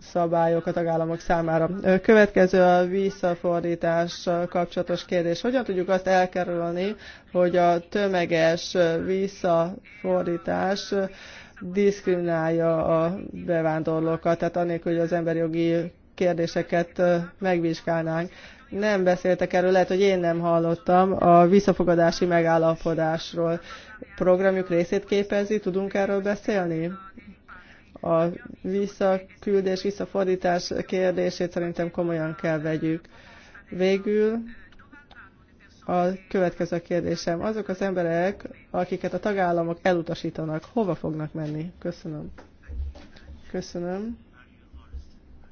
szabályok a tagállamok számára. Következő a visszafordítás kapcsolatos kérdés. Hogyan tudjuk azt elkerülni, hogy a tömeges visszafordítás diszkriminálja a bevándorlókat, tehát anélkül, hogy az emberi jogi kérdéseket megvizsgálnánk. Nem beszéltek erről, lehet, hogy én nem hallottam a visszafogadási megállapodásról. Programjuk részét képezi, tudunk erről beszélni? A visszaküldés, visszafordítás kérdését szerintem komolyan kell vegyük. Végül a következő kérdésem. Azok az emberek, akiket a tagállamok elutasítanak, hova fognak menni? Köszönöm. Köszönöm.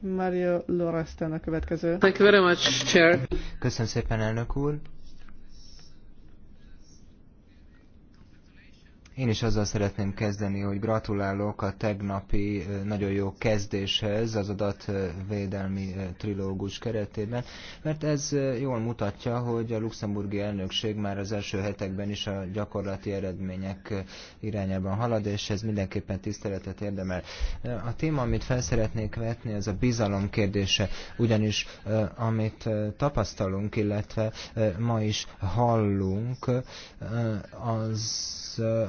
Mario Lorastan a következő. Thank you very much, Chair. Köszönöm szépen, elnök úr. Én is azzal szeretném kezdeni, hogy gratulálok a tegnapi nagyon jó kezdéshez az adatvédelmi trilógus keretében, mert ez jól mutatja, hogy a luxemburgi elnökség már az első hetekben is a gyakorlati eredmények irányában halad, és ez mindenképpen tiszteletet érdemel. A téma, amit felszeretnék vetni, az a bizalom kérdése, ugyanis amit tapasztalunk, illetve ma is hallunk, az Eh,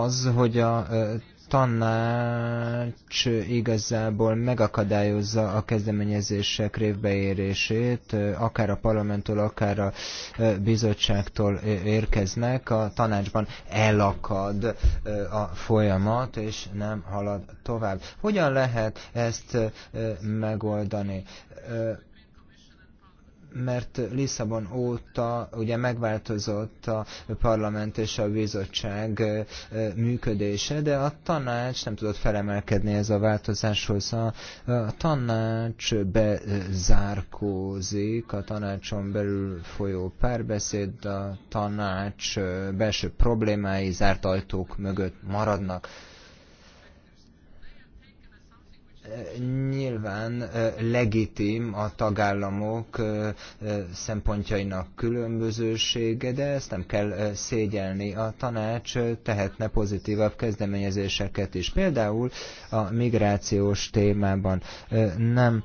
az, hogy a eh, tanács igazából megakadályozza a kezdeményezések révbeérését, eh, akár a parlamenttől, akár a bizottságtól érkeznek, a tanácsban elakad a folyamat, és nem halad tovább. Hogyan lehet ezt megoldani? mert Lisszabon óta ugye megváltozott a parlament és a bizottság működése, de a tanács nem tudott felemelkedni ez a változáshoz. A, tanács bezárkózik, a tanácson belül folyó párbeszéd, a tanács belső problémái zárt ajtók mögött maradnak Nyilván legitim a tagállamok szempontjainak különbözősége, de ezt nem kell szégyelni. A tanács tehetne pozitívabb kezdeményezéseket is. Például a migrációs témában nem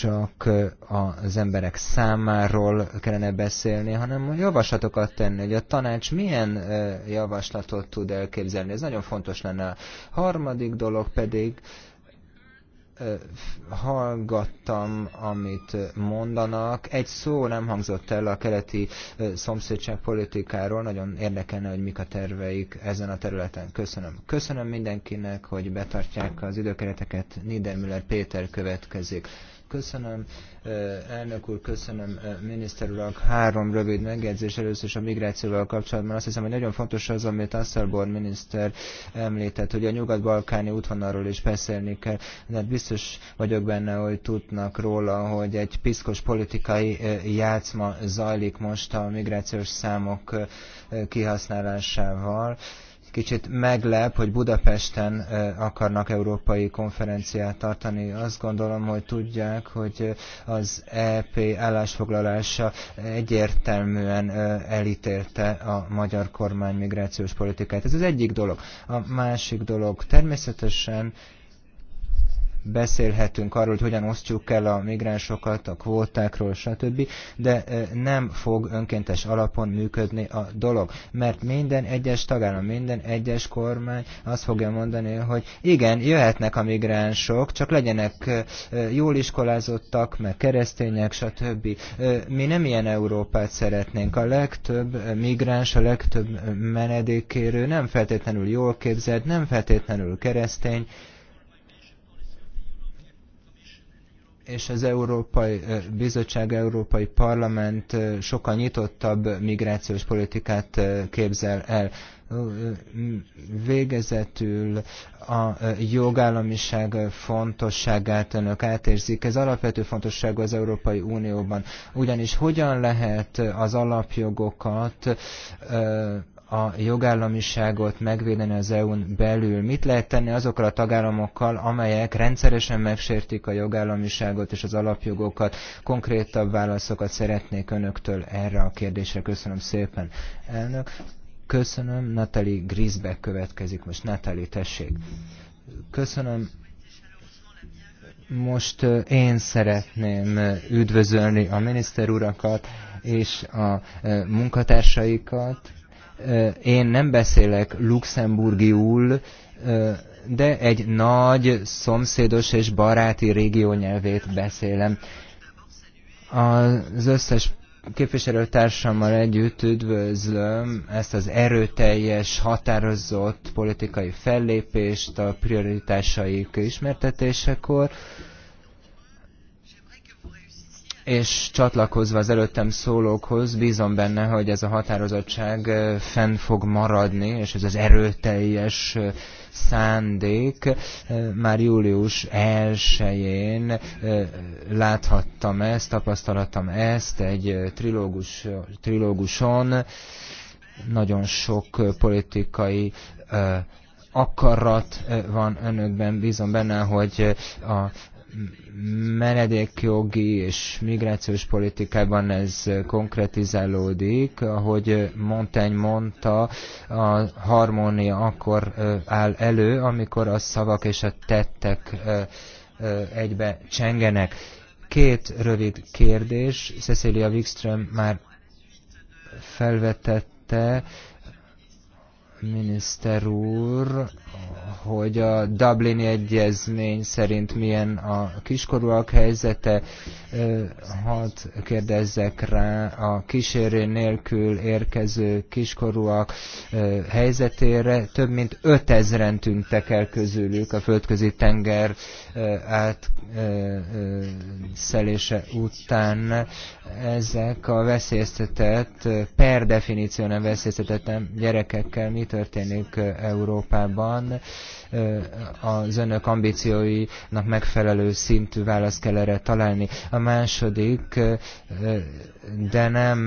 csak az emberek számáról kellene beszélni, hanem a javaslatokat tenni, hogy a tanács milyen javaslatot tud elképzelni. Ez nagyon fontos lenne. A harmadik dolog pedig hallgattam, amit mondanak. Egy szó nem hangzott el a keleti szomszédság politikáról. Nagyon érdekelne, hogy mik a terveik ezen a területen. Köszönöm. Köszönöm mindenkinek, hogy betartják az időkereteket. Niedermüller Péter következik. Köszönöm, elnök úr, köszönöm, miniszter urak. Három rövid megjegyzés először is a migrációval kapcsolatban. Azt hiszem, hogy nagyon fontos az, amit Asszalborn miniszter említett, hogy a nyugat-balkáni útvonalról is beszélni kell, de hát biztos vagyok benne, hogy tudnak róla, hogy egy piszkos politikai játszma zajlik most a migrációs számok kihasználásával. Kicsit meglep, hogy Budapesten akarnak európai konferenciát tartani. Azt gondolom, hogy tudják, hogy az EP állásfoglalása egyértelműen elítélte a magyar kormány migrációs politikát. Ez az egyik dolog. A másik dolog természetesen beszélhetünk arról, hogy hogyan osztjuk el a migránsokat, a kvótákról, stb., de eh, nem fog önkéntes alapon működni a dolog, mert minden egyes tagállam, minden egyes kormány azt fogja mondani, hogy igen, jöhetnek a migránsok, csak legyenek eh, eh, jól iskolázottak, meg keresztények, stb. Mi nem ilyen Európát szeretnénk. A legtöbb migráns, a legtöbb menedékérő nem feltétlenül jól képzett, nem feltétlenül keresztény, és az Európai Bizottság, Európai Parlament sokkal nyitottabb migrációs politikát képzel el. Végezetül a jogállamiság fontosságát önök átérzik. Ez alapvető fontosság az Európai Unióban. Ugyanis hogyan lehet az alapjogokat a jogállamiságot megvédeni az EU-n belül? Mit lehet tenni azokkal a tagállamokkal, amelyek rendszeresen megsértik a jogállamiságot és az alapjogokat? Konkrétabb válaszokat szeretnék önöktől erre a kérdésre. Köszönöm szépen, elnök. Köszönöm, Natali Grisbeck következik most. Natali, tessék. Köszönöm, most én szeretném üdvözölni a miniszter urakat és a munkatársaikat. Én nem beszélek luxemburgiul, de egy nagy, szomszédos és baráti régió nyelvét beszélem. Az összes képviselőtársammal együtt üdvözlöm ezt az erőteljes, határozott politikai fellépést a prioritásaik ismertetésekor és csatlakozva az előttem szólókhoz, bízom benne, hogy ez a határozottság fenn fog maradni, és ez az erőteljes szándék már július 1-én láthattam ezt, tapasztalhattam ezt egy trilógus, trilóguson, nagyon sok politikai akarat van önökben, bízom benne, hogy a menedékjogi és migrációs politikában ez konkretizálódik. Ahogy Montaigne mondta, a harmónia akkor áll elő, amikor a szavak és a tettek egybe csengenek. Két rövid kérdés. Cecilia Wikström már felvetette, miniszter úr, hogy a Dublini Egyezmény szerint milyen a kiskorúak helyzete. Hadd kérdezzek rá a kísérő nélkül érkező kiskorúak helyzetére. Több mint 5000-en tűntek el közülük a földközi tenger átszelése után ezek a veszélyeztetett, per definíció nem veszélyeztetett gyerekekkel mi történik Európában. Az önök ambícióinak megfelelő szintű választ kell erre találni. A második, de nem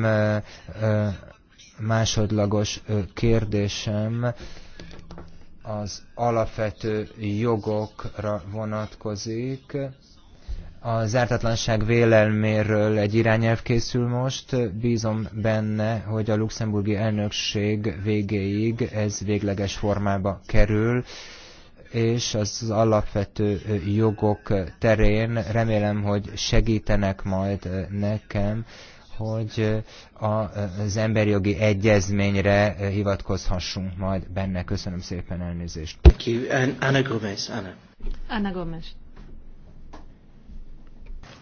másodlagos kérdésem az alapvető jogokra vonatkozik. A zártatlanság vélelméről egy irányelv készül most. Bízom benne, hogy a luxemburgi elnökség végéig ez végleges formába kerül, és az alapvető jogok terén remélem, hogy segítenek majd nekem hogy az emberi jogi egyezményre hivatkozhassunk majd benne. Köszönöm szépen elnézést. Thank you. Anna Gomez. Anna. Anna Gomez.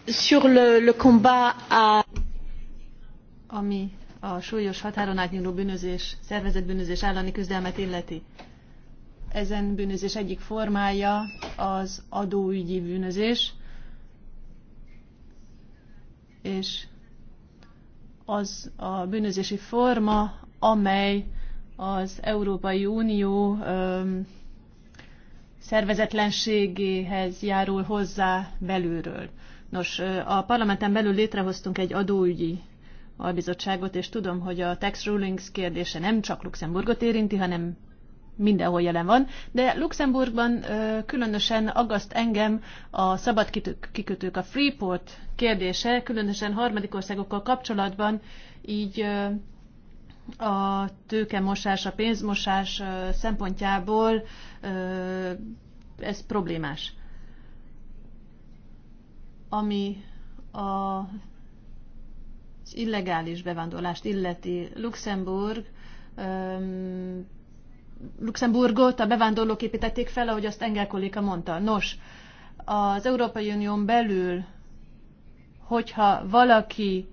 Sur le, le combat à... Ami a súlyos határon átnyúló bűnözés, szervezett bűnözés állani küzdelmet illeti. Ezen bűnözés egyik formája az adóügyi bűnözés, és az a bűnözési forma, amely az Európai Unió öm, szervezetlenségéhez járul hozzá belülről. Nos, a parlamenten belül létrehoztunk egy adóügyi albizottságot, és tudom, hogy a tax rulings kérdése nem csak Luxemburgot érinti, hanem mindenhol jelen van, de Luxemburgban különösen aggaszt engem a szabad kikötők, a Freeport kérdése, különösen harmadik országokkal kapcsolatban, így a tőkemosás, a pénzmosás szempontjából ez problémás. Ami a illegális bevándorlást illeti Luxemburg Luxemburgot a bevándorlók építették fel, ahogy azt Engel kolléka mondta. Nos, az Európai Unión belül, hogyha valaki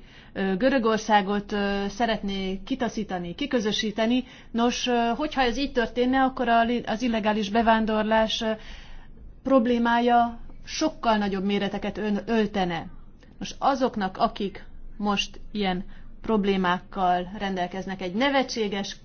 Görögországot szeretné kitaszítani, kiközösíteni, nos, hogyha ez így történne, akkor az illegális bevándorlás problémája sokkal nagyobb méreteket öltene. Most azoknak, akik most ilyen problémákkal rendelkeznek. Egy nevetséges,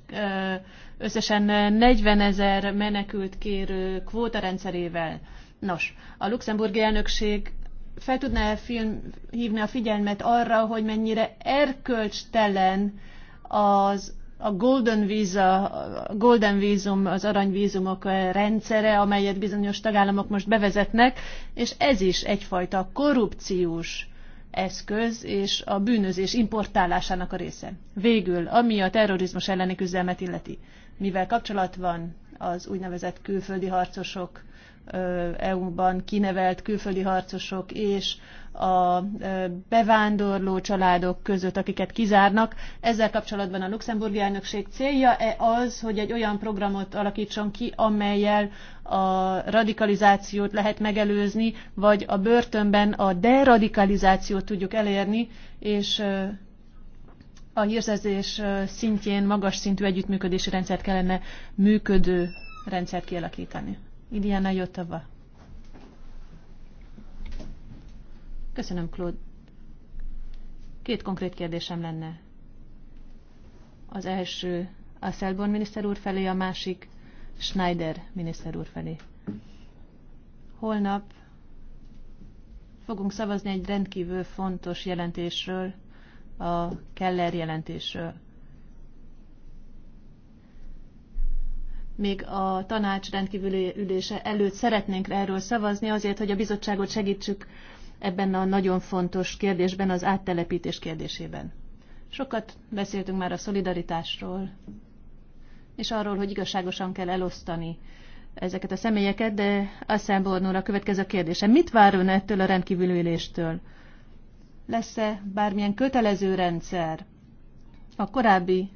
összesen 40 ezer menekült kérő kvóta rendszerével. Nos, a luxemburgi elnökség fel tudná -e film, hívni a figyelmet arra, hogy mennyire erkölcstelen az a golden visa, a golden vízum, az aranyvízumok rendszere, amelyet bizonyos tagállamok most bevezetnek, és ez is egyfajta korrupciós eszköz és a bűnözés importálásának a része. Végül, ami a terrorizmus elleni küzdelmet illeti, mivel kapcsolat van az úgynevezett külföldi harcosok, EU-ban kinevelt külföldi harcosok és a bevándorló családok között, akiket kizárnak. Ezzel kapcsolatban a luxemburgi elnökség célja-e az, hogy egy olyan programot alakítson ki, amelyel a radikalizációt lehet megelőzni, vagy a börtönben a deradikalizációt tudjuk elérni, és a hírszerzés szintjén magas szintű együttműködési rendszert kellene működő rendszert kialakítani. Idiana Jotava. Köszönöm, Claude. Két konkrét kérdésem lenne. Az első Asselborn miniszter úr felé, a másik Schneider miniszter úr felé. Holnap fogunk szavazni egy rendkívül fontos jelentésről, a Keller jelentésről. Még a tanács rendkívüli ülése előtt szeretnénk erről szavazni, azért, hogy a bizottságot segítsük ebben a nagyon fontos kérdésben, az áttelepítés kérdésében. Sokat beszéltünk már a szolidaritásról, és arról, hogy igazságosan kell elosztani ezeket a személyeket, de Asszán Bornóra következő kérdése. Mit vár ön ettől a rendkívül üléstől? Lesz-e bármilyen kötelező rendszer? A korábbi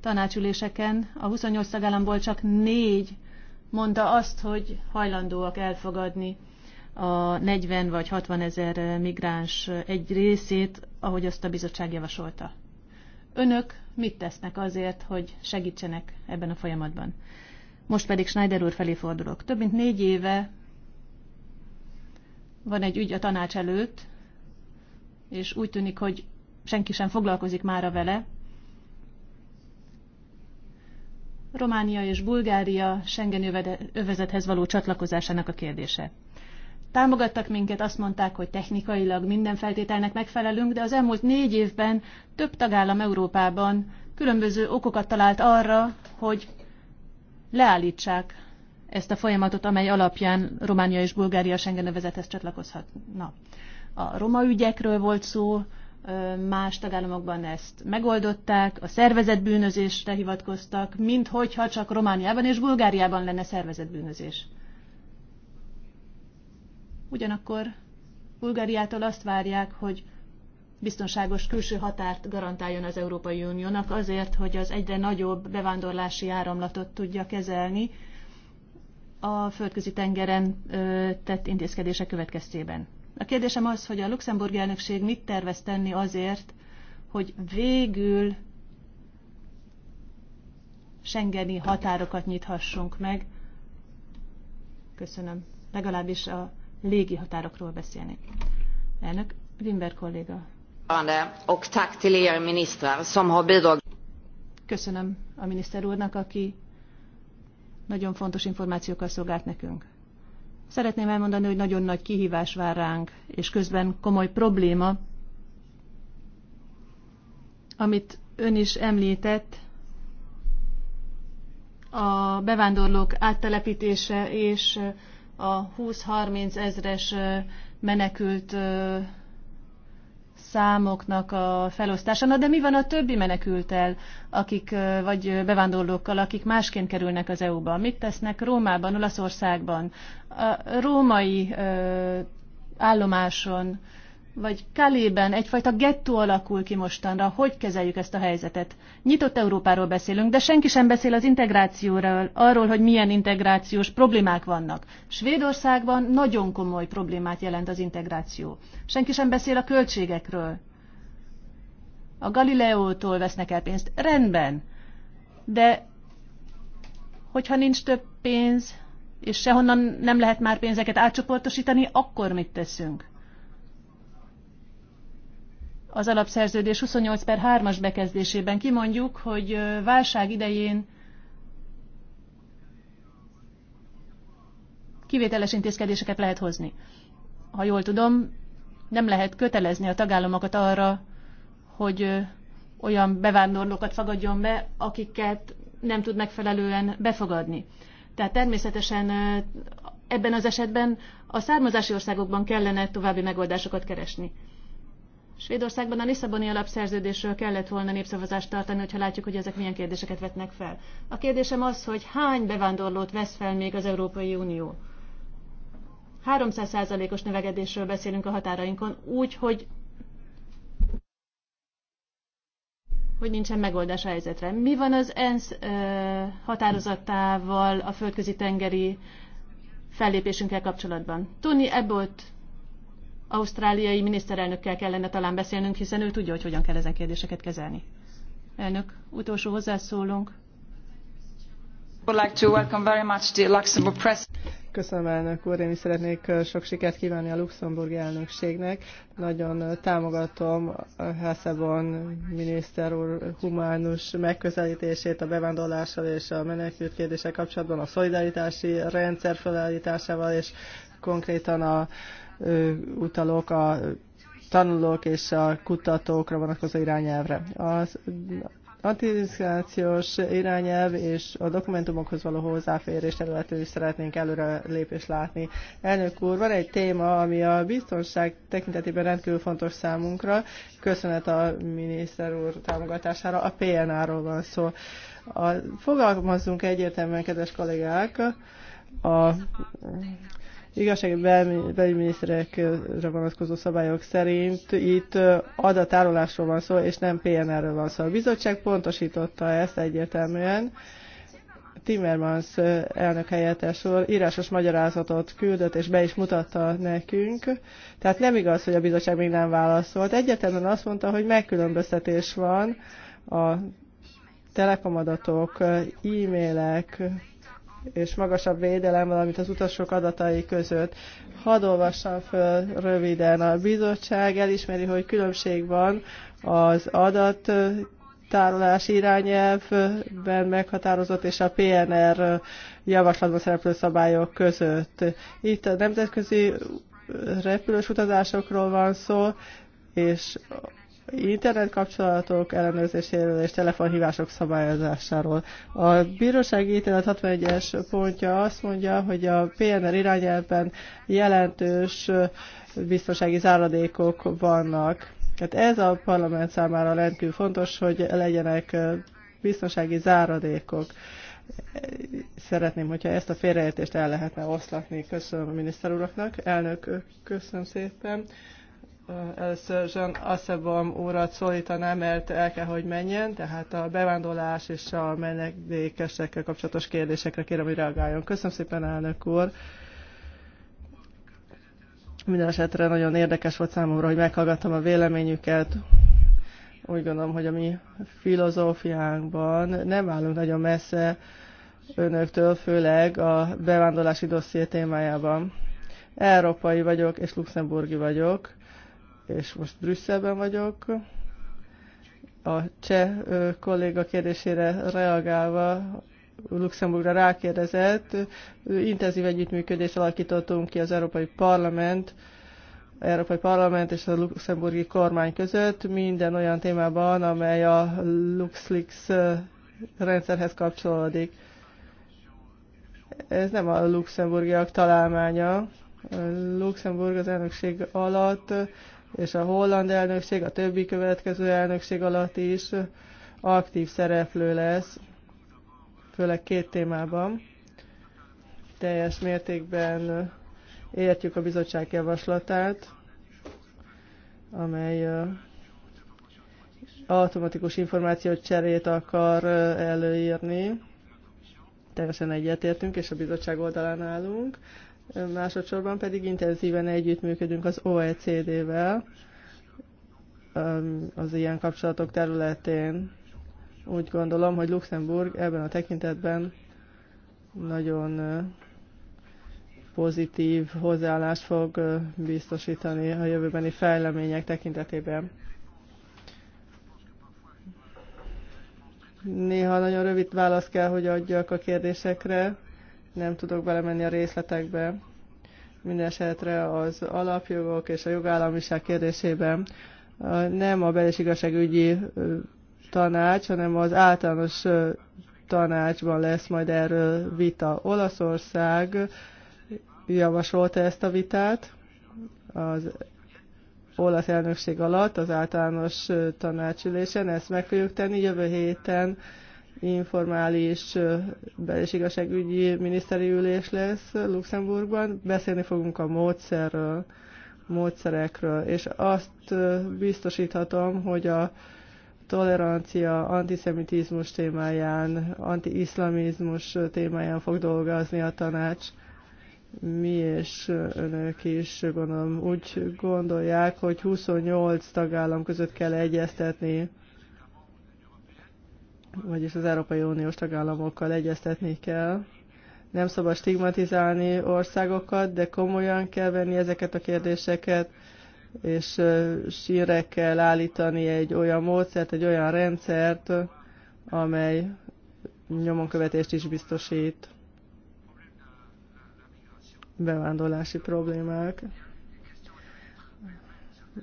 tanácsüléseken a 28 tagállamból csak négy mondta azt, hogy hajlandóak elfogadni a 40 vagy 60 ezer migráns egy részét, ahogy azt a bizottság javasolta. Önök mit tesznek azért, hogy segítsenek ebben a folyamatban? Most pedig Schneider úr felé fordulok. Több mint négy éve van egy ügy a tanács előtt, és úgy tűnik, hogy senki sem foglalkozik mára vele. Románia és Bulgária Schengen övezethez való csatlakozásának a kérdése. Támogattak minket, azt mondták, hogy technikailag minden feltételnek megfelelünk, de az elmúlt négy évben több tagállam Európában különböző okokat talált arra, hogy leállítsák ezt a folyamatot, amely alapján Románia és Bulgária Schengen csatlakozhat. csatlakozhatna. A roma ügyekről volt szó, más tagállamokban ezt megoldották, a szervezetbűnözésre hivatkoztak, minthogyha csak Romániában és Bulgáriában lenne szervezetbűnözés. bűnözés ugyanakkor Bulgáriától azt várják, hogy biztonságos külső határt garantáljon az Európai Uniónak azért, hogy az egyre nagyobb bevándorlási áramlatot tudja kezelni a földközi tengeren tett intézkedése következtében. A kérdésem az, hogy a luxemburgi elnökség mit tervez tenni azért, hogy végül Schengeni határokat nyithassunk meg. Köszönöm. Legalábbis a légi határokról beszélni. Elnök Wimber kolléga. Er Köszönöm a miniszter úrnak, aki nagyon fontos információkkal szolgált nekünk. Szeretném elmondani, hogy nagyon nagy kihívás vár ránk, és közben komoly probléma, amit ön is említett, a bevándorlók áttelepítése és a 20-30 ezres menekült számoknak a felosztása. Na de mi van a többi menekültel, akik, vagy bevándorlókkal, akik másként kerülnek az EU-ba? Mit tesznek Rómában, Olaszországban, a római állomáson, vagy Kalében egyfajta gettó alakul ki mostanra. Hogy kezeljük ezt a helyzetet? Nyitott Európáról beszélünk, de senki sem beszél az integrációról, arról, hogy milyen integrációs problémák vannak. Svédországban nagyon komoly problémát jelent az integráció. Senki sem beszél a költségekről. A Galileótól vesznek el pénzt. Rendben. De hogyha nincs több pénz, és sehonnan nem lehet már pénzeket átcsoportosítani, akkor mit teszünk? az alapszerződés 28 per 3-as bekezdésében kimondjuk, hogy válság idején kivételes intézkedéseket lehet hozni. Ha jól tudom, nem lehet kötelezni a tagállamokat arra, hogy olyan bevándorlókat fogadjon be, akiket nem tud megfelelően befogadni. Tehát természetesen ebben az esetben a származási országokban kellene további megoldásokat keresni. Svédországban a Lisszaboni alapszerződésről kellett volna népszavazást tartani, hogyha látjuk, hogy ezek milyen kérdéseket vetnek fel. A kérdésem az, hogy hány bevándorlót vesz fel még az Európai Unió? 300%-os növekedésről beszélünk a határainkon, úgy, hogy hogy nincsen megoldás a helyzetre. Mi van az ENSZ ö, határozatával a földközi tengeri fellépésünkkel kapcsolatban? Tony Ebbott ausztráliai miniszterelnökkel kellene talán beszélnünk, hiszen ő tudja, hogy hogyan kell ezen kérdéseket kezelni. Elnök, utolsó hozzászólunk. Köszönöm, elnök úr. Én is szeretnék sok sikert kívánni a luxemburgi elnökségnek. Nagyon támogatom Heszebon miniszter úr humánus megközelítését a bevándorlással és a menekült kérdéssel kapcsolatban, a szolidaritási rendszer felállításával és konkrétan a utalok a tanulók és a kutatókra vonatkozó irányelvre. Az antidiszkriminációs irányelv és a dokumentumokhoz való hozzáférés területén is szeretnénk előre lépést látni. Elnök úr, van egy téma, ami a biztonság tekintetében rendkívül fontos számunkra. Köszönet a miniszter úr támogatására. A pnr ról van szó. A, fogalmazzunk egyértelműen, kedves kollégák, a igazsági belügyminiszterekre vonatkozó szabályok szerint itt adatárolásról van szó, és nem PNR-ről van szó. A bizottság pontosította ezt egyértelműen. Timmermans elnök helyettes úr írásos magyarázatot küldött, és be is mutatta nekünk. Tehát nem igaz, hogy a bizottság még nem válaszolt. Egyértelműen azt mondta, hogy megkülönböztetés van a telekomadatok, e-mailek, és magasabb védelem, valamint az utasok adatai között. Hadd olvassam föl röviden. A bizottság elismeri, hogy különbség van az adat tárolási irányelvben meghatározott és a PNR javaslatban szereplő szabályok között. Itt a nemzetközi repülős utazásokról van szó, és internet kapcsolatok ellenőrzéséről és telefonhívások szabályozásáról. A bírósági ítélet 61-es pontja azt mondja, hogy a PNR irányelvben jelentős biztonsági záradékok vannak. Tehát ez a parlament számára rendkívül fontos, hogy legyenek biztonsági záradékok. Szeretném, hogyha ezt a félreértést el lehetne oszlatni. Köszönöm a miniszter uraknak. Elnök, köszönöm szépen. Először Jean Aszebom úrat szólítanám, mert el kell, hogy menjen, tehát a bevándorlás és a menedékesekkel kapcsolatos kérdésekre kérem, hogy reagáljon. Köszönöm szépen, elnök úr! Minden esetre nagyon érdekes volt számomra, hogy meghallgattam a véleményüket. Úgy gondolom, hogy a mi filozófiánkban nem állunk nagyon messze önöktől, főleg a bevándorlási dosszié témájában. Európai vagyok és luxemburgi vagyok és most Brüsszelben vagyok. A cseh kolléga kérdésére reagálva Luxemburgra rákérdezett, intenzív együttműködést alakítottunk ki az Európai Parlament, Európai Parlament és a luxemburgi kormány között minden olyan témában, amely a LuxLeaks rendszerhez kapcsolódik. Ez nem a luxemburgiak találmánya. Luxemburg az elnökség alatt és a holland elnökség, a többi következő elnökség alatt is aktív szereplő lesz, főleg két témában. Teljes mértékben értjük a bizottság javaslatát, amely automatikus információt cserét akar előírni. Teljesen egyetértünk, és a bizottság oldalán állunk. Másodszorban pedig intenzíven együttműködünk az OECD-vel um, az ilyen kapcsolatok területén. Úgy gondolom, hogy Luxemburg ebben a tekintetben nagyon uh, pozitív hozzáállást fog uh, biztosítani a jövőbeni fejlemények tekintetében. Néha nagyon rövid választ kell, hogy adjak a kérdésekre nem tudok belemenni a részletekbe. Minden esetre az alapjogok és a jogállamiság kérdésében nem a bel- igazságügyi tanács, hanem az általános tanácsban lesz majd erről vita. Olaszország javasolta ezt a vitát az olasz elnökség alatt az általános tanácsülésen. Ezt meg fogjuk tenni jövő héten informális bel- igazságügyi miniszteri ülés lesz Luxemburgban. Beszélni fogunk a módszerről, módszerekről, és azt biztosíthatom, hogy a tolerancia, antiszemitizmus témáján, antiiszlamizmus témáján fog dolgozni a tanács. Mi és önök is gondolom úgy gondolják, hogy 28 tagállam között kell egyeztetni vagyis az Európai Uniós tagállamokkal egyeztetni kell. Nem szabad stigmatizálni országokat, de komolyan kell venni ezeket a kérdéseket, és sírre kell állítani egy olyan módszert, egy olyan rendszert, amely nyomonkövetést is biztosít bevándorlási problémák.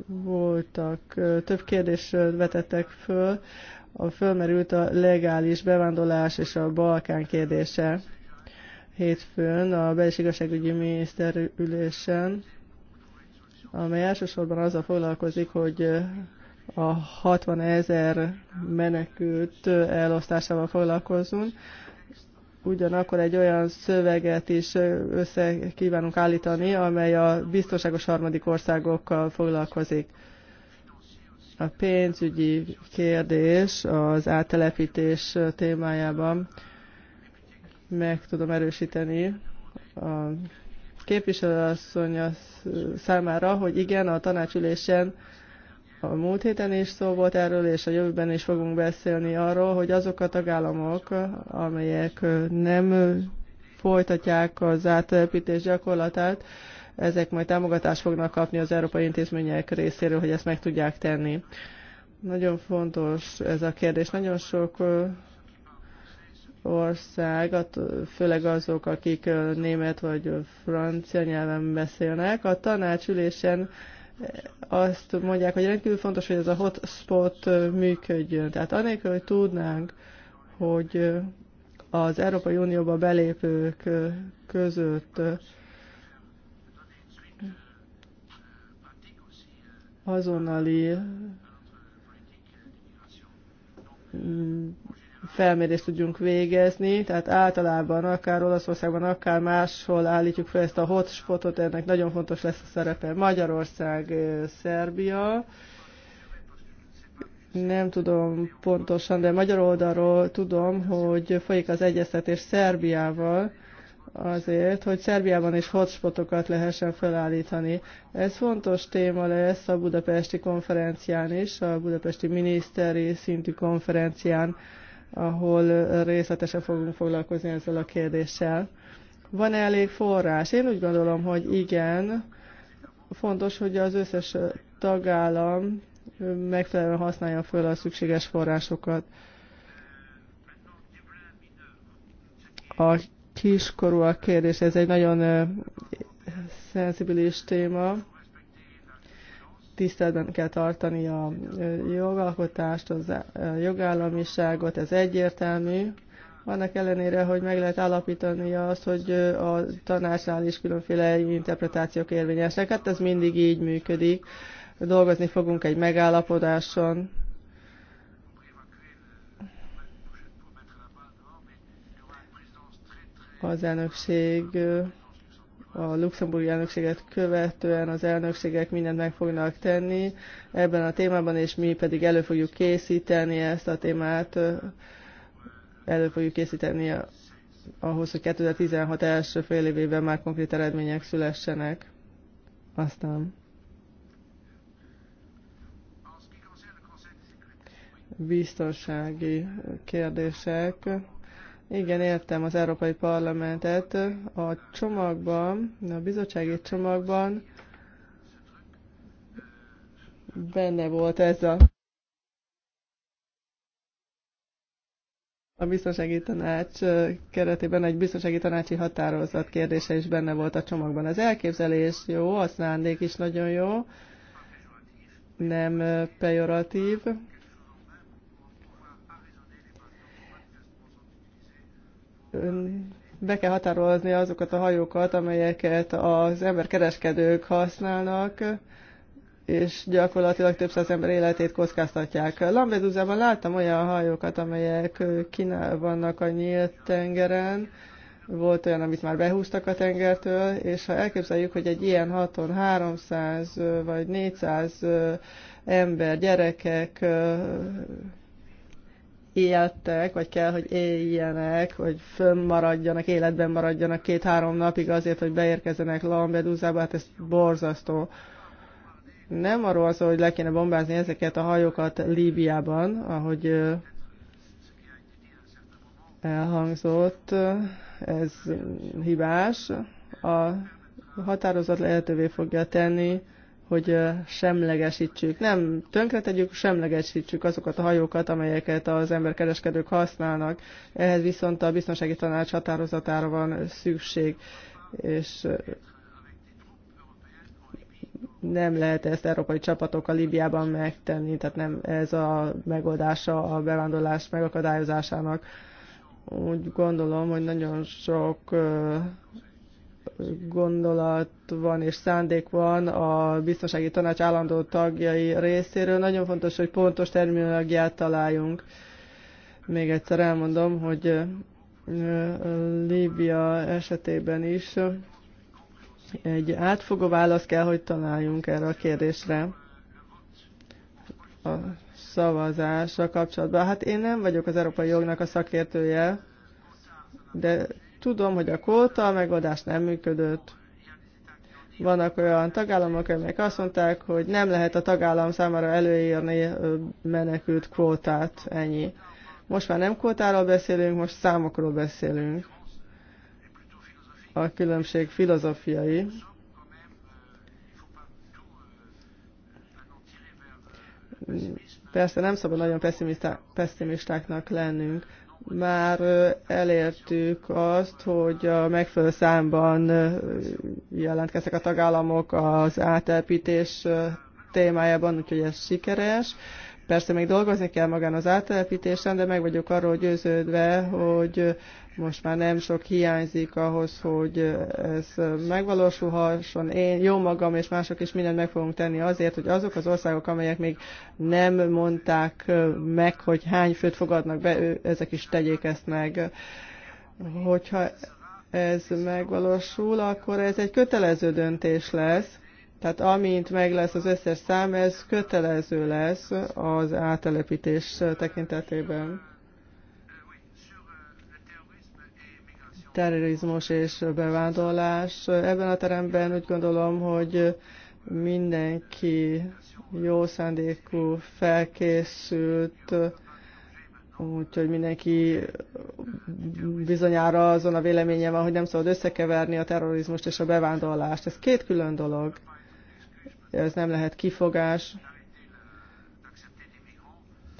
Voltak, több kérdést vetettek föl a fölmerült a legális bevándorlás és a Balkán kérdése hétfőn a Belis Igazságügyi Miniszter ülésen, amely elsősorban azzal foglalkozik, hogy a 60 ezer menekült elosztásával foglalkozunk. Ugyanakkor egy olyan szöveget is össze kívánunk állítani, amely a biztonságos harmadik országokkal foglalkozik. A pénzügyi kérdés az áttelepítés témájában meg tudom erősíteni a képviselőasszony számára, hogy igen, a tanácsülésen a múlt héten is szó volt erről, és a jövőben is fogunk beszélni arról, hogy azok a tagállamok, amelyek nem folytatják az áttelepítés gyakorlatát, ezek majd támogatást fognak kapni az európai intézmények részéről, hogy ezt meg tudják tenni. Nagyon fontos ez a kérdés. Nagyon sok ország, főleg azok, akik német vagy francia nyelven beszélnek, a tanácsülésen azt mondják, hogy rendkívül fontos, hogy ez a hotspot működjön. Tehát anélkül, hogy tudnánk, hogy az Európai Unióba belépők között azonnali mm, felmérést tudjunk végezni, tehát általában akár Olaszországban, akár máshol állítjuk fel ezt a hotspotot, ennek nagyon fontos lesz a szerepe Magyarország, Szerbia, nem tudom pontosan, de magyar oldalról tudom, hogy folyik az egyeztetés Szerbiával, azért, hogy Szerbiában is hotspotokat lehessen felállítani. Ez fontos téma lesz a budapesti konferencián is, a budapesti miniszteri szintű konferencián, ahol részletesen fogunk foglalkozni ezzel a kérdéssel. Van -e elég forrás? Én úgy gondolom, hogy igen. Fontos, hogy az összes tagállam megfelelően használja föl a szükséges forrásokat. A kiskorúak kérdés, ez egy nagyon szenzibilis téma. Tiszteletben kell tartani a jogalkotást, a jogállamiságot, ez egyértelmű. Annak ellenére, hogy meg lehet állapítani azt, hogy a tanácsnál is különféle interpretációk érvényesek, hát ez mindig így működik. Dolgozni fogunk egy megállapodáson, az elnökség, a luxemburgi elnökséget követően az elnökségek mindent meg fognak tenni ebben a témában, és mi pedig elő fogjuk készíteni ezt a témát, elő fogjuk készíteni ahhoz, hogy 2016 első fél évében már konkrét eredmények szülessenek. Aztán. Biztonsági kérdések. Igen, értem az Európai Parlamentet. A csomagban, a bizottsági csomagban benne volt ez a a biztonsági tanács keretében egy biztonsági tanácsi határozat kérdése is benne volt a csomagban. Az elképzelés jó, a szándék is nagyon jó, nem pejoratív, be kell határozni azokat a hajókat, amelyeket az emberkereskedők használnak, és gyakorlatilag több száz ember életét kockáztatják. Lampedusában láttam olyan hajókat, amelyek kínál vannak a nyílt tengeren, volt olyan, amit már behúztak a tengertől, és ha elképzeljük, hogy egy ilyen haton 300 vagy 400 ember, gyerekek éltek, vagy kell, hogy éljenek, hogy fönnmaradjanak, életben maradjanak két-három napig azért, hogy beérkezzenek Lampedusa-ba, hát ez borzasztó. Nem arról az, hogy le kéne bombázni ezeket a hajókat Líbiában, ahogy elhangzott, ez hibás. A határozat lehetővé fogja tenni, hogy semlegesítsük, nem tönkretegyük, semlegesítsük azokat a hajókat, amelyeket az emberkereskedők használnak. Ehhez viszont a biztonsági tanács határozatára van szükség, és nem lehet ezt európai csapatokkal Libiában megtenni, tehát nem ez a megoldása a bevándorlás megakadályozásának. Úgy gondolom, hogy nagyon sok gondolat van és szándék van a biztonsági tanács állandó tagjai részéről. Nagyon fontos, hogy pontos terminológiát találjunk. Még egyszer elmondom, hogy Líbia esetében is egy átfogó választ kell, hogy találjunk erre a kérdésre a szavazásra kapcsolatban. Hát én nem vagyok az európai jognak a szakértője, de Tudom, hogy a kóta a megoldás nem működött. Vannak olyan tagállamok, amelyek azt mondták, hogy nem lehet a tagállam számára előírni menekült kvótát, ennyi. Most már nem kvótáról beszélünk, most számokról beszélünk. A különbség filozófiai. Persze nem szabad nagyon pessimistáknak lennünk már elértük azt, hogy a megfelelő számban jelentkeztek a tagállamok az átelpítés témájában, úgyhogy ez sikeres. Persze még dolgozni kell magán az átelepítésen, de meg vagyok arról győződve, hogy most már nem sok hiányzik ahhoz, hogy ez megvalósulhasson. Én, jó magam és mások is mindent meg fogunk tenni azért, hogy azok az országok, amelyek még nem mondták meg, hogy hány főt fogadnak be, ő, ezek is tegyék ezt meg. Hogyha ez megvalósul, akkor ez egy kötelező döntés lesz. Tehát amint meg lesz az összes szám, ez kötelező lesz az átelepítés tekintetében. terrorizmus és bevándorlás. Ebben a teremben úgy gondolom, hogy mindenki jó szándékú, felkészült, úgyhogy mindenki bizonyára azon a véleménye van, hogy nem szabad összekeverni a terrorizmust és a bevándorlást. Ez két külön dolog. Ez nem lehet kifogás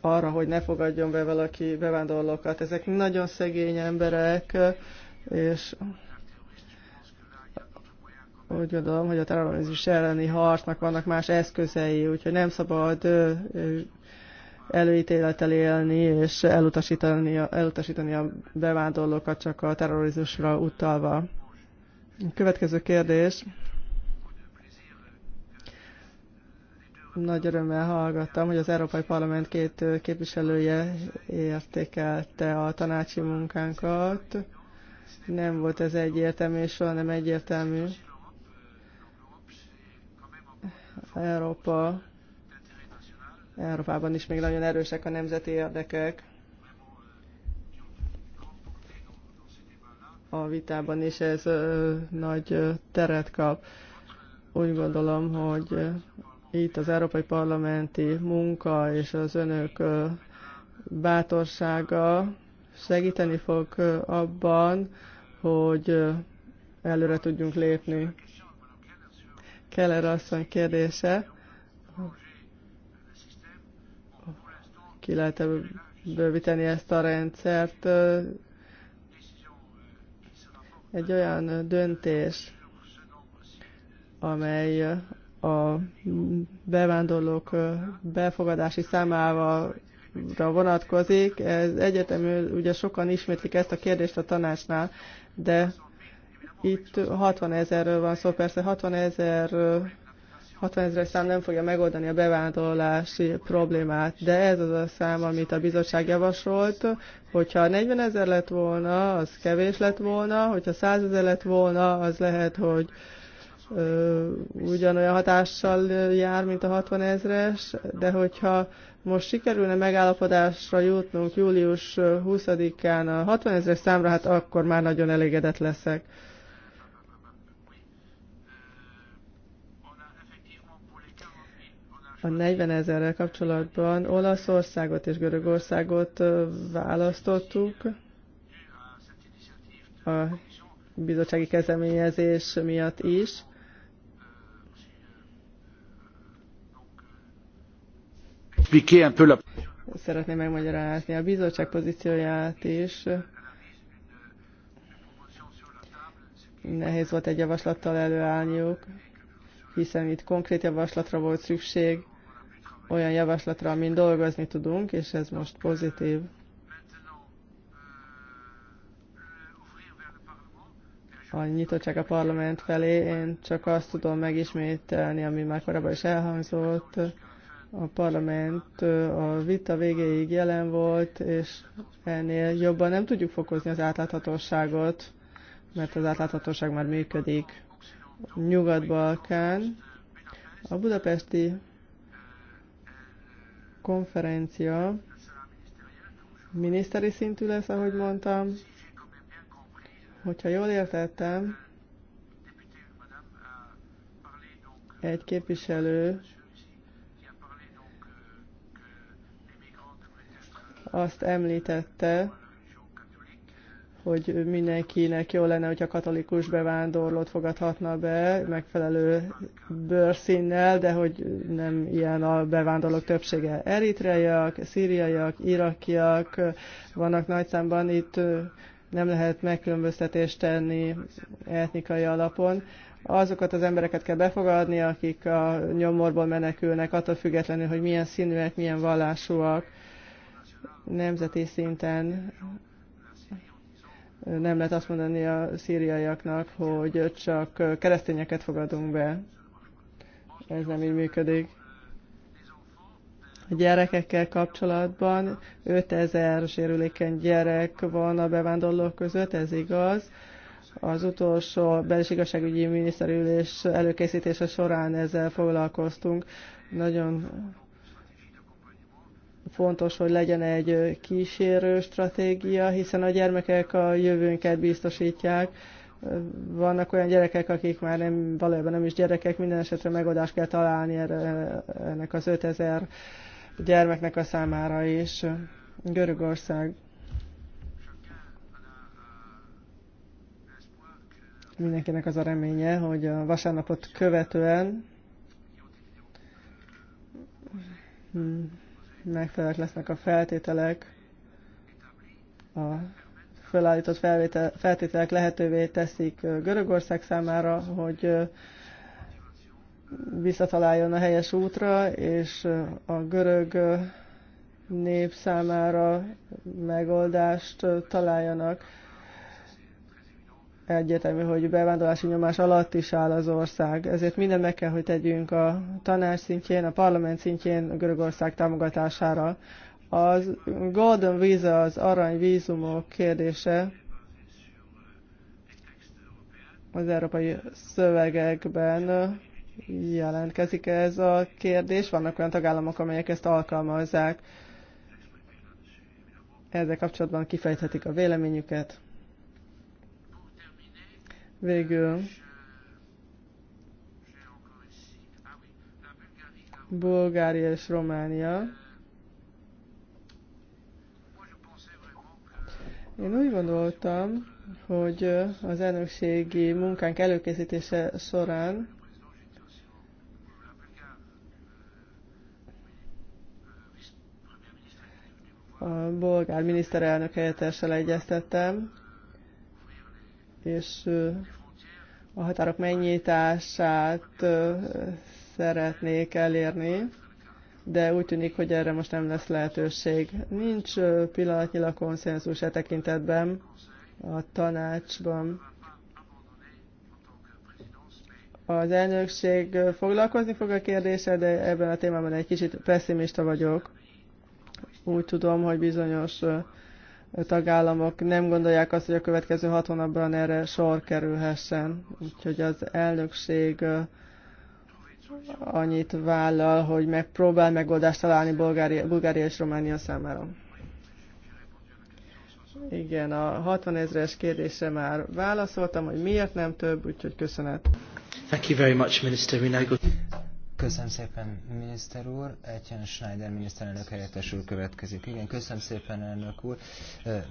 arra, hogy ne fogadjon be valaki bevándorlókat. Ezek nagyon szegény emberek, és úgy gondolom, hogy a terrorizmus elleni harcnak vannak más eszközei, úgyhogy nem szabad előítélettel élni, és elutasítani, elutasítani a bevándorlókat csak a terrorizmusra utalva. Következő kérdés. Nagy örömmel hallgattam, hogy az Európai Parlament két képviselője értékelte a tanácsi munkánkat nem volt ez egyértelmű, és soha nem egyértelmű. Európa, Európában is még nagyon erősek a nemzeti érdekek. A vitában is ez ö, nagy ö, teret kap. Úgy gondolom, hogy ö, itt az Európai Parlamenti munka és az önök ö, bátorsága segíteni fog abban, hogy előre tudjunk lépni. Keller asszony kérdése, ki lehet -e bővíteni ezt a rendszert. Egy olyan döntés, amely a bevándorlók befogadási számával vonatkozik. Ez egyetemül ugye sokan ismétlik ezt a kérdést a tanácsnál de itt 60 ezerről van szó, persze 60 ezer 60 ezeres szám nem fogja megoldani a bevándorlási problémát, de ez az a szám, amit a bizottság javasolt, hogyha 40 ezer lett volna, az kevés lett volna, hogyha 100 ezer lett volna, az lehet, hogy ugyanolyan hatással jár, mint a 60 ezres, de hogyha most sikerülne megállapodásra jutnunk július 20-án a 60 ezres számra, hát akkor már nagyon elégedett leszek. A 40 ezerrel kapcsolatban Olaszországot és Görögországot választottuk. A bizottsági kezdeményezés miatt is. Szeretném megmagyarázni a bizottság pozícióját is. Nehéz volt egy javaslattal előállniuk, hiszen itt konkrét javaslatra volt szükség, olyan javaslatra, amin dolgozni tudunk, és ez most pozitív. a nyitottság a parlament felé. Én csak azt tudom megismételni, ami már korábban is elhangzott a parlament a vita végéig jelen volt, és ennél jobban nem tudjuk fokozni az átláthatóságot, mert az átláthatóság már működik. Nyugat-Balkán, a budapesti konferencia miniszteri szintű lesz, ahogy mondtam. Hogyha jól értettem, egy képviselő azt említette, hogy mindenkinek jó lenne, hogyha katolikus bevándorlót fogadhatna be megfelelő bőrszínnel, de hogy nem ilyen a bevándorlók többsége. Eritreaiak, szíriaiak, irakiak vannak nagy számban, itt nem lehet megkülönböztetést tenni etnikai alapon. Azokat az embereket kell befogadni, akik a nyomorból menekülnek, attól függetlenül, hogy milyen színűek, milyen vallásúak nemzeti szinten nem lehet azt mondani a szíriaiaknak, hogy csak keresztényeket fogadunk be. Ez nem így működik. A gyerekekkel kapcsolatban 5000 sérülékeny gyerek van a bevándorlók között, ez igaz. Az utolsó belső igazságügyi miniszterülés előkészítése során ezzel foglalkoztunk. Nagyon fontos, hogy legyen egy kísérő stratégia, hiszen a gyermekek a jövőnket biztosítják. Vannak olyan gyerekek, akik már nem, valójában nem is gyerekek, minden esetre megoldást kell találni erre, ennek az 5000 gyermeknek a számára is. Görögország. Mindenkinek az a reménye, hogy a vasárnapot követően hmm megfelelőek lesznek a feltételek, a felállított felvétel, feltételek lehetővé teszik Görögország számára, hogy visszataláljon a helyes útra, és a görög nép számára megoldást találjanak egyetemű, hogy bevándorlási nyomás alatt is áll az ország. Ezért minden meg kell, hogy tegyünk a tanács szintjén, a parlament szintjén a Görögország támogatására. Az Golden Visa, az arany vízumok kérdése az európai szövegekben jelentkezik ez a kérdés. Vannak olyan tagállamok, amelyek ezt alkalmazzák. Ezzel kapcsolatban kifejthetik a véleményüket. Végül Bulgária és Románia. Én úgy gondoltam, hogy az elnökségi munkánk előkészítése során a bolgár miniszterelnök helyettessel egyeztettem, és a határok megnyitását szeretnék elérni, de úgy tűnik, hogy erre most nem lesz lehetőség. Nincs pillanatnyilag konszenzus e tekintetben a tanácsban. Az elnökség foglalkozni fog a kérdése, de ebben a témában egy kicsit pessimista vagyok. Úgy tudom, hogy bizonyos tagállamok nem gondolják azt, hogy a következő hat hónapban erre sor kerülhessen. Úgyhogy az elnökség annyit vállal, hogy megpróbál megoldást találni Bulgária, Bulgária és Románia számára. Igen, a 60 ezres kérdése már válaszoltam, hogy miért nem több, úgyhogy köszönet. Thank you very much, Minister. We now go... Köszönöm szépen, miniszter úr. Etjen Schneider miniszterelnök helyettes úr következik. Igen, köszönöm szépen, elnök úr.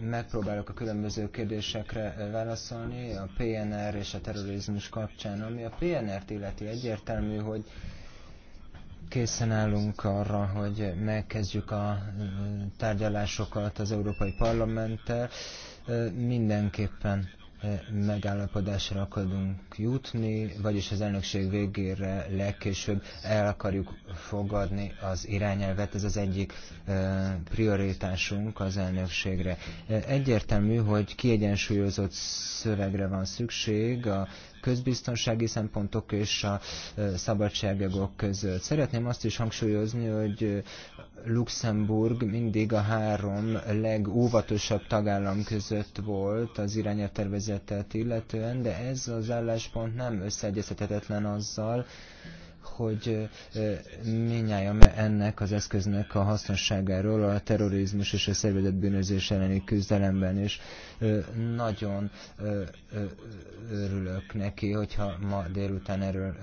Megpróbálok a különböző kérdésekre válaszolni a PNR és a terrorizmus kapcsán. Ami a PNR-t illeti egyértelmű, hogy készen állunk arra, hogy megkezdjük a tárgyalásokat az Európai Parlamenttel. Mindenképpen megállapodásra akarunk jutni, vagyis az elnökség végére legkésőbb el akarjuk fogadni az irányelvet. Ez az egyik prioritásunk az elnökségre. Egyértelmű, hogy kiegyensúlyozott szövegre van szükség a közbiztonsági szempontok és a szabadságjogok között. Szeretném azt is hangsúlyozni, hogy Luxemburg mindig a három legóvatosabb tagállam között volt az irányatervezetet illetően, de ez az álláspont nem összeegyeztethetetlen azzal, hogy minnyája ennek az eszköznek a hasznosságáról a terrorizmus és a szervezett bűnözés elleni küzdelemben, és nagyon örülök neki, hogyha ma délután erről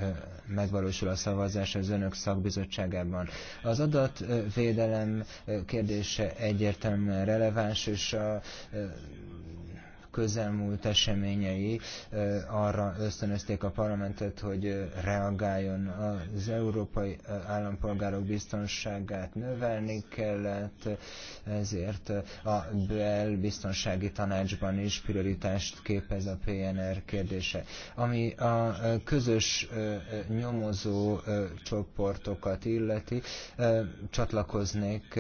megvalósul a szavazás az önök szakbizottságában. Az adatvédelem kérdése egyértelműen releváns, és a közelmúlt eseményei arra ösztönözték a parlamentet, hogy reagáljon az európai állampolgárok biztonságát növelni kellett, ezért a BEL biztonsági tanácsban is prioritást képez a PNR kérdése. Ami a közös nyomozó csoportokat illeti, csatlakoznék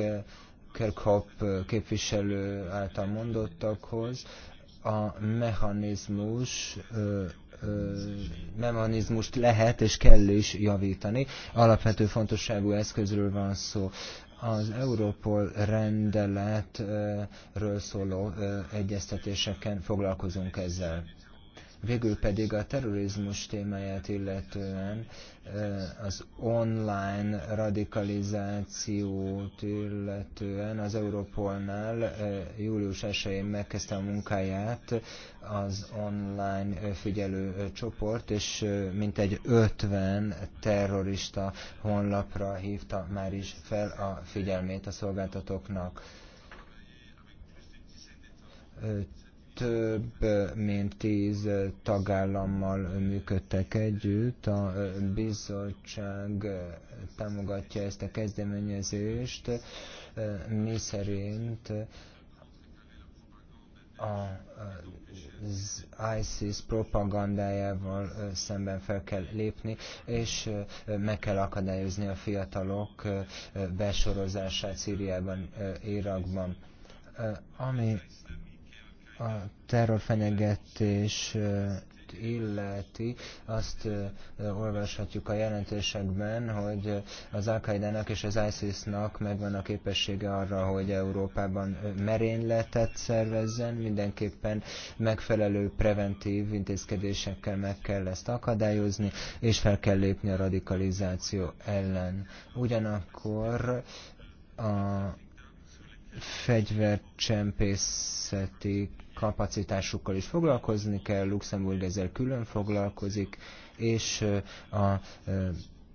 Kerkhop képviselő által mondottakhoz a mechanizmus mechanizmust lehet és kell is javítani. Alapvető fontosságú eszközről van szó az Europol rendeletről szóló egyeztetéseken foglalkozunk ezzel. Végül pedig a terrorizmus témáját illetően az online radikalizációt illetően az Europolnál július 1-én megkezdte a munkáját az online figyelő csoport, és mintegy 50 terrorista honlapra hívta már is fel a figyelmét a szolgáltatóknak több mint tíz tagállammal működtek együtt. A bizottság támogatja ezt a kezdeményezést, mi szerint az ISIS propagandájával szemben fel kell lépni, és meg kell akadályozni a fiatalok besorozását Szíriában, Irakban. Ami a terrorfenyegetés illeti, azt olvashatjuk a jelentésekben, hogy az al és az ISIS-nak megvan a képessége arra, hogy Európában merényletet szervezzen, mindenképpen megfelelő preventív intézkedésekkel meg kell ezt akadályozni, és fel kell lépni a radikalizáció ellen. Ugyanakkor a fegyvercsempészeti kapacitásukkal is foglalkozni kell, Luxemburg ezzel külön foglalkozik, és a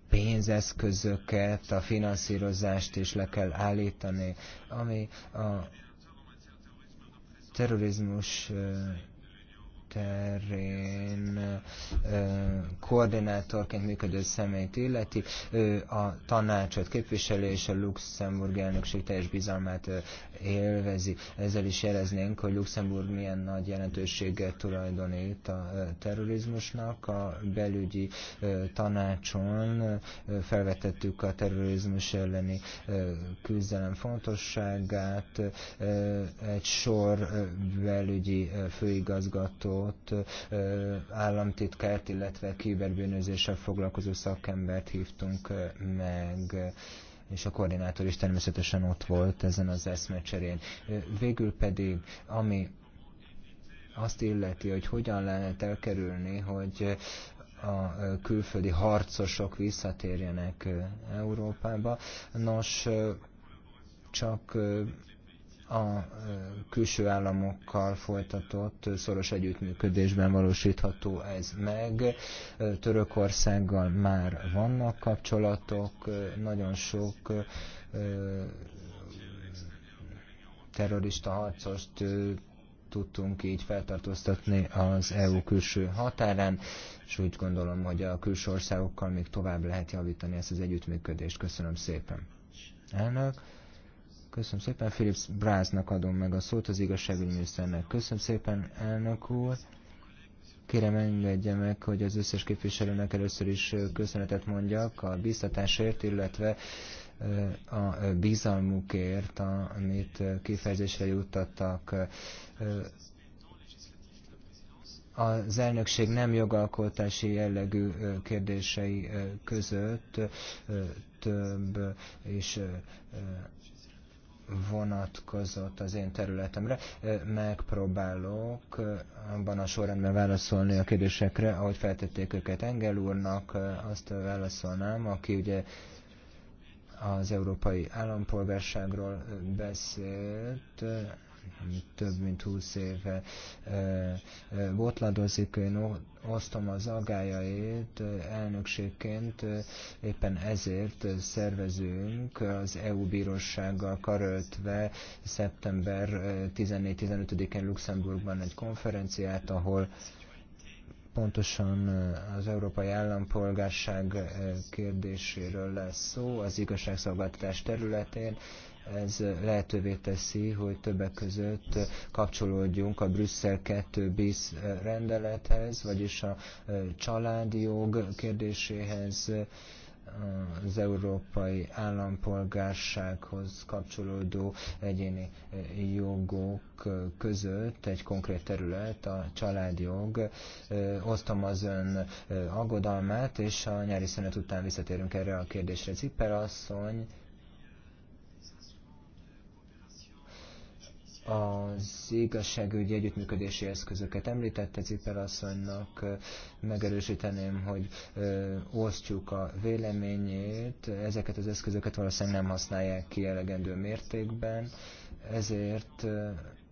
pénzeszközöket, a finanszírozást is le kell állítani, ami a terrorizmus terén koordinátorként működő személyt illeti. Ő a tanácsot képviseli, és a Luxemburg elnökség teljes bizalmát élvezi. Ezzel is jeleznénk, hogy Luxemburg milyen nagy jelentőséget tulajdonít a terrorizmusnak. A belügyi tanácson felvetettük a terrorizmus elleni küzdelem fontosságát. Egy sor belügyi főigazgató igazgatót, államtitkárt, illetve kiberbűnözéssel foglalkozó szakembert hívtunk meg és a koordinátor is természetesen ott volt ezen az eszmecserén. Végül pedig, ami azt illeti, hogy hogyan lehet elkerülni, hogy a külföldi harcosok visszatérjenek Európába. Nos, csak a külső államokkal folytatott szoros együttműködésben valósítható ez meg. Törökországgal már vannak kapcsolatok, nagyon sok terrorista harcost tudtunk így feltartóztatni az EU külső határán, és úgy gondolom, hogy a külső országokkal még tovább lehet javítani ezt az együttműködést. Köszönöm szépen. Elnök. Köszönöm szépen, Philips Brásznak adom meg a szót az igazságügyminiszternek. Köszönöm szépen, elnök úr. Kérem engedje meg, hogy az összes képviselőnek először is köszönetet mondjak a biztatásért, illetve a bizalmukért, amit kifejezésre juttattak az elnökség nem jogalkotási jellegű kérdései között több és vonatkozott az én területemre. Megpróbálok abban a sorrendben válaszolni a kérdésekre, ahogy feltették őket Engel úrnak, azt válaszolnám, aki ugye az európai állampolgárságról beszélt, több mint húsz éve botladozik. Én osztom az agájait elnökségként, éppen ezért szervezünk az EU bírósággal karöltve szeptember 14-15-én Luxemburgban egy konferenciát, ahol pontosan az európai állampolgárság kérdéséről lesz szó az igazságszolgáltatás területén, ez lehetővé teszi, hogy többek között kapcsolódjunk a Brüsszel 2 bis rendelethez, vagyis a családi jog kérdéséhez, az európai állampolgársághoz kapcsolódó egyéni jogok között egy konkrét terület, a családjog. Osztom az ön aggodalmát, és a nyári szünet után visszatérünk erre a kérdésre. Ciper asszony az igazságügyi együttműködési eszközöket említette Cipel asszonynak, megerősíteném, hogy osztjuk a véleményét, ezeket az eszközöket valószínűleg nem használják ki elegendő mértékben, ezért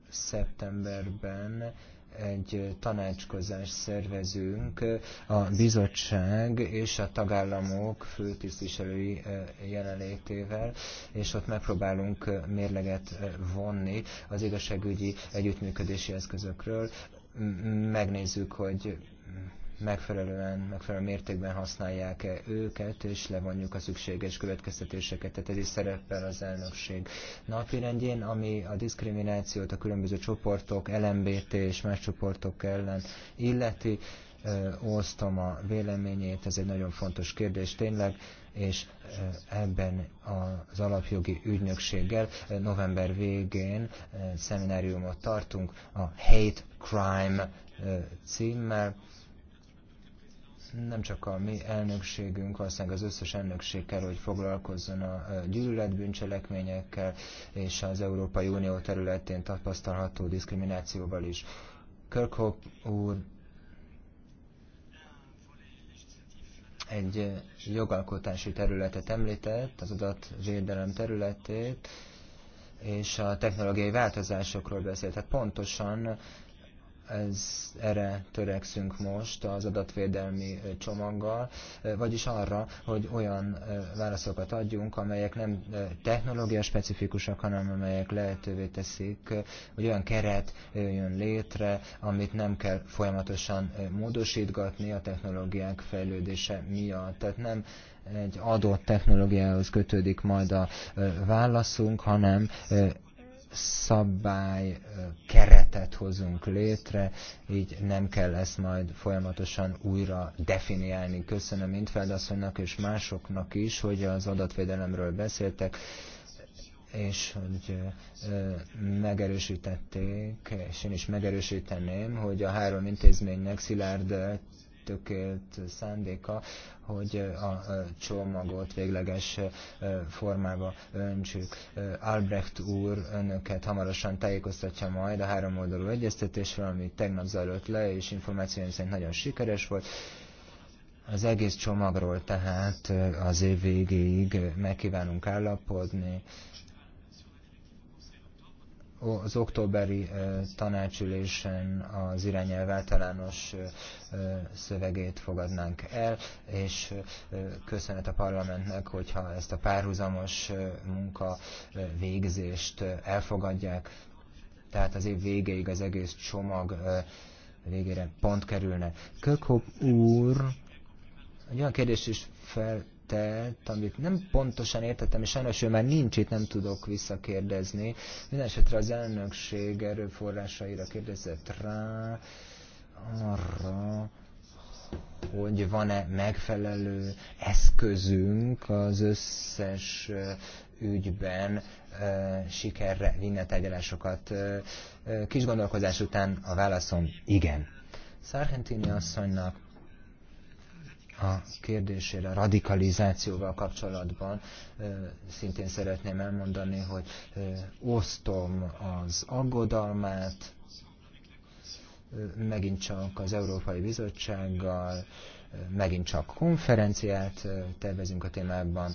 szeptemberben egy tanácskozást szervezünk a bizottság és a tagállamok főtisztviselői jelenlétével, és ott megpróbálunk mérleget vonni az igazságügyi együttműködési eszközökről. Megnézzük, hogy megfelelően, megfelelő mértékben használják-e őket, és levonjuk a szükséges következtetéseket. Tehát ez is szerepel az elnökség napirendjén, ami a diszkriminációt a különböző csoportok, LMBT és más csoportok ellen illeti. Ö, osztom a véleményét, ez egy nagyon fontos kérdés tényleg és ebben az alapjogi ügynökséggel november végén szemináriumot tartunk a Hate Crime címmel nem csak a mi elnökségünk, valószínűleg az összes elnökség kell, hogy foglalkozzon a gyűlöletbűncselekményekkel és az Európai Unió területén tapasztalható diszkriminációval is. Kirkhoff úr egy jogalkotási területet említett, az adatvédelem területét, és a technológiai változásokról beszélt. Tehát pontosan ez, erre törekszünk most az adatvédelmi csomaggal, vagyis arra, hogy olyan válaszokat adjunk, amelyek nem technológia specifikusak, hanem amelyek lehetővé teszik, hogy olyan keret jön létre, amit nem kell folyamatosan módosítgatni a technológiák fejlődése miatt. Tehát nem egy adott technológiához kötődik majd a válaszunk, hanem szabály keretet hozunk létre, így nem kell ezt majd folyamatosan újra definiálni. Köszönöm Intfeldasszonynak és másoknak is, hogy az adatvédelemről beszéltek és hogy megerősítették, és én is megerősíteném, hogy a három intézménynek szilárd eltökélt szándéka, hogy a csomagot végleges formába öntsük. Albrecht úr önöket hamarosan tájékoztatja majd a három oldalú egyeztetésről, ami tegnap zajlott le, és információim szerint nagyon sikeres volt. Az egész csomagról tehát az év végéig megkívánunk állapodni az októberi tanácsülésen az irányelv általános szövegét fogadnánk el, és köszönet a parlamentnek, hogyha ezt a párhuzamos munka végzést elfogadják, tehát az év végéig az egész csomag végére pont kerülne. Kökhop úr egy olyan kérdést is fel említett, amit nem pontosan értettem, és sajnos ő már nincs itt, nem tudok visszakérdezni. Mindenesetre az elnökség erőforrásaira kérdezett rá, arra, hogy van-e megfelelő eszközünk az összes ügyben sikerre vinne tárgyalásokat. Kis gondolkozás után a válaszom igen. Szárhentini asszonynak a kérdésére a radikalizációval kapcsolatban szintén szeretném elmondani, hogy osztom az aggodalmát, megint csak az Európai Bizottsággal, megint csak konferenciát tervezünk a témában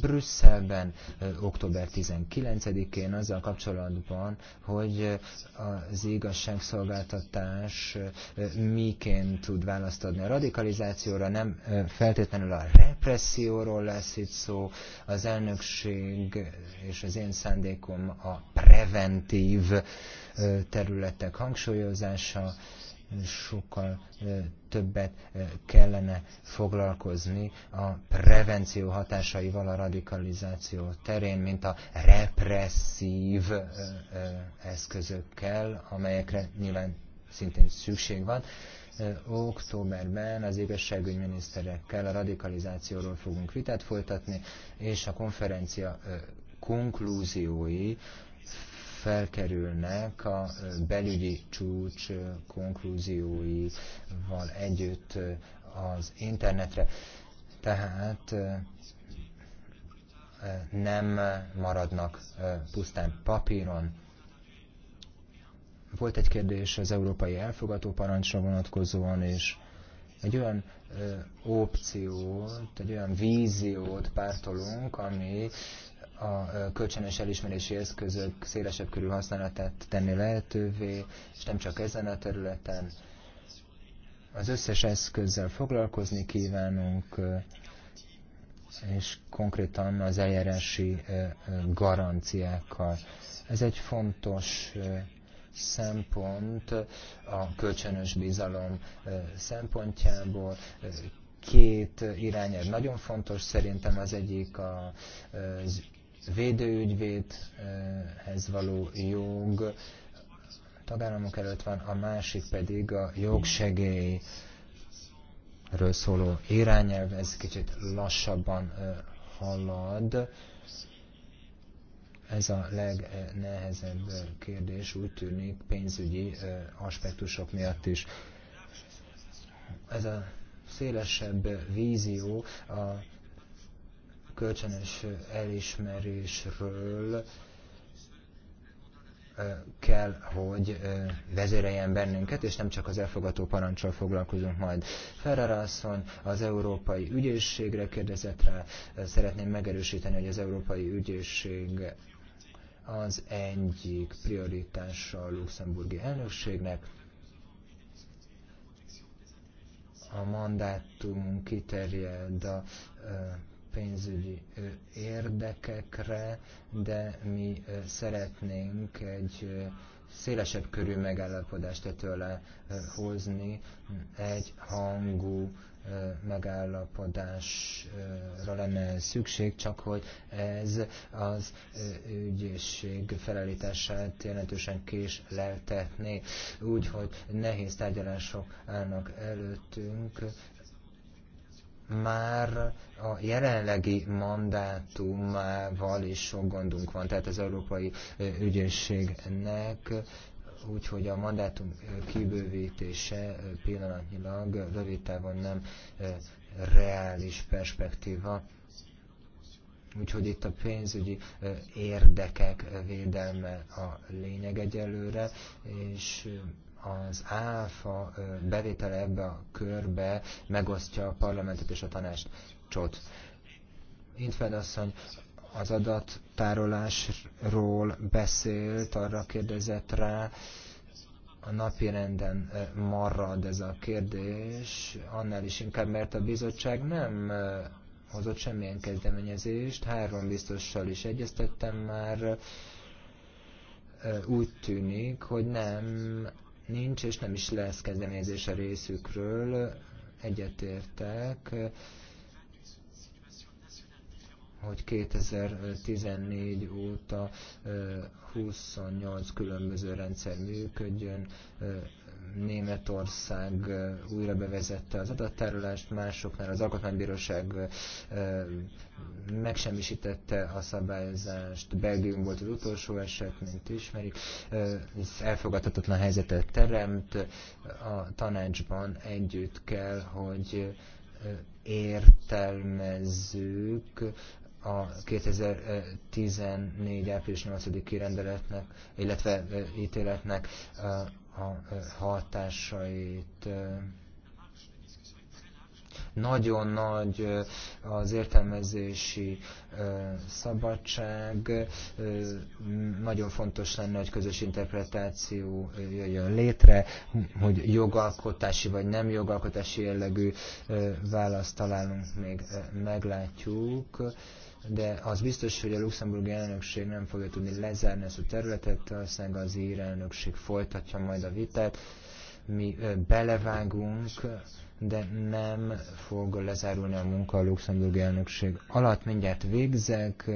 Brüsszelben, október 19-én azzal kapcsolatban, hogy az igazságszolgáltatás miként tud választ adni a radikalizációra, nem feltétlenül a represszióról lesz itt szó, az elnökség és az én szándékom a preventív területek hangsúlyozása, sokkal többet kellene foglalkozni a prevenció hatásaival a radikalizáció terén, mint a represszív eszközökkel, amelyekre nyilván szintén szükség van. Októberben az igazságügyminiszterekkel a radikalizációról fogunk vitát folytatni, és a konferencia konklúziói felkerülnek a belügyi csúcs konklúzióival együtt az internetre. Tehát nem maradnak pusztán papíron. Volt egy kérdés az európai elfogató parancsra vonatkozóan, és egy olyan ö, opciót, egy olyan víziót pártolunk, ami a kölcsönös elismerési eszközök szélesebb körű használatát tenni lehetővé, és nem csak ezen a területen. Az összes eszközzel foglalkozni kívánunk, és konkrétan az eljárási garanciákkal. Ez egy fontos szempont a kölcsönös bizalom szempontjából. Két irányelv nagyon fontos, szerintem az egyik az védőügyvédhez való jog tagállamok előtt van, a másik pedig a jogsegélyről szóló irányelv, ez kicsit lassabban halad. Ez a legnehezebb kérdés, úgy tűnik pénzügyi aspektusok miatt is. Ez a szélesebb vízió a kölcsönös elismerésről kell, hogy vezéreljen bennünket, és nem csak az elfogató parancsal foglalkozunk majd. Ferrer asszony az Európai Ügyészségre kérdezett rá, szeretném megerősíteni, hogy az Európai Ügyészség az egyik prioritása a luxemburgi elnökségnek. A mandátumunk kiterjed a pénzügyi érdekekre, de mi szeretnénk egy szélesebb körű megállapodást e tőle hozni, egy hangú megállapodásra lenne szükség, csak hogy ez az ügyészség felelítását jelentősen lehetetné. úgyhogy nehéz tárgyalások állnak előttünk, már a jelenlegi mandátumával is sok gondunk van, tehát az Európai Ügyészségnek, úgyhogy a mandátum kibővítése pillanatnyilag rövid távon nem reális perspektíva. Úgyhogy itt a pénzügyi érdekek védelme a lényeg egyelőre, és az áfa bevétele ebbe a körbe megosztja a parlamentet és a tanást. Csod. Intfeld asszony az adattárolásról beszélt, arra kérdezett rá, a napi renden marad ez a kérdés, annál is inkább, mert a bizottság nem hozott semmilyen kezdeményezést, három biztossal is egyeztettem már, úgy tűnik, hogy nem nincs, és nem is lesz kezdeményezés a részükről. Egyetértek hogy 2014 óta 28 különböző rendszer működjön. Németország újra bevezette az adattárolást, másoknál az Alkotmánybíróság megsemmisítette a szabályozást. Belgium volt az utolsó eset, mint ismerik. Ez elfogadhatatlan helyzetet teremt. A tanácsban együtt kell, hogy értelmezzük a 2014. április 8-i rendeletnek, illetve ítéletnek a hatásait. Nagyon nagy az értelmezési szabadság, nagyon fontos lenne, hogy közös interpretáció jöjjön létre, hogy jogalkotási vagy nem jogalkotási jellegű választ találunk még, meglátjuk de az biztos, hogy a luxemburgi elnökség nem fogja tudni lezárni ezt a területet, aztán az ír elnökség folytatja majd a vitát, mi belevágunk de nem fog lezárulni a munka a luxemburgi elnökség alatt. Mindjárt végzek.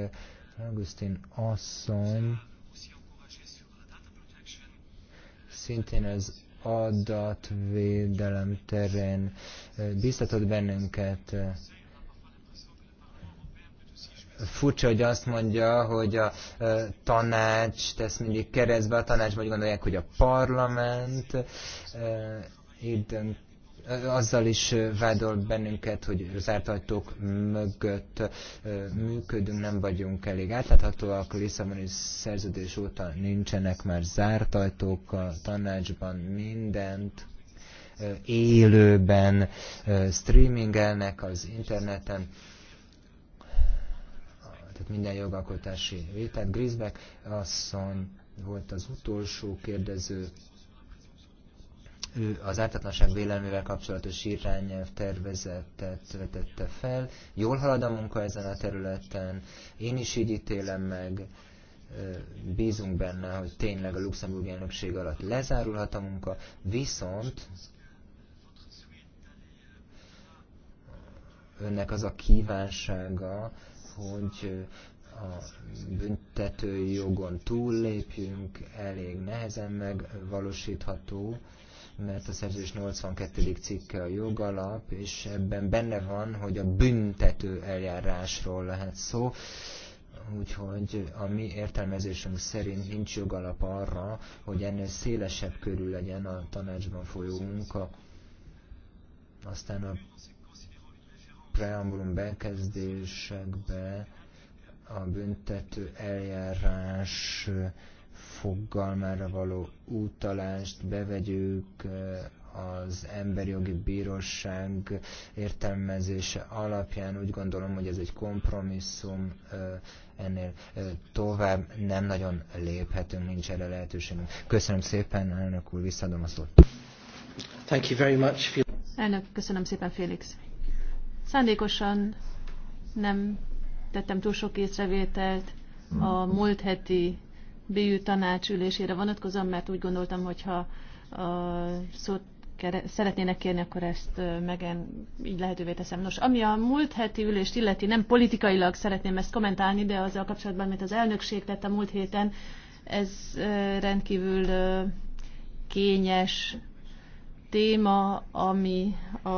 Augustin asszony szintén az adatvédelem terén biztatott bennünket furcsa, hogy azt mondja, hogy a tanács tesz mindig keresztbe, a tanács, vagy gondolják, hogy a parlament, időnként azzal is vádol bennünket, hogy zárt ajtók mögött működünk, nem vagyunk elég átláthatóak, a Lisszaboni szerződés óta nincsenek már zárt ajtók a tanácsban, mindent élőben streamingelnek az interneten tehát minden jogalkotási vitát. Grisbeck asszony volt az utolsó kérdező, ő az ártatlanság vélelmével kapcsolatos irányelv tervezetet vetette fel. Jól halad a munka ezen a területen, én is így ítélem meg, bízunk benne, hogy tényleg a luxemburgi elnökség alatt lezárulhat a munka, viszont önnek az a kívánsága, hogy a büntető jogon túllépjünk, elég nehezen megvalósítható, mert a szerzős 82. cikke a jogalap, és ebben benne van, hogy a büntető eljárásról lehet szó úgyhogy a mi értelmezésünk szerint nincs jogalap arra, hogy ennél szélesebb körül legyen a tanácsban folyó munka. Aztán a preambulum bekezdésekbe a büntető eljárás fogalmára való utalást bevegyük az emberi jogi Bíróság értelmezése alapján. Úgy gondolom, hogy ez egy kompromisszum, ennél tovább nem nagyon léphetünk, nincs erre lehetőségünk. Köszönöm szépen, elnök úr, visszadom a szót. Thank you very much. Elnök, köszönöm szépen, Félix. Szándékosan nem tettem túl sok észrevételt a múlt heti BÜ tanács ülésére vonatkozom, mert úgy gondoltam, hogyha a szót szeretnének kérni, akkor ezt megen így lehetővé teszem. Nos, ami a múlt heti ülést illeti, nem politikailag szeretném ezt kommentálni, de azzal kapcsolatban, mint az elnökség tett a múlt héten, ez rendkívül kényes téma, ami a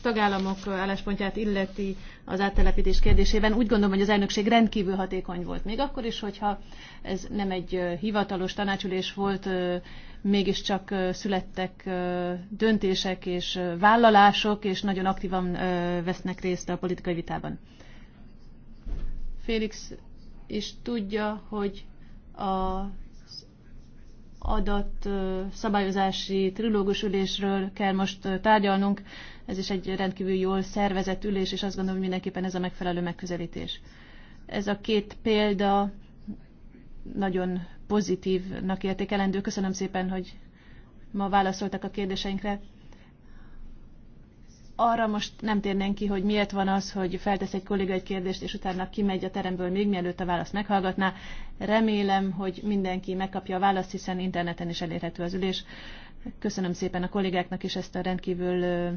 tagállamok álláspontját illeti az áttelepítés kérdésében, úgy gondolom, hogy az elnökség rendkívül hatékony volt. Még akkor is, hogyha ez nem egy hivatalos tanácsülés volt, mégiscsak születtek döntések és vállalások, és nagyon aktívan vesznek részt a politikai vitában. Félix is tudja, hogy a adat szabályozási trilógus ülésről kell most tárgyalnunk. Ez is egy rendkívül jól szervezett ülés, és azt gondolom, hogy mindenképpen ez a megfelelő megközelítés. Ez a két példa nagyon pozitívnak értékelendő. Köszönöm szépen, hogy ma válaszoltak a kérdéseinkre arra most nem térnénk ki, hogy miért van az, hogy feltesz egy kolléga egy kérdést, és utána kimegy a teremből még mielőtt a választ meghallgatná. Remélem, hogy mindenki megkapja a választ, hiszen interneten is elérhető az ülés. Köszönöm szépen a kollégáknak is ezt a rendkívül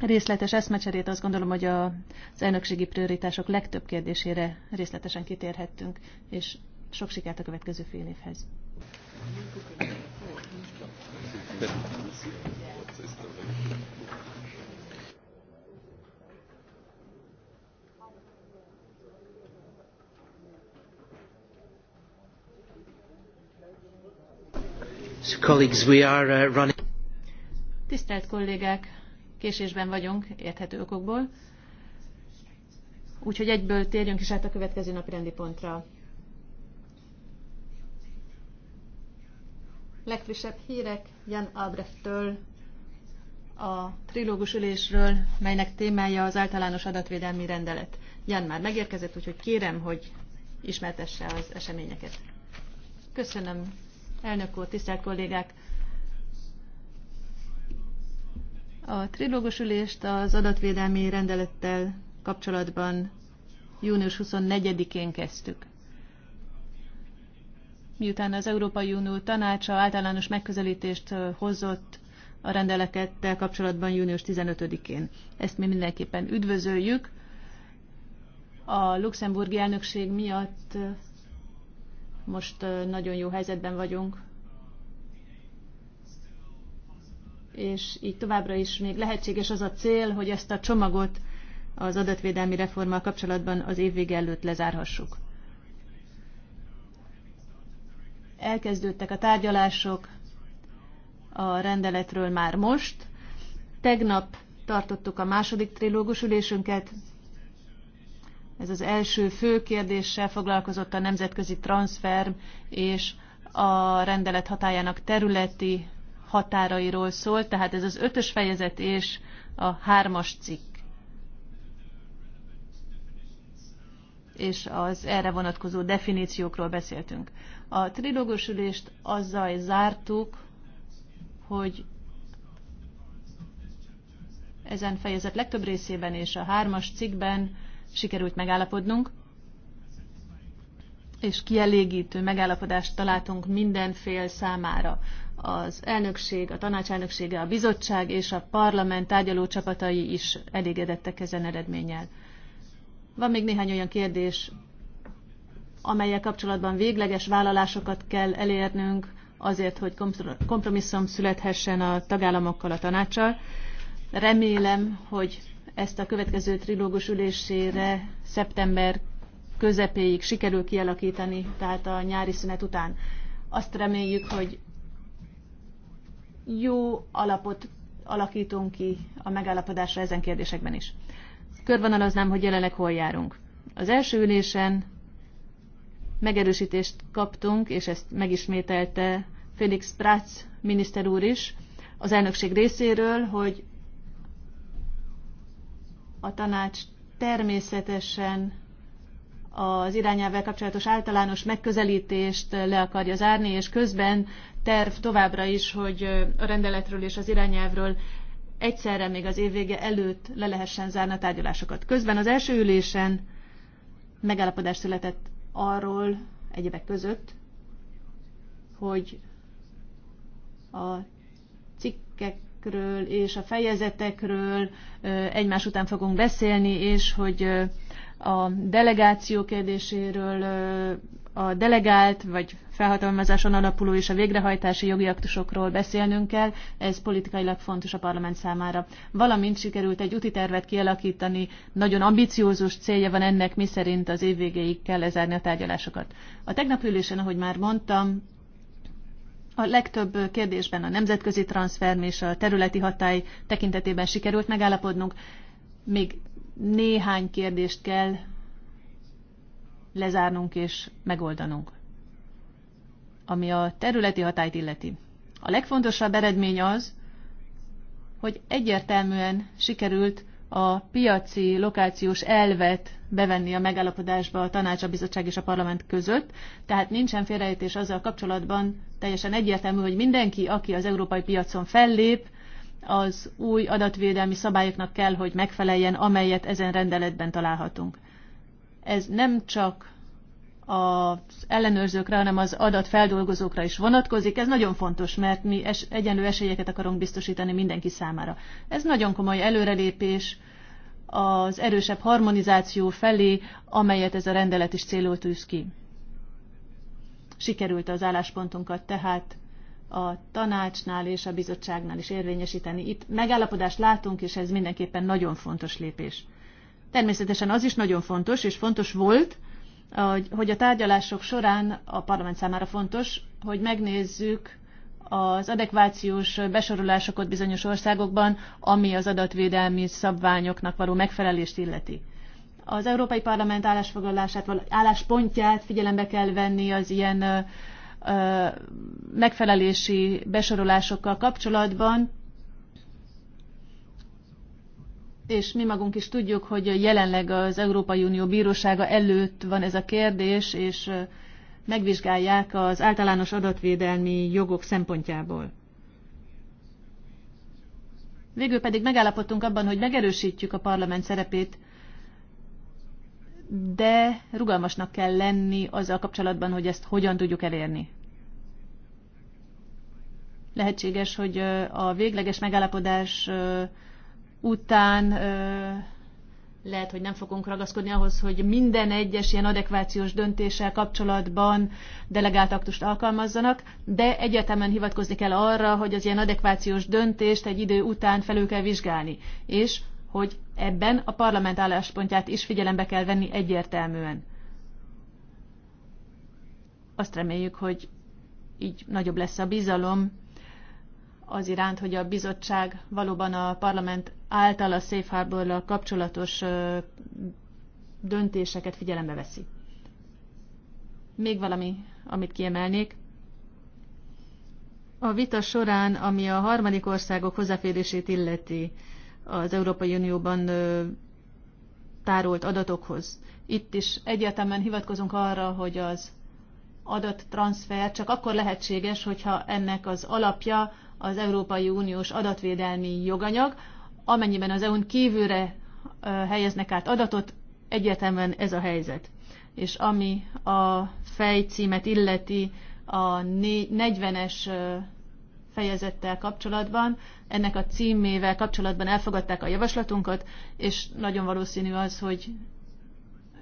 részletes eszmecserét. Azt gondolom, hogy az elnökségi prioritások legtöbb kérdésére részletesen kitérhettünk, és sok sikert a következő fél évhez. Köszönöm. Uh, Tisztelt kollégák, késésben vagyunk, érthető okokból. Úgyhogy egyből térjünk is át a következő napi rendi pontra. Legfrissebb hírek Jan Albrecht-től a trilógus ülésről, melynek témája az általános adatvédelmi rendelet. Jan már megérkezett, úgyhogy kérem, hogy ismertesse az eseményeket. Köszönöm, Elnök úr, tisztelt kollégák! A trilógus ülést az adatvédelmi rendelettel kapcsolatban június 24-én kezdtük. Miután az Európai Unió tanácsa általános megközelítést hozott a rendelekettel kapcsolatban június 15-én. Ezt mi mindenképpen üdvözöljük. A luxemburgi elnökség miatt most nagyon jó helyzetben vagyunk, és így továbbra is még lehetséges az a cél, hogy ezt a csomagot az adatvédelmi reformmal kapcsolatban az évvége előtt lezárhassuk. Elkezdődtek a tárgyalások a rendeletről már most. Tegnap tartottuk a második trilógus ülésünket, ez az első fő kérdéssel foglalkozott a nemzetközi transfer és a rendelet hatájának területi határairól szól, tehát ez az ötös fejezet és a hármas cikk. és az erre vonatkozó definíciókról beszéltünk. A trilógusülést azzal zártuk, hogy ezen fejezet legtöbb részében és a hármas cikkben sikerült megállapodnunk, és kielégítő megállapodást találtunk minden fél számára. Az elnökség, a tanácselnöksége, a bizottság és a parlament tárgyaló csapatai is elégedettek ezen eredménnyel. Van még néhány olyan kérdés, amelyek kapcsolatban végleges vállalásokat kell elérnünk azért, hogy kompromisszum születhessen a tagállamokkal, a tanácssal. Remélem, hogy ezt a következő trilógus ülésére szeptember közepéig sikerül kialakítani, tehát a nyári szünet után. Azt reméljük, hogy jó alapot alakítunk ki a megállapodásra ezen kérdésekben is. Körvonalaznám, hogy jelenleg hol járunk. Az első ülésen megerősítést kaptunk, és ezt megismételte Felix Prácz miniszter úr is, az elnökség részéről, hogy a tanács természetesen az irányelvvel kapcsolatos általános megközelítést le akarja zárni, és közben terv továbbra is, hogy a rendeletről és az irányelvről egyszerre még az évvége előtt le lehessen zárni a tárgyalásokat. Közben az első ülésen megállapodás született arról egyebek között, hogy a cikkek részekről és a fejezetekről egymás után fogunk beszélni, és hogy a delegáció kérdéséről a delegált vagy felhatalmazáson alapuló és a végrehajtási jogi aktusokról beszélnünk kell, ez politikailag fontos a parlament számára. Valamint sikerült egy úti tervet kialakítani, nagyon ambiciózus célja van ennek, szerint az év végéig kell lezárni a tárgyalásokat. A tegnap ülésen, ahogy már mondtam, a legtöbb kérdésben a nemzetközi transfer és a területi hatály tekintetében sikerült megállapodnunk. Még néhány kérdést kell lezárnunk és megoldanunk, ami a területi hatályt illeti. A legfontosabb eredmény az, hogy egyértelműen sikerült a piaci lokációs elvet bevenni a megállapodásba a tanács, a bizottság és a parlament között. Tehát nincsen félreértés azzal kapcsolatban, teljesen egyértelmű, hogy mindenki, aki az európai piacon fellép, az új adatvédelmi szabályoknak kell, hogy megfeleljen, amelyet ezen rendeletben találhatunk. Ez nem csak az ellenőrzőkre, hanem az adatfeldolgozókra is vonatkozik. Ez nagyon fontos, mert mi es, egyenlő esélyeket akarunk biztosítani mindenki számára. Ez nagyon komoly előrelépés az erősebb harmonizáció felé, amelyet ez a rendelet is célul tűz ki. Sikerült az álláspontunkat tehát a tanácsnál és a bizottságnál is érvényesíteni. Itt megállapodást látunk, és ez mindenképpen nagyon fontos lépés. Természetesen az is nagyon fontos, és fontos volt, hogy a tárgyalások során a parlament számára fontos, hogy megnézzük az adekvációs besorolásokat bizonyos országokban, ami az adatvédelmi szabványoknak való megfelelést illeti. Az Európai Parlament állásfoglalását, álláspontját figyelembe kell venni az ilyen megfelelési besorolásokkal kapcsolatban, és mi magunk is tudjuk, hogy jelenleg az Európai Unió bírósága előtt van ez a kérdés, és megvizsgálják az általános adatvédelmi jogok szempontjából. Végül pedig megállapodtunk abban, hogy megerősítjük a parlament szerepét, de rugalmasnak kell lenni azzal kapcsolatban, hogy ezt hogyan tudjuk elérni. Lehetséges, hogy a végleges megállapodás után lehet, hogy nem fogunk ragaszkodni ahhoz, hogy minden egyes ilyen adekvációs döntéssel kapcsolatban delegált aktust alkalmazzanak, de egyetemen hivatkozni kell arra, hogy az ilyen adekvációs döntést egy idő után felül kell vizsgálni, és hogy ebben a parlament álláspontját is figyelembe kell venni egyértelműen. Azt reméljük, hogy így nagyobb lesz a bizalom az iránt, hogy a bizottság valóban a parlament által a Safe harbor kapcsolatos döntéseket figyelembe veszi. Még valami, amit kiemelnék. A vita során, ami a harmadik országok hozzáférését illeti az Európai Unióban tárolt adatokhoz, itt is egyértelműen hivatkozunk arra, hogy az adattranszfer csak akkor lehetséges, hogyha ennek az alapja az Európai Uniós adatvédelmi joganyag. Amennyiben az EU-n kívülre helyeznek át adatot, egyetemen ez a helyzet. És ami a fejcímet illeti a 40-es fejezettel kapcsolatban, ennek a címével kapcsolatban elfogadták a javaslatunkat, és nagyon valószínű az, hogy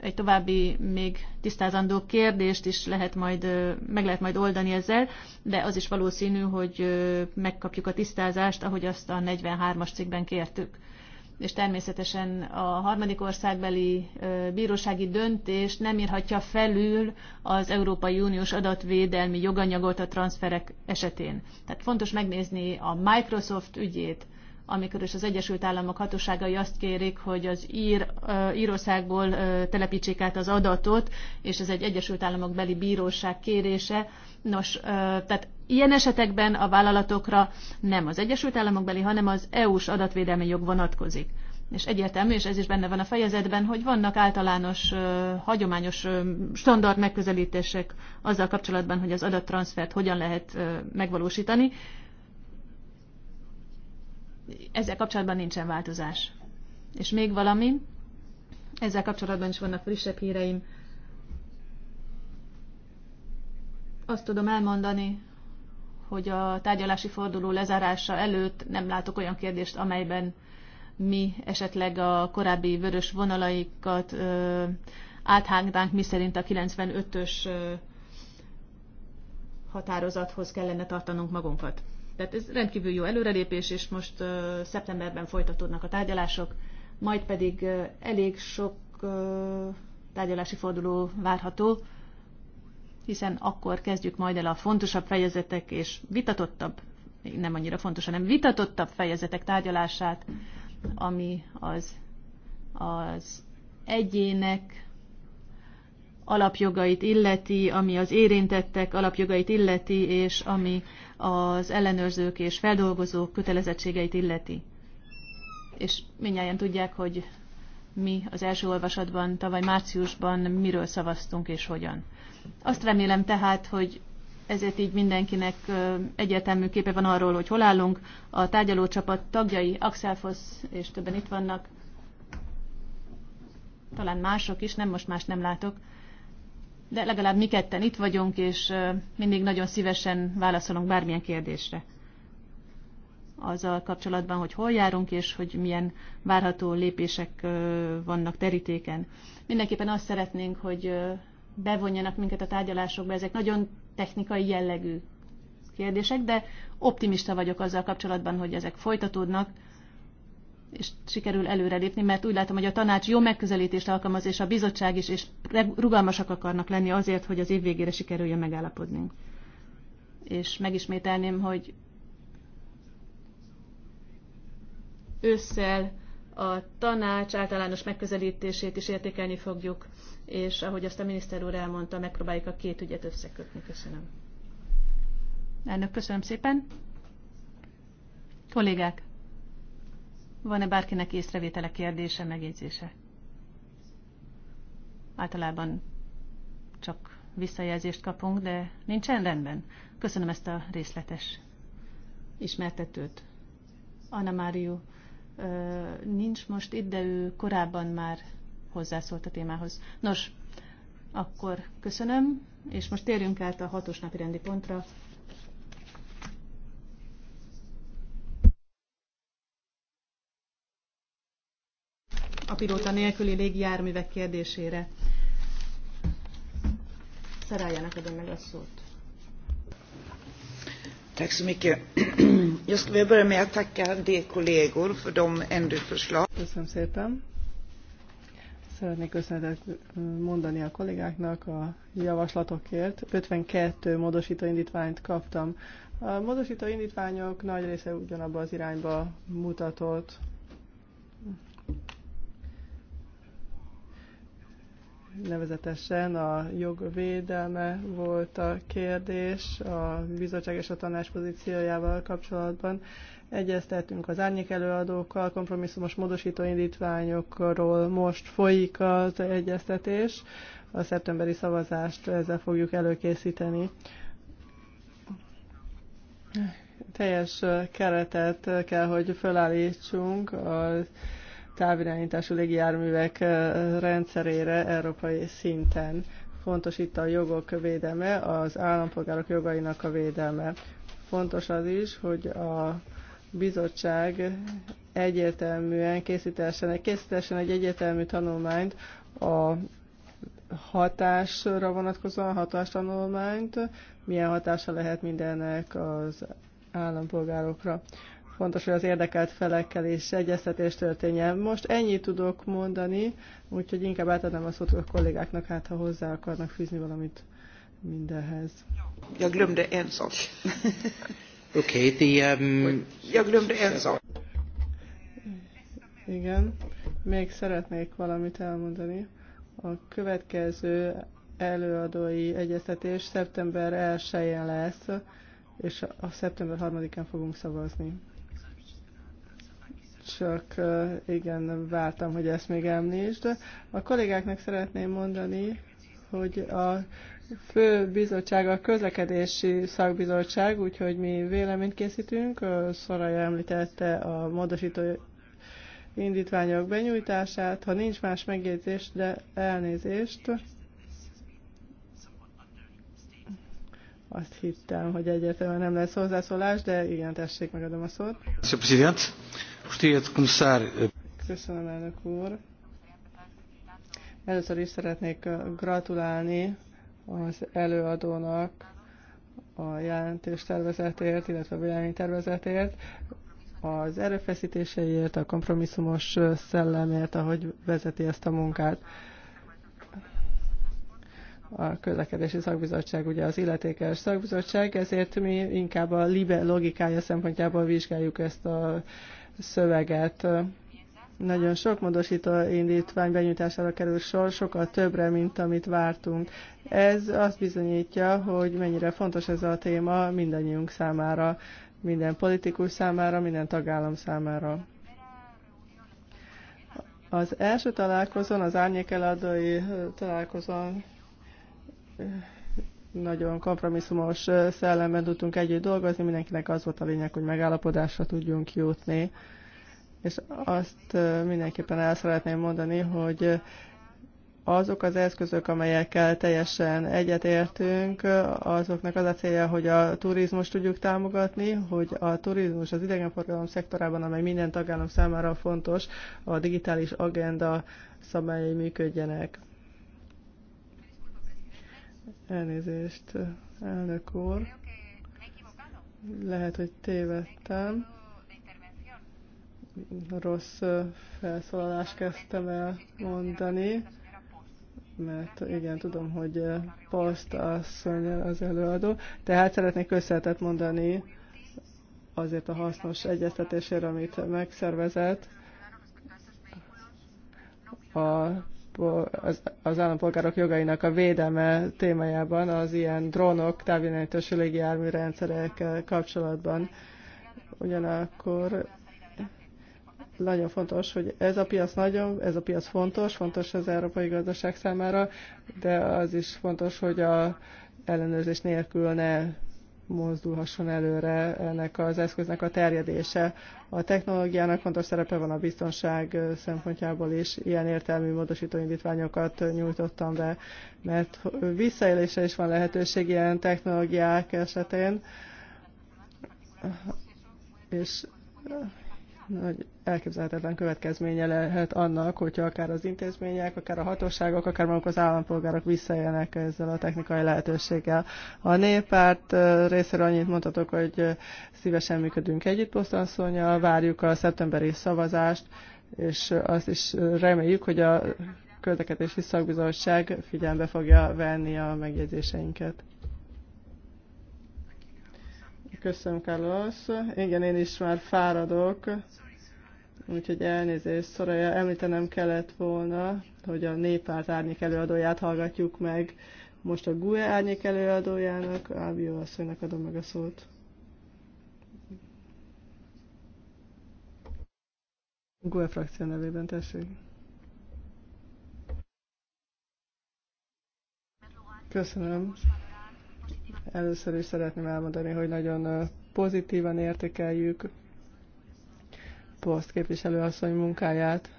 egy további még tisztázandó kérdést is lehet majd, meg lehet majd oldani ezzel, de az is valószínű, hogy megkapjuk a tisztázást, ahogy azt a 43-as cikkben kértük. És természetesen a harmadik országbeli bírósági döntés nem írhatja felül az Európai Uniós adatvédelmi joganyagot a transferek esetén. Tehát fontos megnézni a Microsoft ügyét, amikor is az Egyesült Államok hatóságai azt kérik, hogy az Ír, Írországból telepítsék át az adatot, és ez egy Egyesült Államok beli bíróság kérése. Nos, tehát ilyen esetekben a vállalatokra nem az Egyesült Államok beli, hanem az EU-s adatvédelmi jog vonatkozik. És egyértelmű, és ez is benne van a fejezetben, hogy vannak általános, hagyományos, standard megközelítések azzal kapcsolatban, hogy az adattranszfert hogyan lehet megvalósítani, ezzel kapcsolatban nincsen változás. És még valami, ezzel kapcsolatban is vannak frissebb híreim. Azt tudom elmondani, hogy a tárgyalási forduló lezárása előtt nem látok olyan kérdést, amelyben mi esetleg a korábbi vörös vonalaikat ö, áthágnánk, mi szerint a 95-ös határozathoz kellene tartanunk magunkat. Tehát ez rendkívül jó előrelépés, és most uh, szeptemberben folytatódnak a tárgyalások, majd pedig uh, elég sok uh, tárgyalási forduló várható, hiszen akkor kezdjük majd el a fontosabb fejezetek és vitatottabb, nem annyira fontos, hanem vitatottabb fejezetek tárgyalását, ami az, az egyének alapjogait illeti, ami az érintettek alapjogait illeti, és ami az ellenőrzők és feldolgozók kötelezettségeit illeti. És mindjárt tudják, hogy mi az első olvasatban, tavaly márciusban miről szavaztunk és hogyan. Azt remélem tehát, hogy ezért így mindenkinek egyértelmű képe van arról, hogy hol állunk. A tárgyalócsapat tagjai, Axel Foss és többen itt vannak, talán mások is, nem most más nem látok de legalább mi ketten itt vagyunk, és mindig nagyon szívesen válaszolunk bármilyen kérdésre. Azzal kapcsolatban, hogy hol járunk, és hogy milyen várható lépések vannak terítéken. Mindenképpen azt szeretnénk, hogy bevonjanak minket a tárgyalásokba. Ezek nagyon technikai jellegű kérdések, de optimista vagyok azzal kapcsolatban, hogy ezek folytatódnak, és sikerül előrelépni, mert úgy látom, hogy a tanács jó megközelítést alkalmaz, és a bizottság is, és rugalmasak akarnak lenni azért, hogy az év végére sikerüljön megállapodni. És megismételném, hogy ősszel a tanács általános megközelítését is értékelni fogjuk, és ahogy azt a miniszter úr elmondta, megpróbáljuk a két ügyet összekötni. Köszönöm. Elnök, köszönöm szépen. Kollégák, van-e bárkinek észrevétele, kérdése, megjegyzése? Általában csak visszajelzést kapunk, de nincsen rendben. Köszönöm ezt a részletes ismertetőt. Anna Máriu nincs most itt, de ő korábban már hozzászólt a témához. Nos, akkor köszönöm, és most térjünk át a hatos napi rendi pontra. a pilóta nélküli légijárművek kérdésére. Szereljenek adom meg a szót. Tack så mycket. Jag skulle vilja börja med att tacka de kollegor för de ändringsförslag. Köszönöm szépen. Szeretnék köszönetet eh, mondani a kollégáknak a javaslatokért. 52 módosító indítványt kaptam. A módosító indítványok nagy része ugyanabba az irányba mutatott. nevezetesen a jogvédelme volt a kérdés a bizottság és a tanács pozíciójával kapcsolatban. Egyeztettünk az árnyék előadókkal, kompromisszumos módosító indítványokról most folyik az egyeztetés. A szeptemberi szavazást ezzel fogjuk előkészíteni. Teljes keretet kell, hogy felállítsunk a távirányítású légijárművek rendszerére európai szinten. Fontos itt a jogok védelme, az állampolgárok jogainak a védelme. Fontos az is, hogy a bizottság egyértelműen készítessen, készítessen egy egyértelmű tanulmányt a hatásra vonatkozóan, hatástanulmányt, milyen hatása lehet mindennek az állampolgárokra. Fontos, hogy az érdekelt felekkel és egyeztetés történjen. Most ennyit tudok mondani, úgyhogy inkább átadnám a szót a kollégáknak, hát ha hozzá akarnak fűzni valamit mindenhez. Jag glömde en sak. Oké, okay, ja Jag glömde en sak. Igen. Még szeretnék valamit elmondani. A következő előadói egyeztetés szeptember 1-én lesz, és a szeptember 3-án fogunk szavazni csak igen, vártam, hogy ezt még említsd. A kollégáknak szeretném mondani, hogy a fő bizottság a közlekedési szakbizottság, úgyhogy mi véleményt készítünk. Szoraja említette a módosító indítványok benyújtását. Ha nincs más megjegyzés, de elnézést. Azt hittem, hogy egyértelműen nem lesz hozzászólás, de igen, tessék, megadom a szót. Köszönöm, Eh, Köszönöm, elnök úr. Először is szeretnék eh, gratulálni az előadónak a jelentés tervezetért, illetve a vélemény tervezetért, az erőfeszítéseiért, a kompromisszumos eh, szellemért, ahogy vezeti ezt a munkát. A közlekedési szakbizottság ugye az illetékes szakbizottság, ezért mi inkább a libe logikája szempontjából vizsgáljuk ezt a szöveget. Nagyon sok módosító indítvány benyújtására kerül sor, sokkal többre, mint amit vártunk. Ez azt bizonyítja, hogy mennyire fontos ez a téma mindannyiunk számára, minden politikus számára, minden tagállam számára. Az első találkozón, az árnyékeladói találkozón nagyon kompromisszumos szellemben tudtunk együtt dolgozni, mindenkinek az volt a lényeg, hogy megállapodásra tudjunk jutni. És azt mindenképpen el szeretném mondani, hogy azok az eszközök, amelyekkel teljesen egyetértünk, azoknak az a célja, hogy a turizmus tudjuk támogatni, hogy a turizmus az idegenforgalom szektorában, amely minden tagállam számára fontos, a digitális agenda szabályai működjenek. Elnézést, elnök úr. Lehet, hogy tévedtem. Rossz felszólalást kezdtem el mondani, mert igen, tudom, hogy paszt asszony az előadó. Tehát szeretnék összetett mondani azért a hasznos egyeztetésért, amit megszervezett a az, állampolgárok jogainak a védelme témájában az ilyen drónok, távirányítós légijármű rendszerekkel kapcsolatban. Ugyanakkor nagyon fontos, hogy ez a piac nagyon, ez a piac fontos, fontos az európai gazdaság számára, de az is fontos, hogy a ellenőrzés nélkül ne mozdulhasson előre ennek az eszköznek a terjedése. A technológiának fontos szerepe van a biztonság szempontjából is, ilyen értelmű módosító indítványokat nyújtottam be, mert visszaélésre is van lehetőség ilyen technológiák esetén, és hogy elképzelhetetlen következménye lehet annak, hogyha akár az intézmények, akár a hatóságok, akár maguk az állampolgárok visszajönnek ezzel a technikai lehetőséggel. A néppárt részéről annyit mondhatok, hogy szívesen működünk együtt Bosztanszonyjal, várjuk a szeptemberi szavazást, és azt is reméljük, hogy a közlekedési szakbizottság figyelembe fogja venni a megjegyzéseinket. Köszönöm, Carlos. Igen, én is már fáradok, úgyhogy elnézést, Szoraja, említenem kellett volna, hogy a néppárt árnyék előadóját hallgatjuk meg. Most a GUE árnyék előadójának, Ábió asszonynak adom meg a szót. GUE frakció nevében tessék. Köszönöm. Először is szeretném elmondani, hogy nagyon pozitívan értékeljük poszt képviselőasszony munkáját.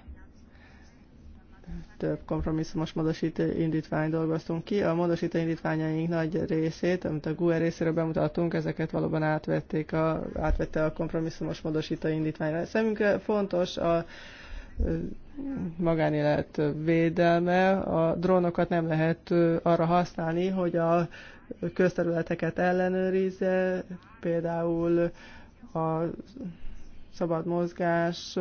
Több kompromisszumos módosító indítvány dolgoztunk ki. A módosító indítványaink nagy részét, amit a GUE részéről bemutattunk, ezeket valóban átvették a, átvette a kompromisszumos módosító indítványra. Szemünkre fontos a magánélet védelme. A drónokat nem lehet arra használni, hogy a közterületeket ellenőrizze, például a szabad mozgás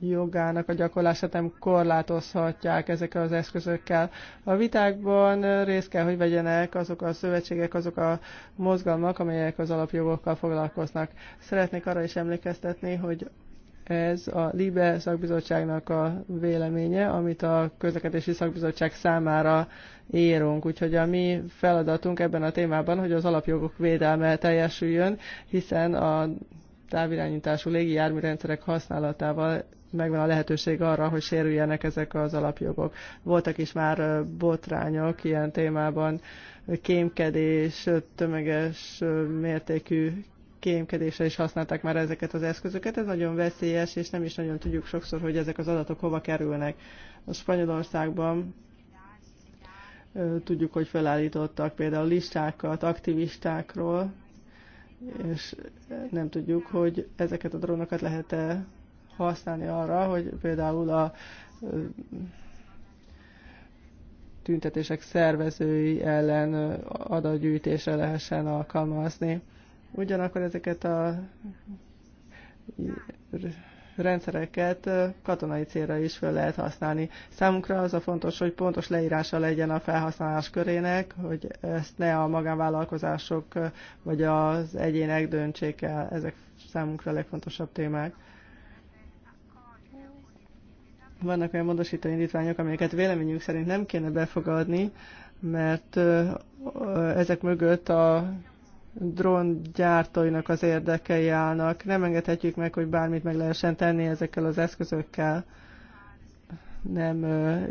jogának a gyakorlását nem korlátozhatják ezekkel az eszközökkel. A vitákban részt kell, hogy vegyenek azok a szövetségek, azok a mozgalmak, amelyek az alapjogokkal foglalkoznak. Szeretnék arra is emlékeztetni, hogy ez a LIBE szakbizottságnak a véleménye, amit a közlekedési szakbizottság számára írunk. Úgyhogy a mi feladatunk ebben a témában, hogy az alapjogok védelme teljesüljön, hiszen a távirányítású légijárműrendszerek használatával megvan a lehetőség arra, hogy sérüljenek ezek az alapjogok. Voltak is már botrányok ilyen témában, kémkedés, tömeges mértékű kémkedésre is használták már ezeket az eszközöket. Ez nagyon veszélyes, és nem is nagyon tudjuk sokszor, hogy ezek az adatok hova kerülnek. A Spanyolországban tudjuk, hogy felállítottak például listákat aktivistákról, és nem tudjuk, hogy ezeket a drónokat lehet-e használni arra, hogy például a tüntetések szervezői ellen adatgyűjtésre lehessen alkalmazni. Ugyanakkor ezeket a rendszereket katonai célra is fel lehet használni. Számunkra az a fontos, hogy pontos leírása legyen a felhasználás körének, hogy ezt ne a magánvállalkozások vagy az egyének döntsék el. Ezek számunkra a legfontosabb témák. Vannak olyan módosító indítványok, amelyeket véleményünk szerint nem kéne befogadni, mert ezek mögött a dróngyártóinak az érdekei állnak. Nem engedhetjük meg, hogy bármit meg lehessen tenni ezekkel az eszközökkel. Nem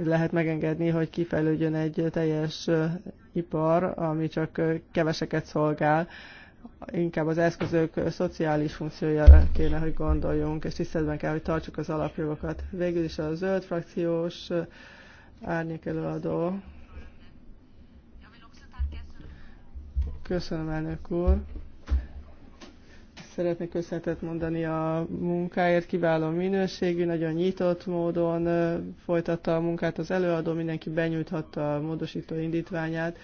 lehet megengedni, hogy kifejlődjön egy teljes ipar, ami csak keveseket szolgál. Inkább az eszközök szociális funkciójára kéne, hogy gondoljunk, és tiszteletben kell, hogy tartsuk az alapjogokat. Végül is a zöld frakciós árnyék előadó Köszönöm, elnök úr. Szeretnék köszönetet mondani a munkáért, kiváló minőségű, nagyon nyitott módon folytatta a munkát az előadó, mindenki benyújthatta a módosító indítványát,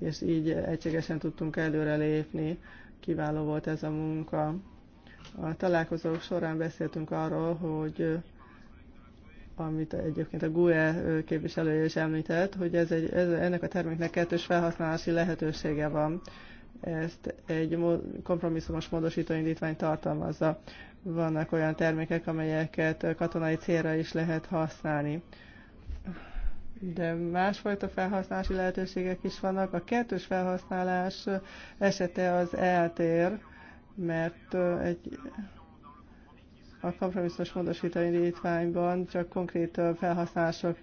és így egységesen tudtunk előrelépni. Kiváló volt ez a munka. A találkozók során beszéltünk arról, hogy amit egyébként a GUE képviselője is említett, hogy ez egy, ez, ennek a terméknek kettős felhasználási lehetősége van. Ezt egy kompromisszumos módosítóindítvány indítvány tartalmazza. Vannak olyan termékek, amelyeket katonai célra is lehet használni. De másfajta felhasználási lehetőségek is vannak. A kettős felhasználás esete az eltér, mert egy a kompromisszumos módosítani indítványban csak konkrét felhasználások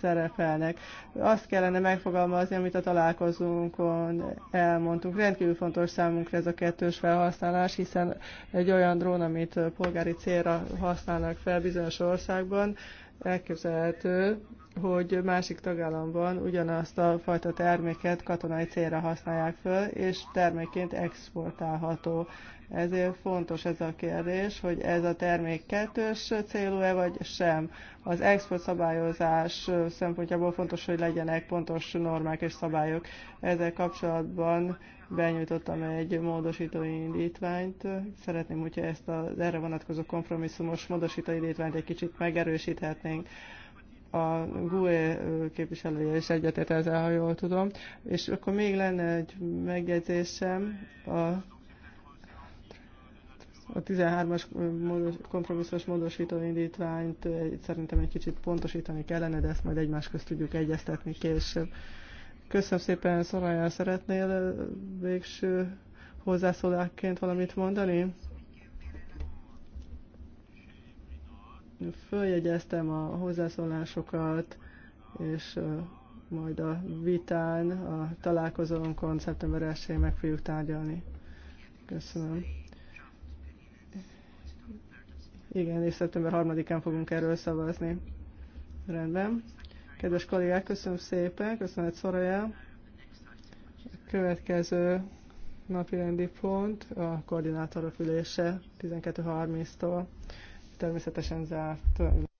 szerepelnek. Azt kellene megfogalmazni, amit a találkozónkon elmondtunk. Rendkívül fontos számunkra ez a kettős felhasználás, hiszen egy olyan drón, amit polgári célra használnak fel bizonyos országban, elképzelhető, hogy másik tagállamban ugyanazt a fajta terméket katonai célra használják föl, és termékként exportálható. Ezért fontos ez a kérdés, hogy ez a termék kettős célú-e vagy sem. Az export szabályozás szempontjából fontos, hogy legyenek pontos normák és szabályok. Ezzel kapcsolatban benyújtottam egy módosító indítványt. Szeretném, hogyha ezt az erre vonatkozó kompromisszumos módosító indítványt egy kicsit megerősíthetnénk a GUE képviselője is egyetért ezzel, ha jól tudom. És akkor még lenne egy megjegyzésem a a 13-as módos, kompromisszos módosító indítványt szerintem egy kicsit pontosítani kellene, de ezt majd egymás közt tudjuk egyeztetni később. Köszönöm szépen, Szoraja, szeretnél végső hozzászólásként valamit mondani? Följegyeztem a hozzászólásokat, és majd a vitán, a találkozónkon szeptember 1-én meg fogjuk tárgyalni. Köszönöm. Igen, és szeptember 3-án fogunk erről szavazni. Rendben. Kedves kollégák, köszönöm szépen, köszönet Szorajá. Következő napi rendi pont a koordinátorok ülése 12.30-tól. Természetesen zárt.